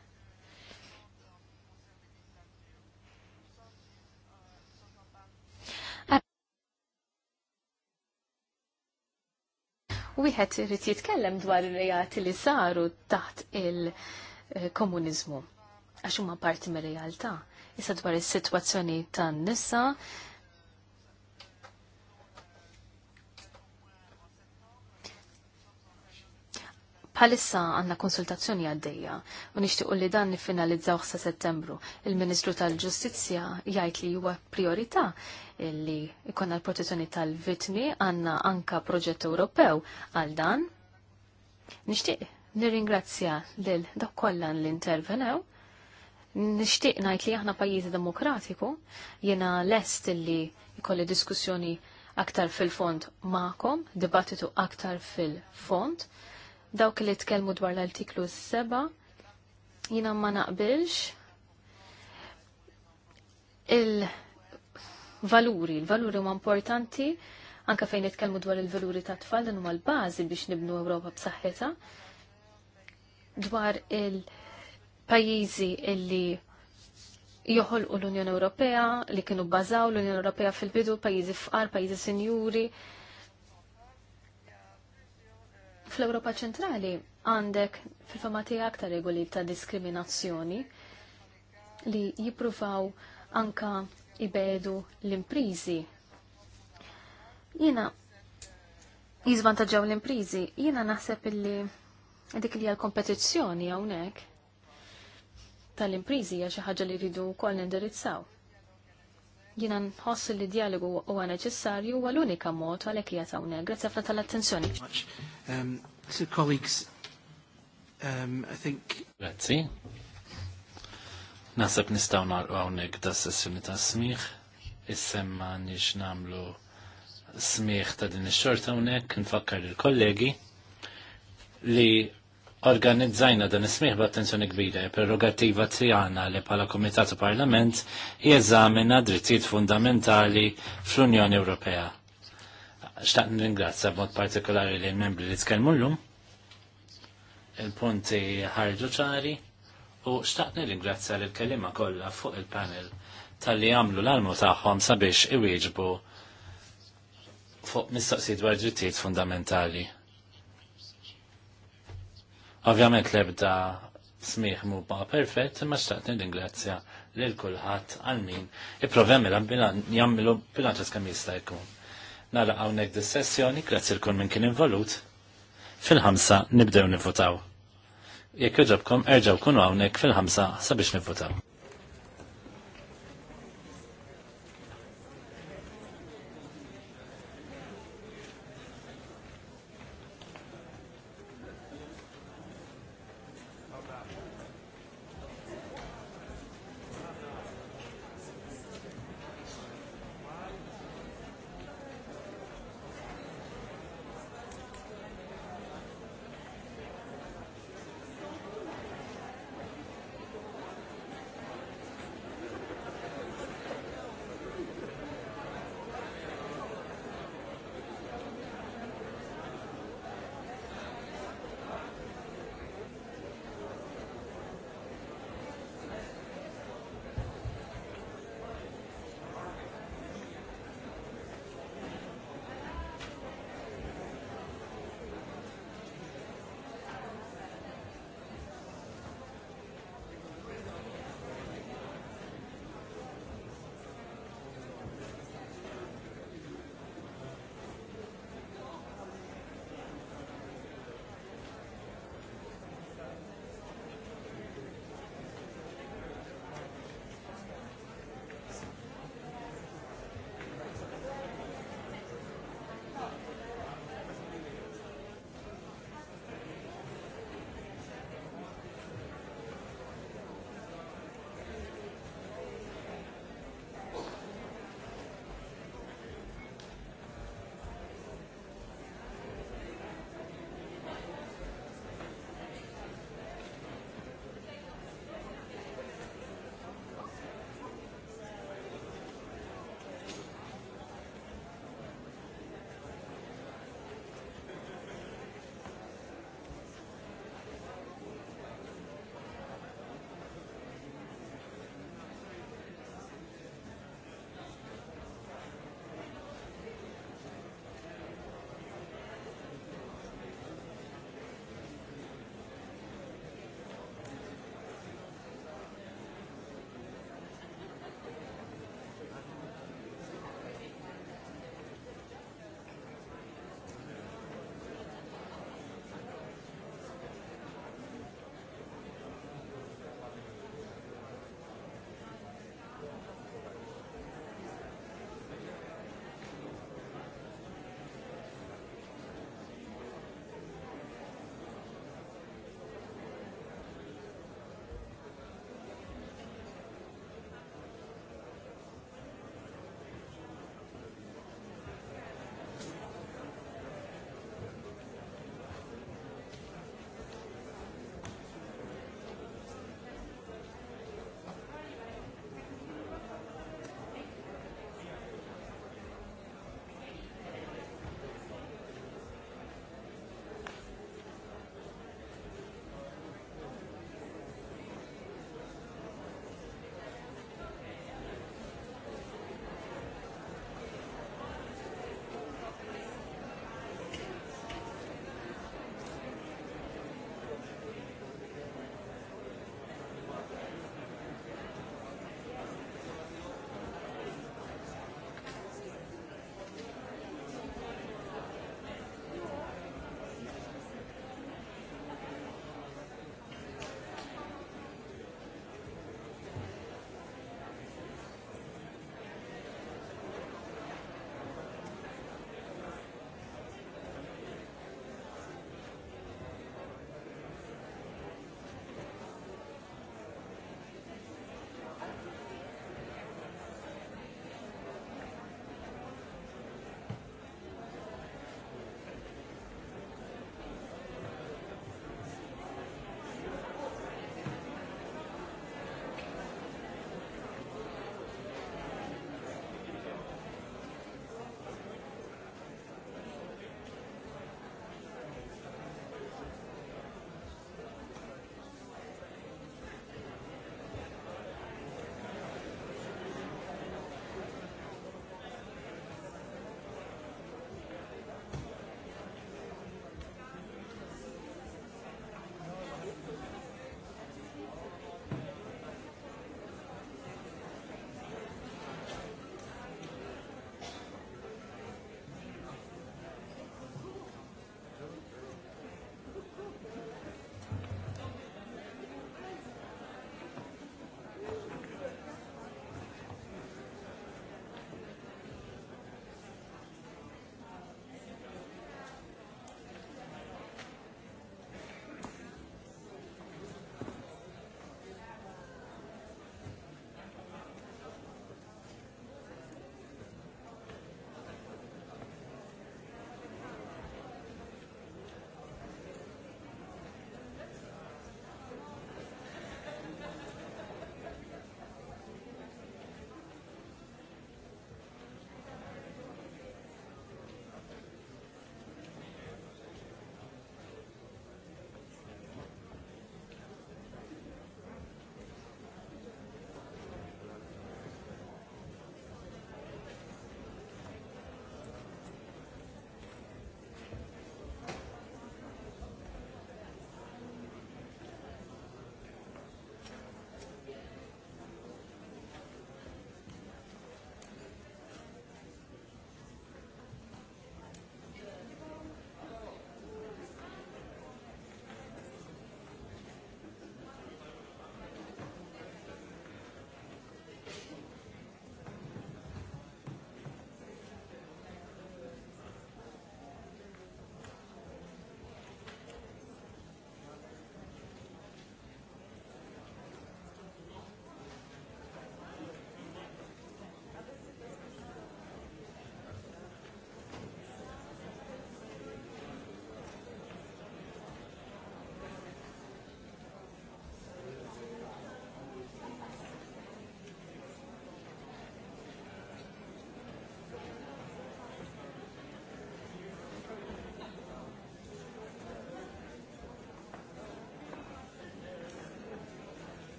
wieħed irid jitkellem dwar ir-reati li saru taħt il-komuniżmu għax huma parti mir-realtà. Issa dwar is-sitwazzjoni tan-nisa, Bħalissa għanna konsultazzjoni għaddejja u nixtiequ li dan nifinalizzaw sa settembru. Il-Ministru tal-Ġustizzja jgħid li huwa priorità li ikonna l-protezzjoni tal-vitmi għanna anka proġett Ewropew għal dan. Nixtieq nirringrazzja lil dak kollha l-intervenew. Nixtieq ngħid li aħna pajjiż demokratiku jiena lest li jkolli diskussjoni aktar fil-fond ma'kom, dibattitu aktar fil-fond dawk li tkellmu dwar l-artiklu 7 jina ma naqbilx il-valuri, il-valuri huma importanti anka fejn nitkellmu dwar il-valuri ta' tfal dan huma l-bażi biex nibnu Ewropa b'saħħitha dwar il-pajjiżi illi joħolqu l-Unjoni Ewropea li kienu bbażaw l-Unjoni Ewropea fil-bidu pajjiżi fqar, pajjiżi sinjuri, fl-Europa ċentrali għandek fil famati aktar ta' regoli ta' diskriminazzjoni li jippruvaw anka ibedu l-imprizi. Jiena jizvantaġġaw l-imprizi, jiena naħseb li dik li għal-kompetizzjoni hawnhekk tal-imprizi hija xi ħaġa li jridu wkoll nindirizzaw. Jina nħoss li dialogu huwa neċessarju huwa l-unika mod għalhekk hija hawnhekk. Grazie ħafna tal-attenzjoni. Um, so colleagues, um, I think. Grazzi. Nasab nistgħu narqu hawnhekk da sessjoni ta' smigħ. Issemma nix namlu smigħ ta' din ix-xorta hawnhekk nfakkar il-kollegi li organizzajna dan ismiħ b'attenzjoni kbira, prerogativa tijana li pala Komitatu Parlament jeżamina drittijiet fundamentali fl-Unjoni Ewropea. Xtaq ringrazzja b'mod partikolari li membri li tkellmu llum, il-punti ħarġu ċari, u xtaqt ringrazzja l kelima kollha fuq il-panel tal-li għamlu l-almu tagħhom sabiex iwieġbu fuq mistoqsijiet dwar drittijiet fundamentali Ovvjament l-ebda smiħ mu ba' perfett, imma xtaqt nil-ingrazzja lil kulħadd għal min. Ipprovem jagħmilu bilanċ kemm jista' jkun. Nara hawnhekk dis-sessjoni, grazzi l minn kien involut. Fil-ħamsa nibdew nivvotaw. Jekk joġobkom erġgħu kunu hawnhekk fil-ħamsa sabiex nivvotaw.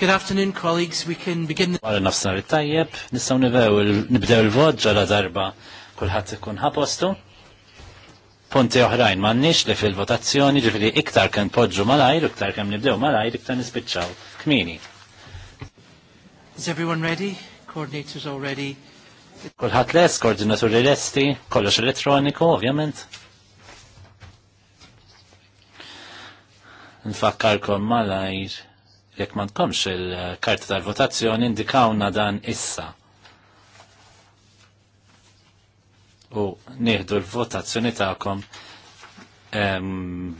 Good afternoon, colleagues. We can begin. Għara nafsa rittajjeb, nistaw nibdew il-vod ġala darba kullħat ikun ħapostu. Punti oħrajn mannix li fil-votazzjoni ġifiri iktar kem podġu malajr, iktar kem nibdew malajr, iktar nispiċċaw. Kmini. Is everyone ready? Coordinators already? Kullħat les, koordinaturi lesti, kollox elettroniku, ovvjament. Nfakkarkom malajr Jekk ma nkomx il-karta tal-votazzjoni indikawna dan issa. U nieħdu l-votazzjoni tagħkom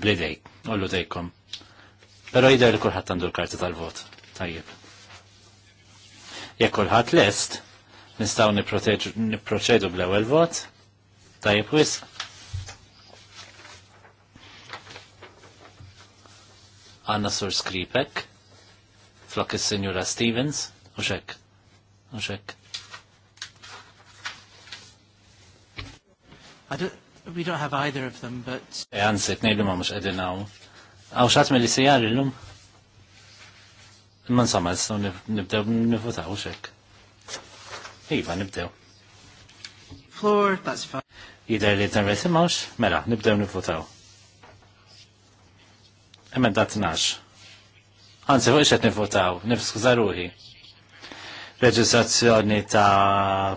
bl-idej, ullu dejkom. Pero jider li kulħadd għandu l-karta tal-vot. Tajjeb. Jekk kulħadd lest, nistgħu nipproċedu bl-ewwel vot. Tajjeb wis. Għanna sur skripek flok il signora Stevens, u xek, u xek. We don't have either of them, but... E eh, għansek, nejlu ma mux edin għaw. Għaw xat me li sijar il Man samma, nibdew nifutaw xek. Iva, nibdew. Floor, that's fine. Jider li t-nreti mela, nibdew nifutaw. Emmen dat nax. Anzi, fuq xed nifutaw, nifskuza ruħi. Reġistrazzjoni ta'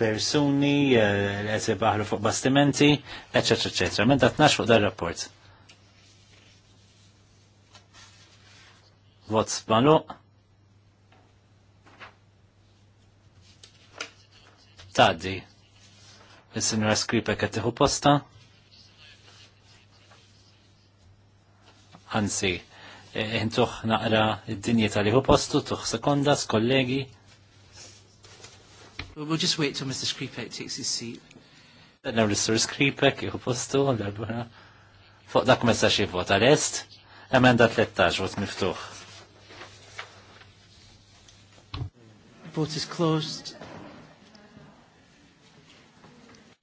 persuni, eh, qed baħlu fuq bastimenti, eccetera, eċetera. Menta tnax fuq dar rapport. Vot maluq. Taddi. Is-sinjora skripek qed tieħu posta. Anzi, intuħ naqra id-dinja tal-li postu, tuħ sekondas, kollegi We'll just wait till Mr. Skripek takes his seat. Għanna Mr. Skripek, jħu postu, l-għarbuna. Fuq dak messa xie vot għal-est, emenda 13, vot miftuħ. Vote is closed.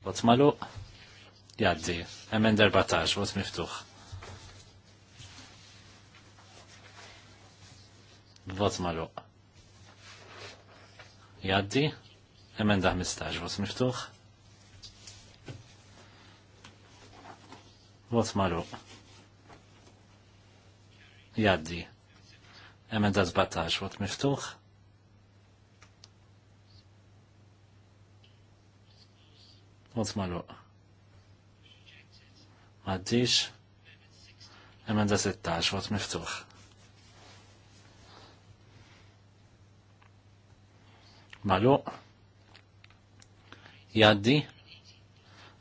Vot malu, jaddi, emenda 14, vot miftuħ. Vot maluq. Jaddi? daħ 15, vot miftuħ. Vot maluq. Jaddi. Emenda 17, vot miftuħ. Vot maluq. Maddix. Emenda 16, vot miftuħ. Malu. Jaddi.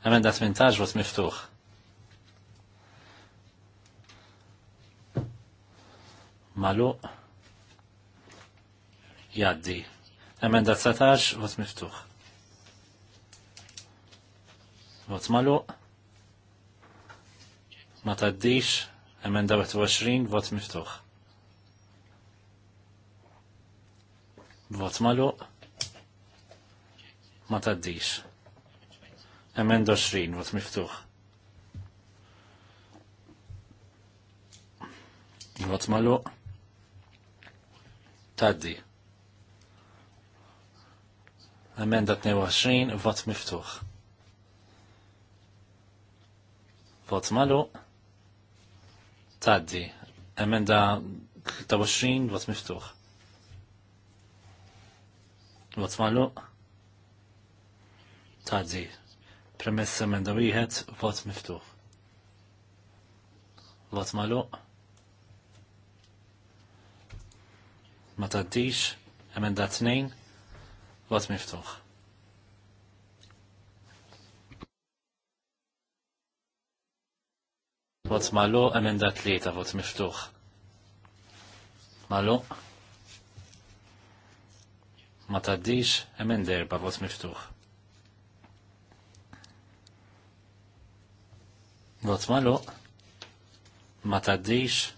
Emenda 18 vot miftuħ. Maluq. Jaddi. Emenda 19 vot miftuħ. Vot malu. Ma taddix. Emenda 20 vot miftuħ. Vot maluq ma taddis. Emen dosrin, wat miftuħ. Wat malu? Taddi. Emen dat ne wasrin, wat miftuħ. Wat malu? Taddi. Emen da ta wasrin, wat miftuħ. Wat malu? Taddi tgħaddi. Premessa emenda wieħed, vot miftuħ. Vot magħluq. ma taddix, emenda tnejn, vot miftuħ. Vot malu, emenda tlieta, vot miftuħ. Malu. Ma taddix, emenda erba, vot miftuħ. Vot malu, Ma taddix.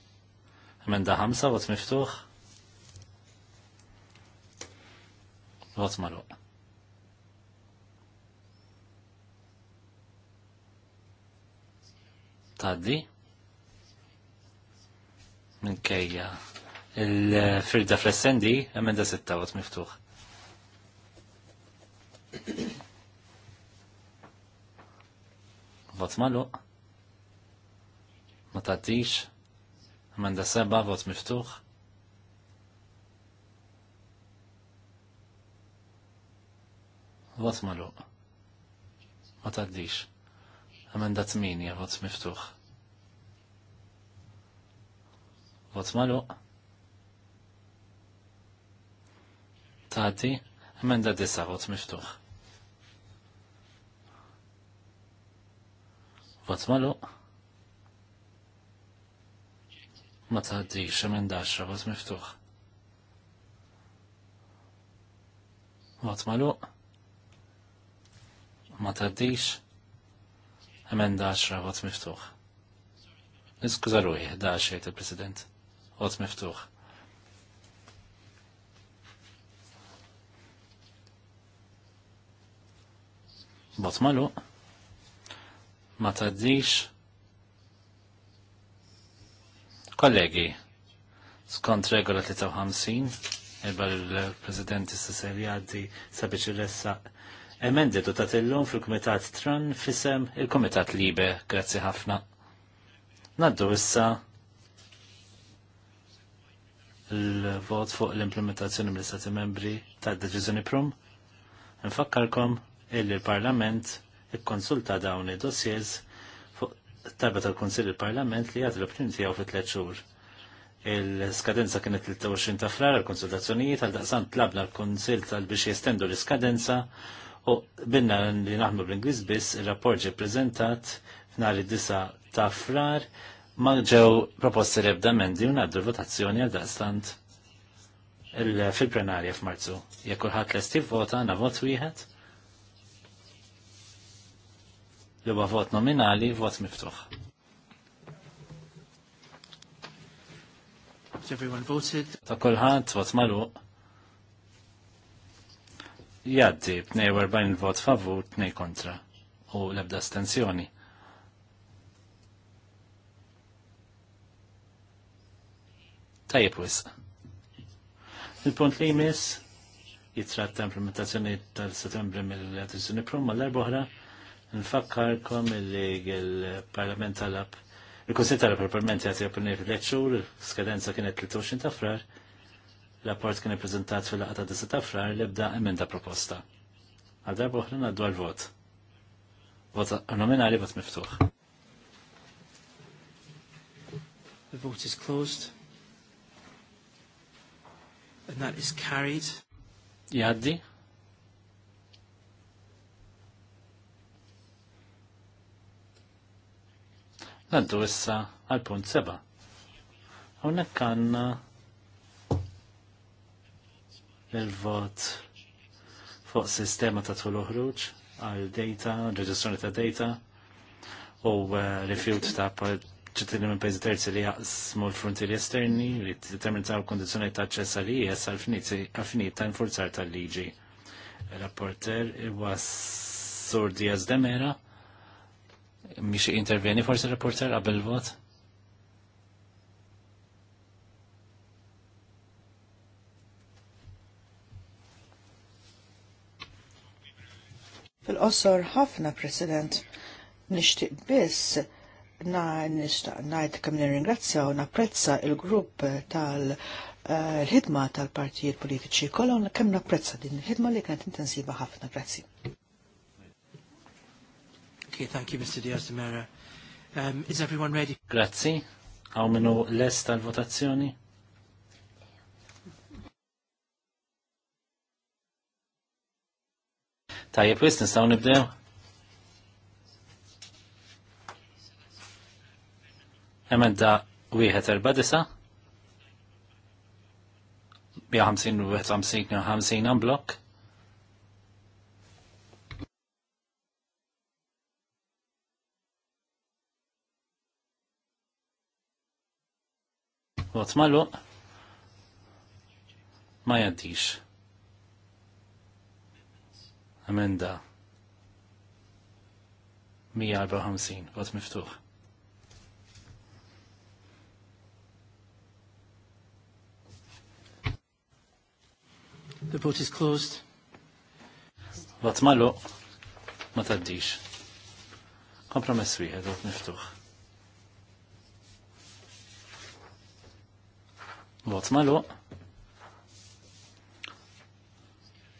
Emenda ħamsa, vot miftuħ. Vot malu. Taddi. Minkejja. Il-firda fl-essendi, emenda sitta, vot miftuħ. Vot malu ma taddix, emenda seba, vot miftuħ. Vot malu. Ma taddix. Emenda tmini vot miftuħ. Vot malu. Tati, emenda disa, vot miftuħ. Vot maluq. ma taħdi minn daċra vot miftuħ. Vot malu? ma taħdix minn daċra vot miftuħ. jih, daċra jt il-President. Ot miftuħ. Bot malu. Ma taddix. Kollegi, skont regola 53, ebba l-President Sisserjaddi sabiex il-ressa emendi tu tatillum fil-Komitat Tran fisem il-Komitat Libe, grazzi ħafna. Naddu issa l-vot fuq l-implementazzjoni mill-Stati membri ta' deċiżjoni prum. Nfakkarkom illi l-Parlament ikkonsulta dawn id-dossiers talba tal-Konsil il-Parlament li għad l-opinjoni tijaw fit tliet xhur. Il-skadenza kienet 23 ta' frar għal-konsultazzjonijiet għal daqsan tlabna l-Konsil tal biex jestendu l-iskadenza u binna li naħmu bl-Ingliż biss ir-rapport ġie prezentat f'nar id-disa ta' frar ma ġew proposti rebda mendi u ngħaddu votazzjoni għal daqstant fil-plenarja f'Marzu. Jekk kulħadd lest vota għandna vot wieħed li vot nominali, vot miftuħ. Everyone voted. Ta' kulħadd vot magħluq. Jaddi b'42 vot favur, 2 kontra u l-ebda astensjoni. wis. wisq. Il-punt li jmiss ta' implementazzjoni tal-settembru mill-attenzjoni prom mal-erboħra Nfakkarkom li il-Parlament tal-ab, il-Konsil talab ab parlament jgħati għapurni fil-leċur, skadenza kienet 23 ta' frar, rapport kien prezentat fil-laqata 10 ta' frar li bda emenda proposta. Għal darba għaddu għal-vot. Vot nominali vot miftuħ. The vote is closed. And that is carried. Jaddi? Naddu issa għal punt seba. Hawnhekk għandna il-vot fuq sistema ta' tul uħruġ għal data, reġistroni ta' data u uh, rifjut ta' ċittadini minn pajzi terzi li jaqsmu l-frontieri esterni li ta' kondizjoni ta' ċess għal IS għal-finit ta' infurzar tal-liġi. Rapporter was Sur Diaz Demera miex interveni forsi reporter qabel vot? Fil-qosor ħafna, President, nixtieq biss na najt kemm nirringrazzja u napprezza il-grupp tal-ħidma eh, tal-partijiet politiċi kollha kemm napprezza din il-ħidma li kienet intensiva ħafna. Grazzi. Okay, thank you, Mr. Diaz de Mera. Um, is everyone ready? Grazzi. Għaw minnu lest votazzjoni Tajjeb, wis nistaw nibdew? Emenda wieħed erba' disa? Bija 50 u 50 50 blok? Vot malu, ma jaddix. Amenda 154, vot miftuħ. The boat is closed. Vot malu, ma taddix. Kompromess wieħed, vot miftuħ. Vot maluq.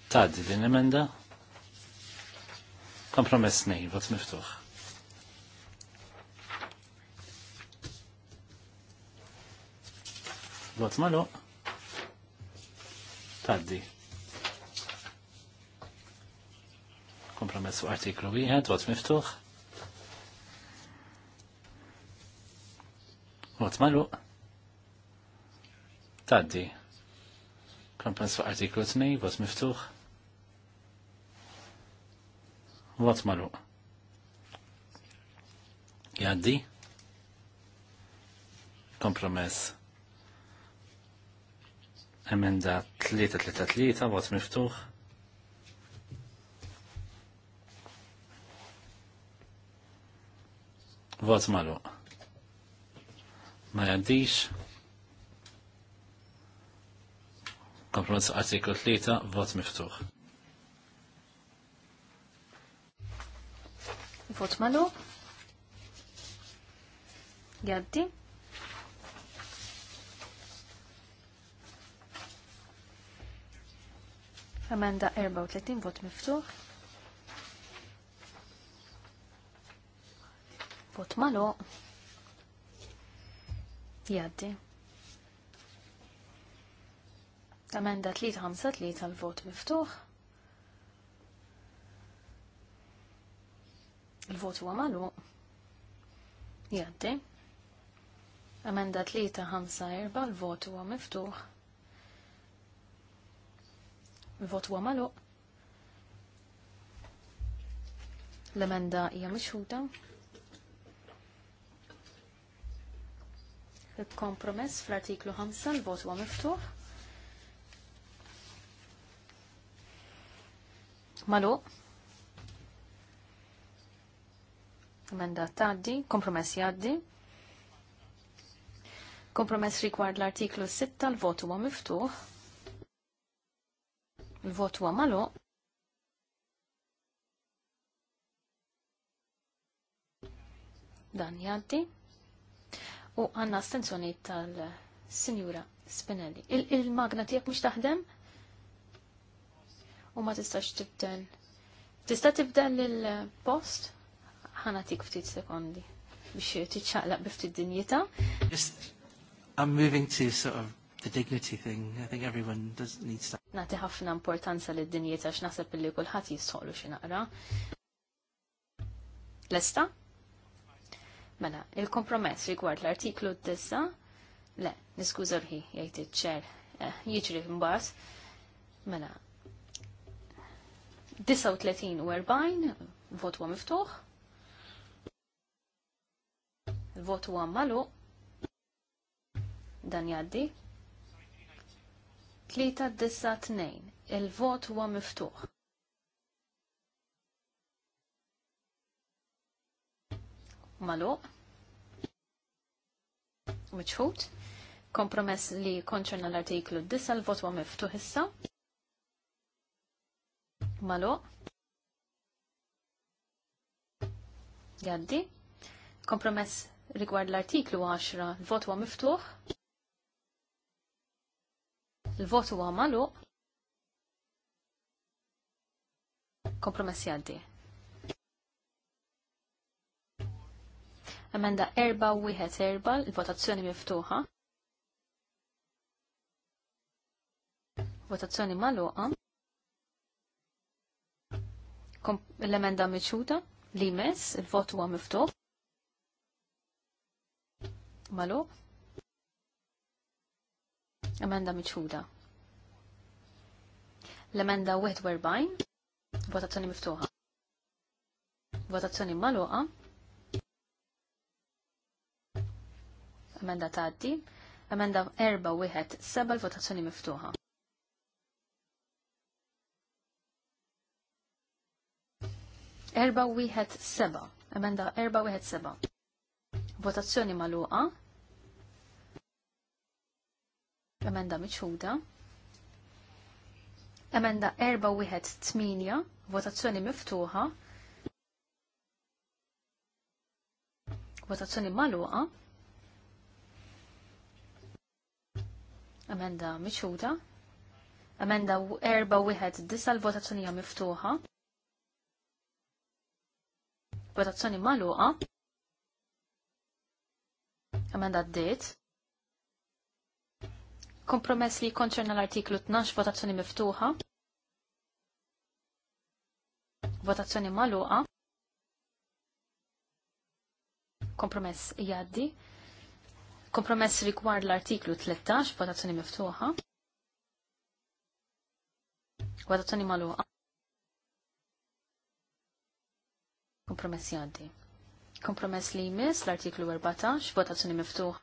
Taddi din emenda. Kompromess nej, vot miftuħ. Vot maluq. Taddi. Kompromess u artiklu wieħed, vot miftuħ. Vot maluq. Taddi. Kompens fuq artiklu 2, vot miftuħ. Vot magħluq. Jaddi. Kompromess. Emenda 333, vot miftuħ. Vot maluq. Ma jaddix. Kompromess artiklu 3, vot miftuħ. Vot malu. Gaddi? Amanda 34, vot miftuħ. Vot malu. Gaddi? Amenda 353 l-vot miftuħ. Il-vot huwa magħluq. Jaddi. Amenda 354 l-vot huwa miftuħ. Il-vot huwa magħluq. L-emenda hija mixħuda. Il-kompromess fl-artiklu 5 l-vot huwa miftuħ. Malu. Emenda taddi, kompromess jaddi. Kompromess rikward l-artiklu 6 l-votu huwa miftuħ. Il-votu huwa malu. Dan jaddi. U għanna astenzjoni tal-Sinjura Spinelli. Il-magna tijak mux taħdem? u ma tistax tibdel. Tista' tibdel il-post? ħana tik ftit sekondi biex titxaqlaq bi ftit dinjità. Just I'm moving to sort of the dignity thing. I think everyone does needs that. Nati ħafna importanza li lid dinjità x'naħseb illi kulħadd jistħoqlu xi naqra. Lesta? Mela, il-kompromess rigward l-artiklu d-dessa, le, niskuża rħi jgħid iċ-ċer eh, jiġri Mela, 39 u 40, vot huwa miftuħ. Il-vot huwa malu. Dan jaddi. 39 Il-vot huwa miftuħ. Malu. Miċħut. Kompromess li konċerna l-artiklu 9 il-vot huwa miftuħ issa. Malu. Jaddi. Kompromess rigward l-artiklu 10. il votu huwa miftuħ. Il-vot huwa malu. Kompromess jaddi. Amenda erba u wieħed erba, il-votazzjoni miftuħa. Votazzjoni magħluqa? l-emenda miċuta li mess, il-vot huwa iftuħ. Malu. Emenda miċuda. L-emenda 41, votazzjoni miftuħa. Votazzjoni maluqa. Emenda taddi. Emenda 4 wieħed seba' votazzjoni miftuħa. Erba wieħed seba. Emenda erba wieħed seba. Votazzjoni maluqa. Emenda miċħuda. Emenda erba wieħed tminja. Votazzjoni miftuħa. Votazzjoni maluqa. Emenda miċħuda. Emenda erba wieħed disa l votazzjoni miftuħa votazzjoni maluqa. Amanda d Kompromess li konċerna l-artiklu 12, votazzjoni miftuħa. Votazzjoni maluqa. Kompromess jaddi. Kompromess rigward l-artiklu 13, votazzjoni miftuħa. Votazzjoni maluqa. Kompromess jaddi. Kompromess li jmiss l-artiklu 14, votazzjoni miftuħ.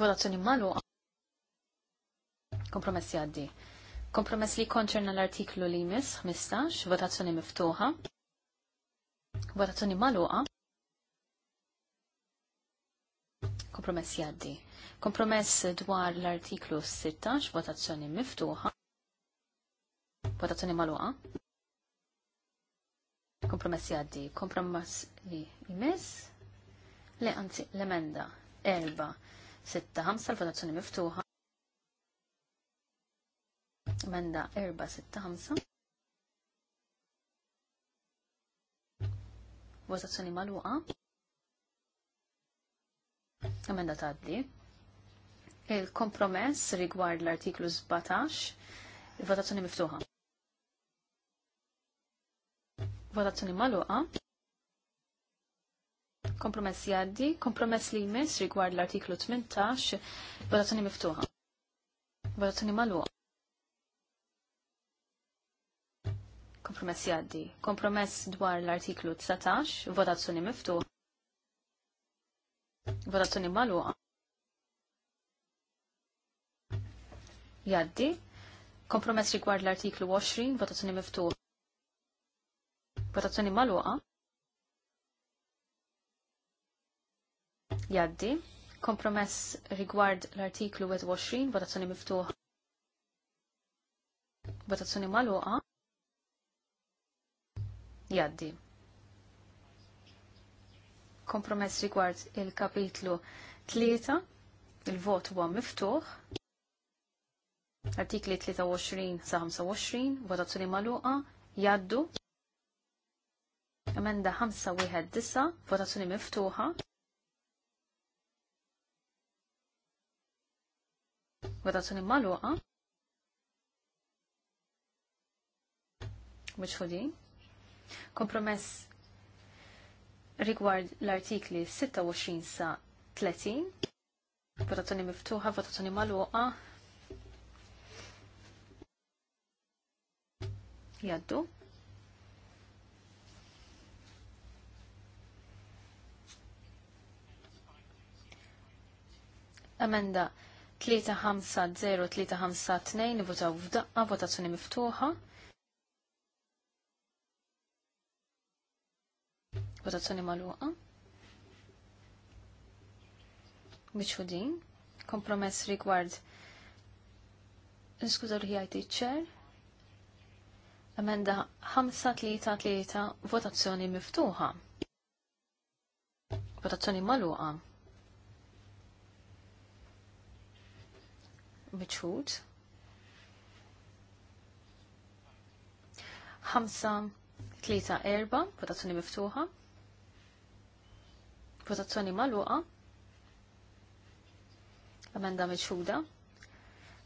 Votazzjoni malu. Kompromess jaddi. Kompromess li konċerna l-artiklu li jmiss 15, votazzjoni miftuħa. Votazzjoni malu. Kompromess jaddi. Kompromess dwar l-artiklu 16, votazzjoni miftuħa. Votazzjoni malu. Kompromess għaddi. kompromess li jmiss, li anzi l-emenda, 4 ħamsa l-votazzjoni miftuħa. Emenda 4. Votazzjoni maluqa. Emenda taddi. Il-kompromess rigward l-artiklu 17, il-votazzjoni miftuħa. Votazzjoni maluqa. Kompromess jaddi, kompromess li jmiss rigward l-artiklu 18, votazzjoni miftuħa. Votazzjoni maluqa. Kompromess jaddi, kompromess dwar l-artiklu 19, votazzjoni miftuħa. Votazzjoni maluqa. Jaddi, kompromess rigward l-artiklu 20, votazzjoni miftuħa. Votazzjoni maluqa. Jaddi. Kompromess rigward l-artiklu 21, votazzjoni miftuħa. Votazzjoni maluqa. Jaddi. Kompromess rigward il-kapitlu 3, il-vot huwa miftuħ. Artikli 23 sa 25, votazzjoni maluqa, jaddu. Emenda 519, votazzjoni miftuħa. Votazzjoni maluqa. Wiċfudi. Kompromess rigward l-artikli 26 sa 30. Votazzjoni miftuħa, votazzjoni maluqa. Jaddu. Emenda 350352 votaw f'daqqa votazzjoni miftuħa. Votazzjoni magħluqa. Miċħudin. Kompromess rigward Niskuza li ħajti ċer. Emenda 533 votazzjoni miftuħa. Votazzjoni maluqa. biċħut. Ħamsa, tlita, erba, votazzjoni miftuħa. Votazzjoni magħluqa. Amenda miċħuda.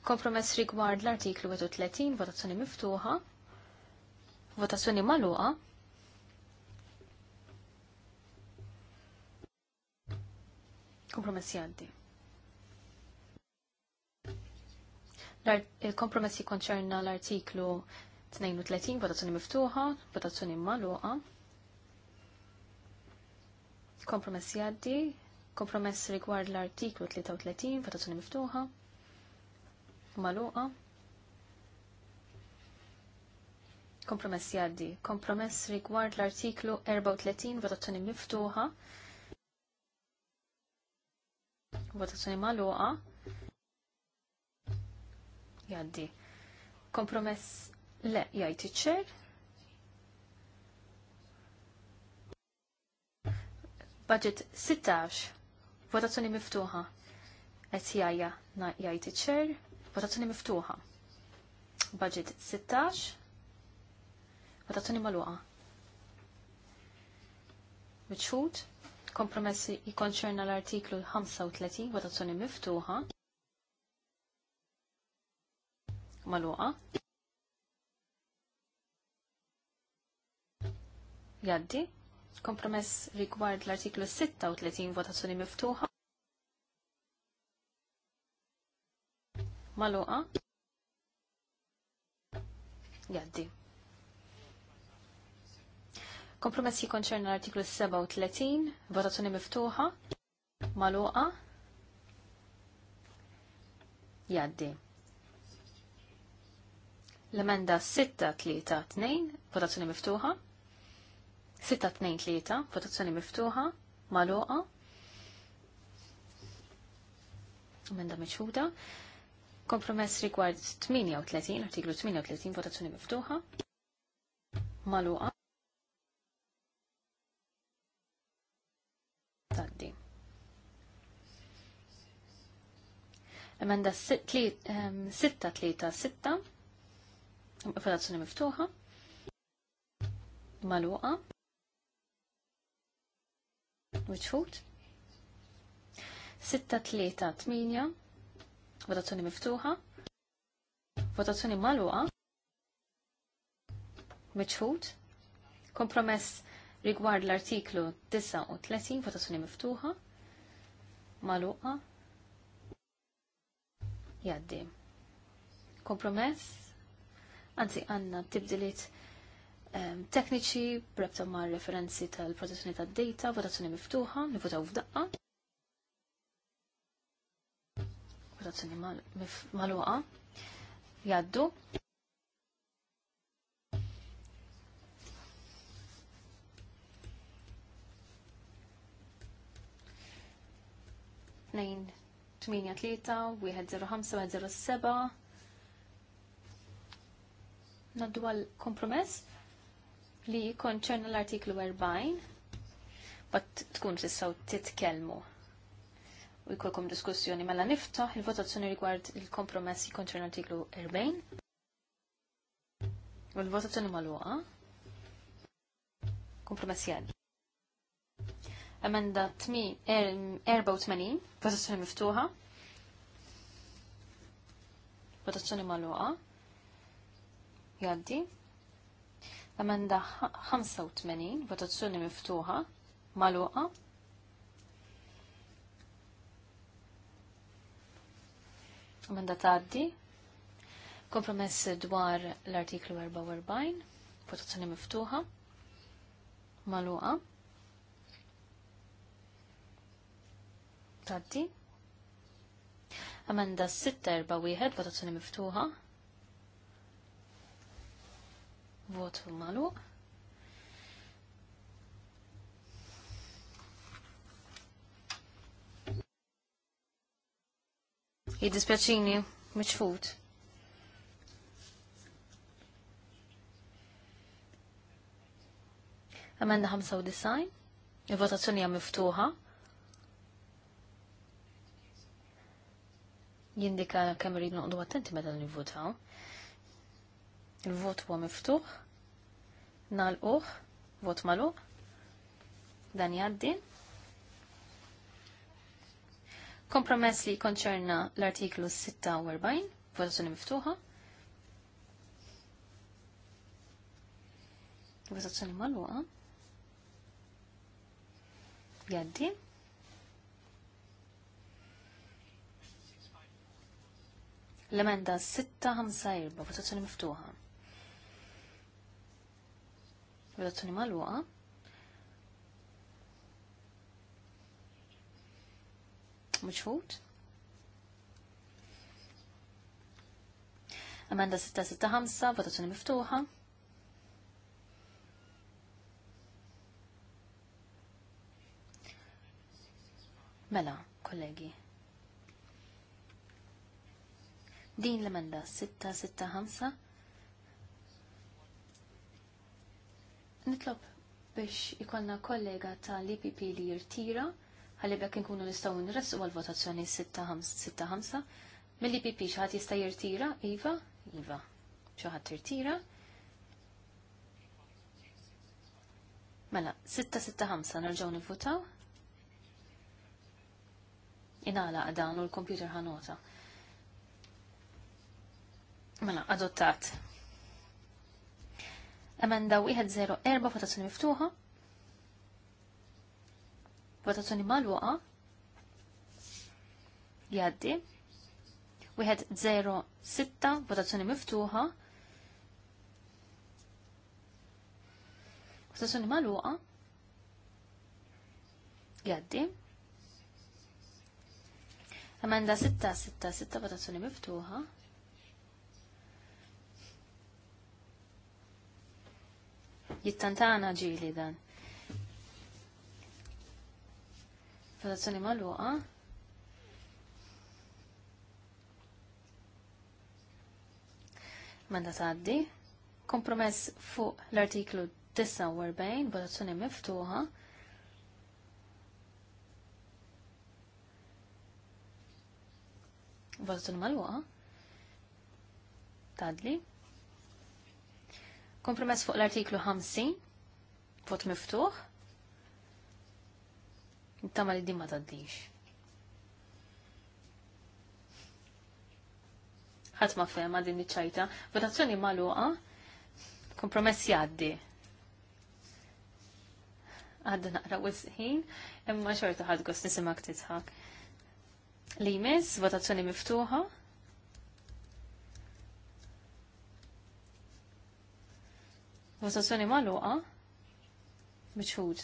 Kompromess rigward l-artiklu 30, votazzjoni miftuħa. Votazzjoni magħluqa. Kompromess jgħaddi. Il-kompromessi konċerna l-artiklu 32, votazzjoni miftuħa, votazzjoni maluqa. Kompromessi għaddi, kompromess rigward l-artiklu 33, votazzjoni miftuħa, maluqa. Kompromessi għaddi, kompromess rigward l-artiklu 34, votazzjoni miftuħa, votazzjoni maluqa jaddi. Kompromess le jgħid iċċer. ċer Budget 16. Votazzjoni miftuħa. Qed jgħajja jgħid iċ-ċer. Votazzjoni miftuħa. Budget 16. Votazzjoni magħluqa. Miċħud kompromessi jikonċerna l-artiklu 35 votazzjoni miftuħa. maluqa. Jaddi. Kompromess rigward l-artiklu 36 votazzjoni miftuħa. Maluqa. Jaddi. Kompromess jikonċerna l-artiklu 37, votazzjoni miftuħa. Maluqa. Jaddi. L-emenda 6-3-2, votazzjoni miftuħa. 6-2-3, votazzjoni miftuħa, maluqa. Emenda meċħuda. Kompromess rigward 38, artiklu 38, votazzjoni miftuħa. Maluqa. Taddi. Emenda 6-3-6, operazzjoni miftuħa. Maluqa. Wiċħut. 6-3-8. Votazzjoni miftuħa. Votazzjoni maluqa. Miċħut. Kompromess rigward l-artiklu 39, votazzjoni miftuħa. Maluqa. Jaddi. Kompromess anzi għanna tibdiliet ehm, tekniċi brebta ma' referenzi tal-protezzjoni tad-data, votazzjoni miftuħa, nivotaw f'daqqa. Votazzjoni mal-waqa. Jaddu. Nejn 8 3 1 0 5 1 0 7 Naddu għal kompromess li konċerna l-artiklu 40, bat tkun tissaw titkelmu u jkolkom diskussjoni mela niftaħ il-votazzjoni rigward il-kompromess konċerna l-artiklu 40. U l-votazzjoni mal-waqa. Kompromessi għad. Amenda 84, votazzjoni miftuħa. Votazzjoni mal-waqa jaddi. L-amenda 85, votazzjoni miftuħa, maluqa. Amenda taddi. Kompromess dwar l-artiklu 44, votazzjoni miftuħa, maluqa. Taddi. erba' wieħed votazzjoni miftuħa, Vot malu. Jiddispjaċini, miċfut. Amenda 95, il-votazzjoni hija miftuħa. Jindika kemm irid noqdu attenti meta nivvutaw. Il-vot huwa miftuħ. Nalquh, vot magħluq. Dan jgħaddi. Kompromess li konċerna l-artiklu 46, votazzjoni miftuħa. Votazzjoni magħluqa. Jgħaddi. L-emenda 6 6-5-4, votazzjoni miftuħa relazzjoni Votazzjoni waqa Mħuċħut? Amanda 665, votazzjoni miftuħa. Mela, kollegi. Din l amanda 665 Nitlob biex ikonna kollega ta' l-IPP li jirtira, għalli bekk nkunu nistaw nressu għal-votazzjoni 6-5, mill-IPP xaħat jista jirtira, Iva, Iva, xaħat jirtira. Mela, 6-6-5 nerġaw nivvotaw. Inala għadan u l-kompjuter ħanota. Mela, adottat. Emenda 104 votazzjoni miftuħa. Votazzjoni mal-waqa. Jaddi. 106 votazzjoni miftuħa. Votazzjoni mal-waqa. Jaddi. Emenda 666 votazzjoni miftuħa. jittantana ġili dan. Votazzjoni maluqa. Manda taddi. Kompromess fuq l-artiklu 49, votazzjoni miftuħa. Votazzjoni maluqa. Tadli. Kompromess fuq l-artiklu 50, vot miftuħ. Tama li din ma taddix. ħadd ma fema din iċ-ċajta. Votazzjoni magħluqa, kompromess jgħaddi. Għadda naqra wisħin, imma xorta ħad għos nisimak titħak. Limes, votazzjoni miftuħa. Votazzjoni maluqa. Miċħud.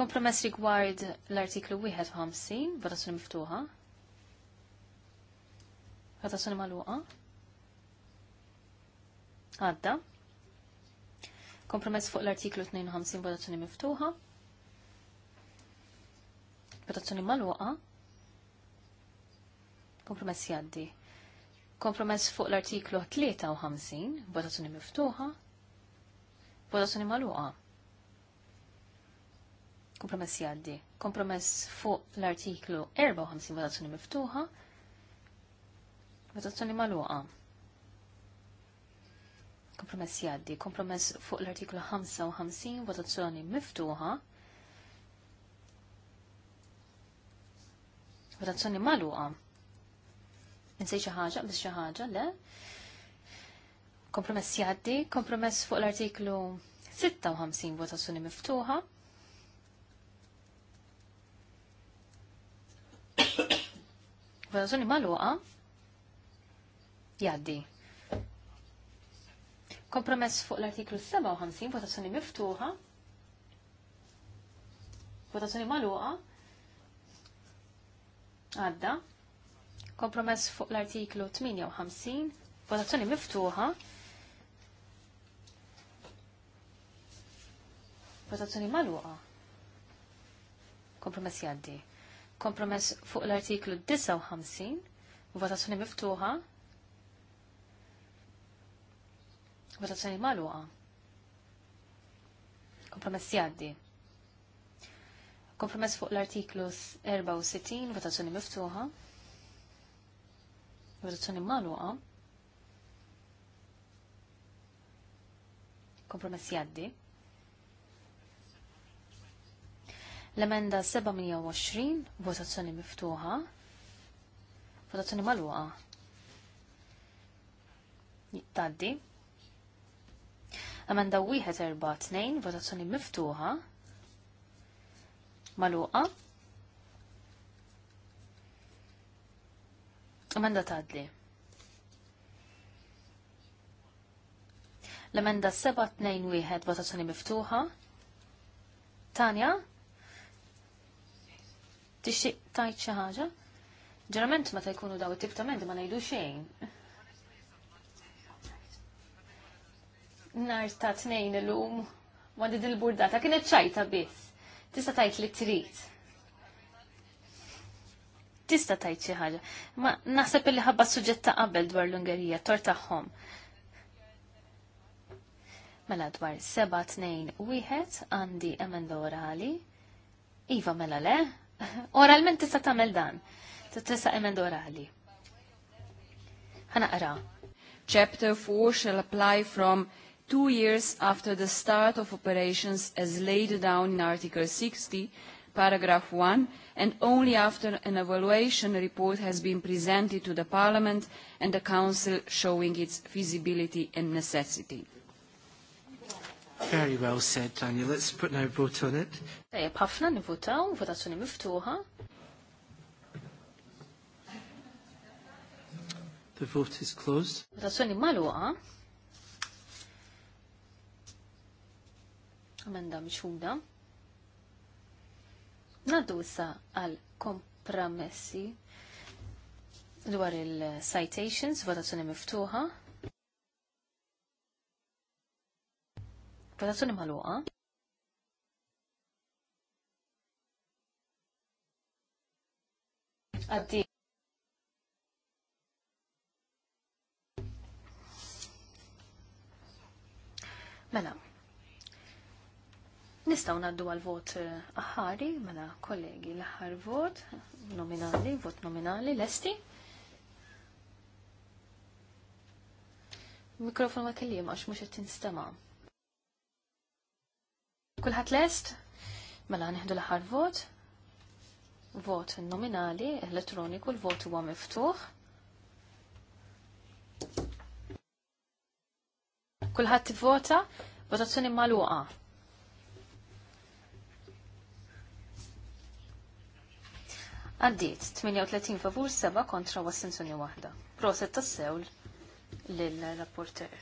Kompromess rigward l-artiklu 51, votazzjoni miftuħa. Votazzjoni maluqa. Għadda. Kompromess fuq l-artiklu 52, votazzjoni miftuħa. Votazzjoni maluqa. Kompromess jaddi. Kompromess fuq l-artiklu 53, votazzjoni miftuħa, votazzjoni maluqa. Kompromess jaddi. Kompromess fuq l-artiklu 54, votazzjoni miftuħa, votazzjoni maluqa. Kompromess jaddi. Kompromess fuq l-artiklu 55, votazzjoni miftuħa, votazzjoni maluqa. Nsej xi ħaġa, biex xi ħaġa, le. Kompromess jgħaddi, kompromess fuq l-artiklu 56 votazzjoni miftuħa. (coughs) Votazzjoni magħluqa jgħaddi. Kompromess fuq l-artiklu 57, votazzjoni miftuħa, votazzjoni maluqa, għadda. Kompromess fuq l-artiklu 58, votazzjoni miftuħa. Votazzjoni maluqa. Kompromess jaddi. Kompromess fuq l-artiklu 59, votazzjoni miftuħa. Votazzjoni maluqa. Kompromess jaddi. Kompromess fuq l-artiklu 64, votazzjoni miftuħa. Votazzjoni maluqa. Kompromess jaddi. L-emenda 720, votazzjoni miftuħa. Votazzjoni maluqa. Jittaddi. L-emenda 142, votazzjoni miftuħa, maluqa, Emenda tadli. L-emenda 721 votazzjoni miftuħa. Tanja, tixtieq tajt xi ħaġa? Ġerament meta jkunu daw it-tip ta' mendi ma ngħidu xejn. Nar ta' tnejn illum ma did il-burdata kienet ċajta biss. Tista' tajt li trid tista' tajt xi ħaġa. Ma naħseb li ħabba suġġett ta' qabel dwar l-Ungerija, tor tagħhom. Mela dwar seba' tnejn wieħed għandi emenda orali. Iva mela le, (laughs) oralment tista' tagħmel dan. Tista' emenda orali. Ħanaqra. Chapter 4 shall apply from two years after the start of operations as laid down in Article 60, paragraph 1, and only after an evaluation report has been presented to the Parliament and the Council showing its feasibility and necessity. Very well said, Tanya. Let's put no vote on it. Tajab, ħafna nivutaw, votazzjoni miftuħa. The vote is closed. Votazzjoni maluqa. Amenda miċħuda. Nadusa għal kompromessi dwar il-citations, votazzjoni miftuħa. Votazzjoni maluqa. Għaddi. Mela, Nistaw naddu għal-vot eh, aħari, mela kollegi l-aħħar vot, nominali, vot nominali, lesti. Mikrofon ma kellim, għax mux għettin stema. Kulħat lest, mela nħeddu l-aħħar vot, vot nominali, elettroniku, l-vot huwa miftuħ. Kulħat vota, votazzjoni maluqa. Għaddiet 38 favur 7 kontra Wassensoni waħda. Proset tassew lill-rapporter.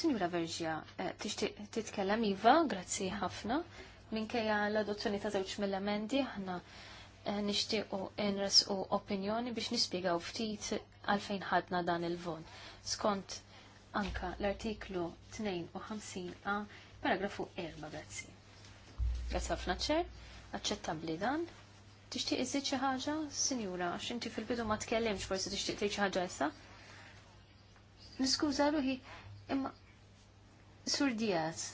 Signora Verġja, eh, tixtieq titkellem Iva, grazzi ħafna. Minkejja l-adozzjoni ta' żewġ mill-emendi aħna eh, nixtiequ nresqu opinjoni biex nispjegaw ftit għalfejn ħadna dan il-vot. Skont anka l-artiklu 52a Paragrafu 4, grazzi. Grazzi ħafna ċer, aċċettabli dan. Tixtieq iżid xi ħaġa, Sinjura, għax inti fil-bidu ma tkellimx forsi tixtieq tgħid xi ħaġa issa. Niskuża ruħi, imma Sur Diaz.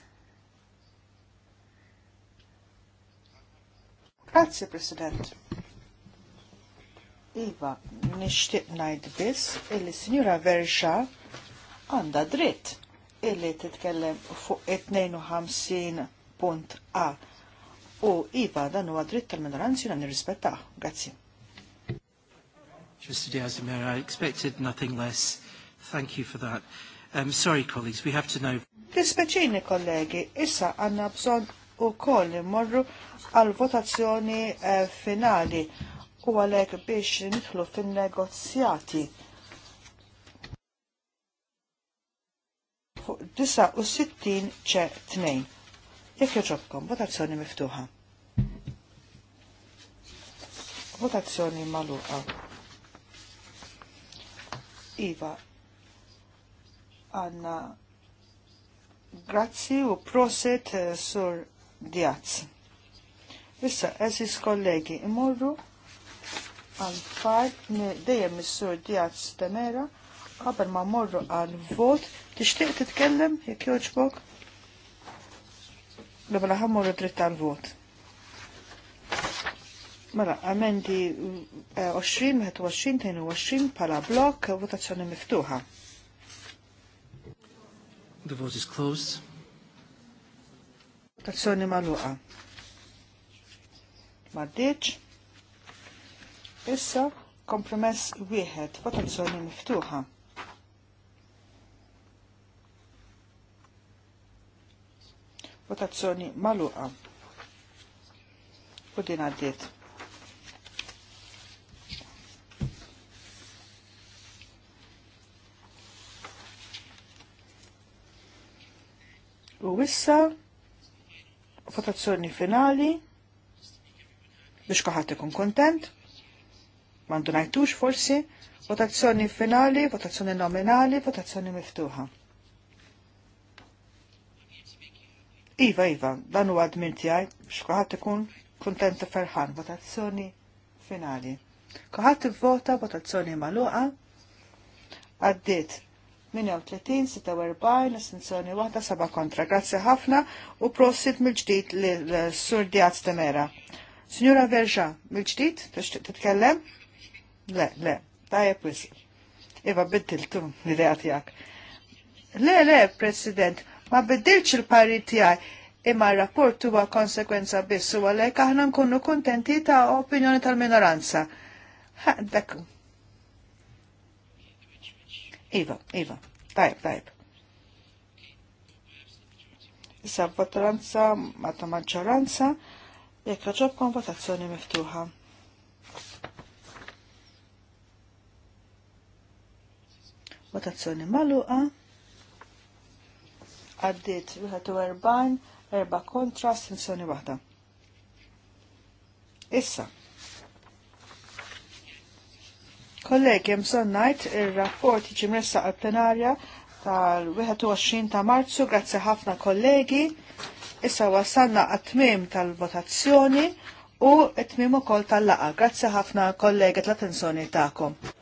Grazzi, President. Iva, nixtieq ngħid biss illi Sinjura Verxa għandha dritt illi titkellem fuq 52.a u iva dan huwa dritt tal-minoranzi li nirrispettaħ. Grazzi. Mr. Diaz mayor, I expected nothing less. Thank you for that. Um, sorry, colleagues, we have to know. Dispeċini, kollegi, issa għanna bżon u koll morru għal votazzjoni eh, finali u għalek biex nidħlu fin-negozjati fuq 69 ċe 2. Jekk joċobkom, votazzjoni miftuħa. Votazzjoni maluqa. Iva, għanna grazzi u proset eh, sur Diaz. Issa, eżis kollegi, imorru għal-fajt dejjem sur Diaz Temera qabel ma morru għal vot, tixtieq titkellem jekk joġbok? Mela ħa morru dritt għal vot. Mela, amendi 20, 21, 22 pala blok, votazzjoni miftuħa. The vote is closed. Votazzjoni maluqa. Maddiċ. Issa, kompromess wieħed, votazzjoni miftuħa. votazzjoni maluqa. U din għaddiet. U issa votazzjoni finali biex kaħat ikun kontent, najtux forsi, votazzjoni finali, votazzjoni nominali, votazzjoni miftuħa. Iva, Iva, dan huwa għadmin tiegħi, xkuħat ikun kontent u ferħan, votazzjoni finali. Kulħadd ivvota votazzjoni magħluqa, għaddit 38, 46, astenzjoni waħda, seba' kontra. Grazzi ħafna u prosit mill-ġdid l-Sur eh, Diaz Temera. Signora Verġa, mill-ġdid, tixtieq titkellem? Le, le, tajjeb wisq. Iva, biddiltu l-idea tiegħek. Le, le, President, ma biddilx il-pari imma r-rapport huwa konsekwenza biss u għalhekk aħna nkunu kuntenti ta' opinjoni tal-minoranza. Dak. Iva, iva, tajb, tajb. Issa votaranza ma ta' maġġoranza jekk ġobkom votazzjoni miftuħa. Votazzjoni maluqa għaddit 44, erba' kontra, astensjoni waħda. Issa. Kollegi, jemson najt il-rapport jiġi mressa għal-plenarja tal-21 ta' marzu, grazzi ħafna kollegi. Issa wasanna għat-tmim tal-votazzjoni u t-tmim u kol tal-laqa. Grazzi ħafna kollegi tal-attenzjoni ta'kom.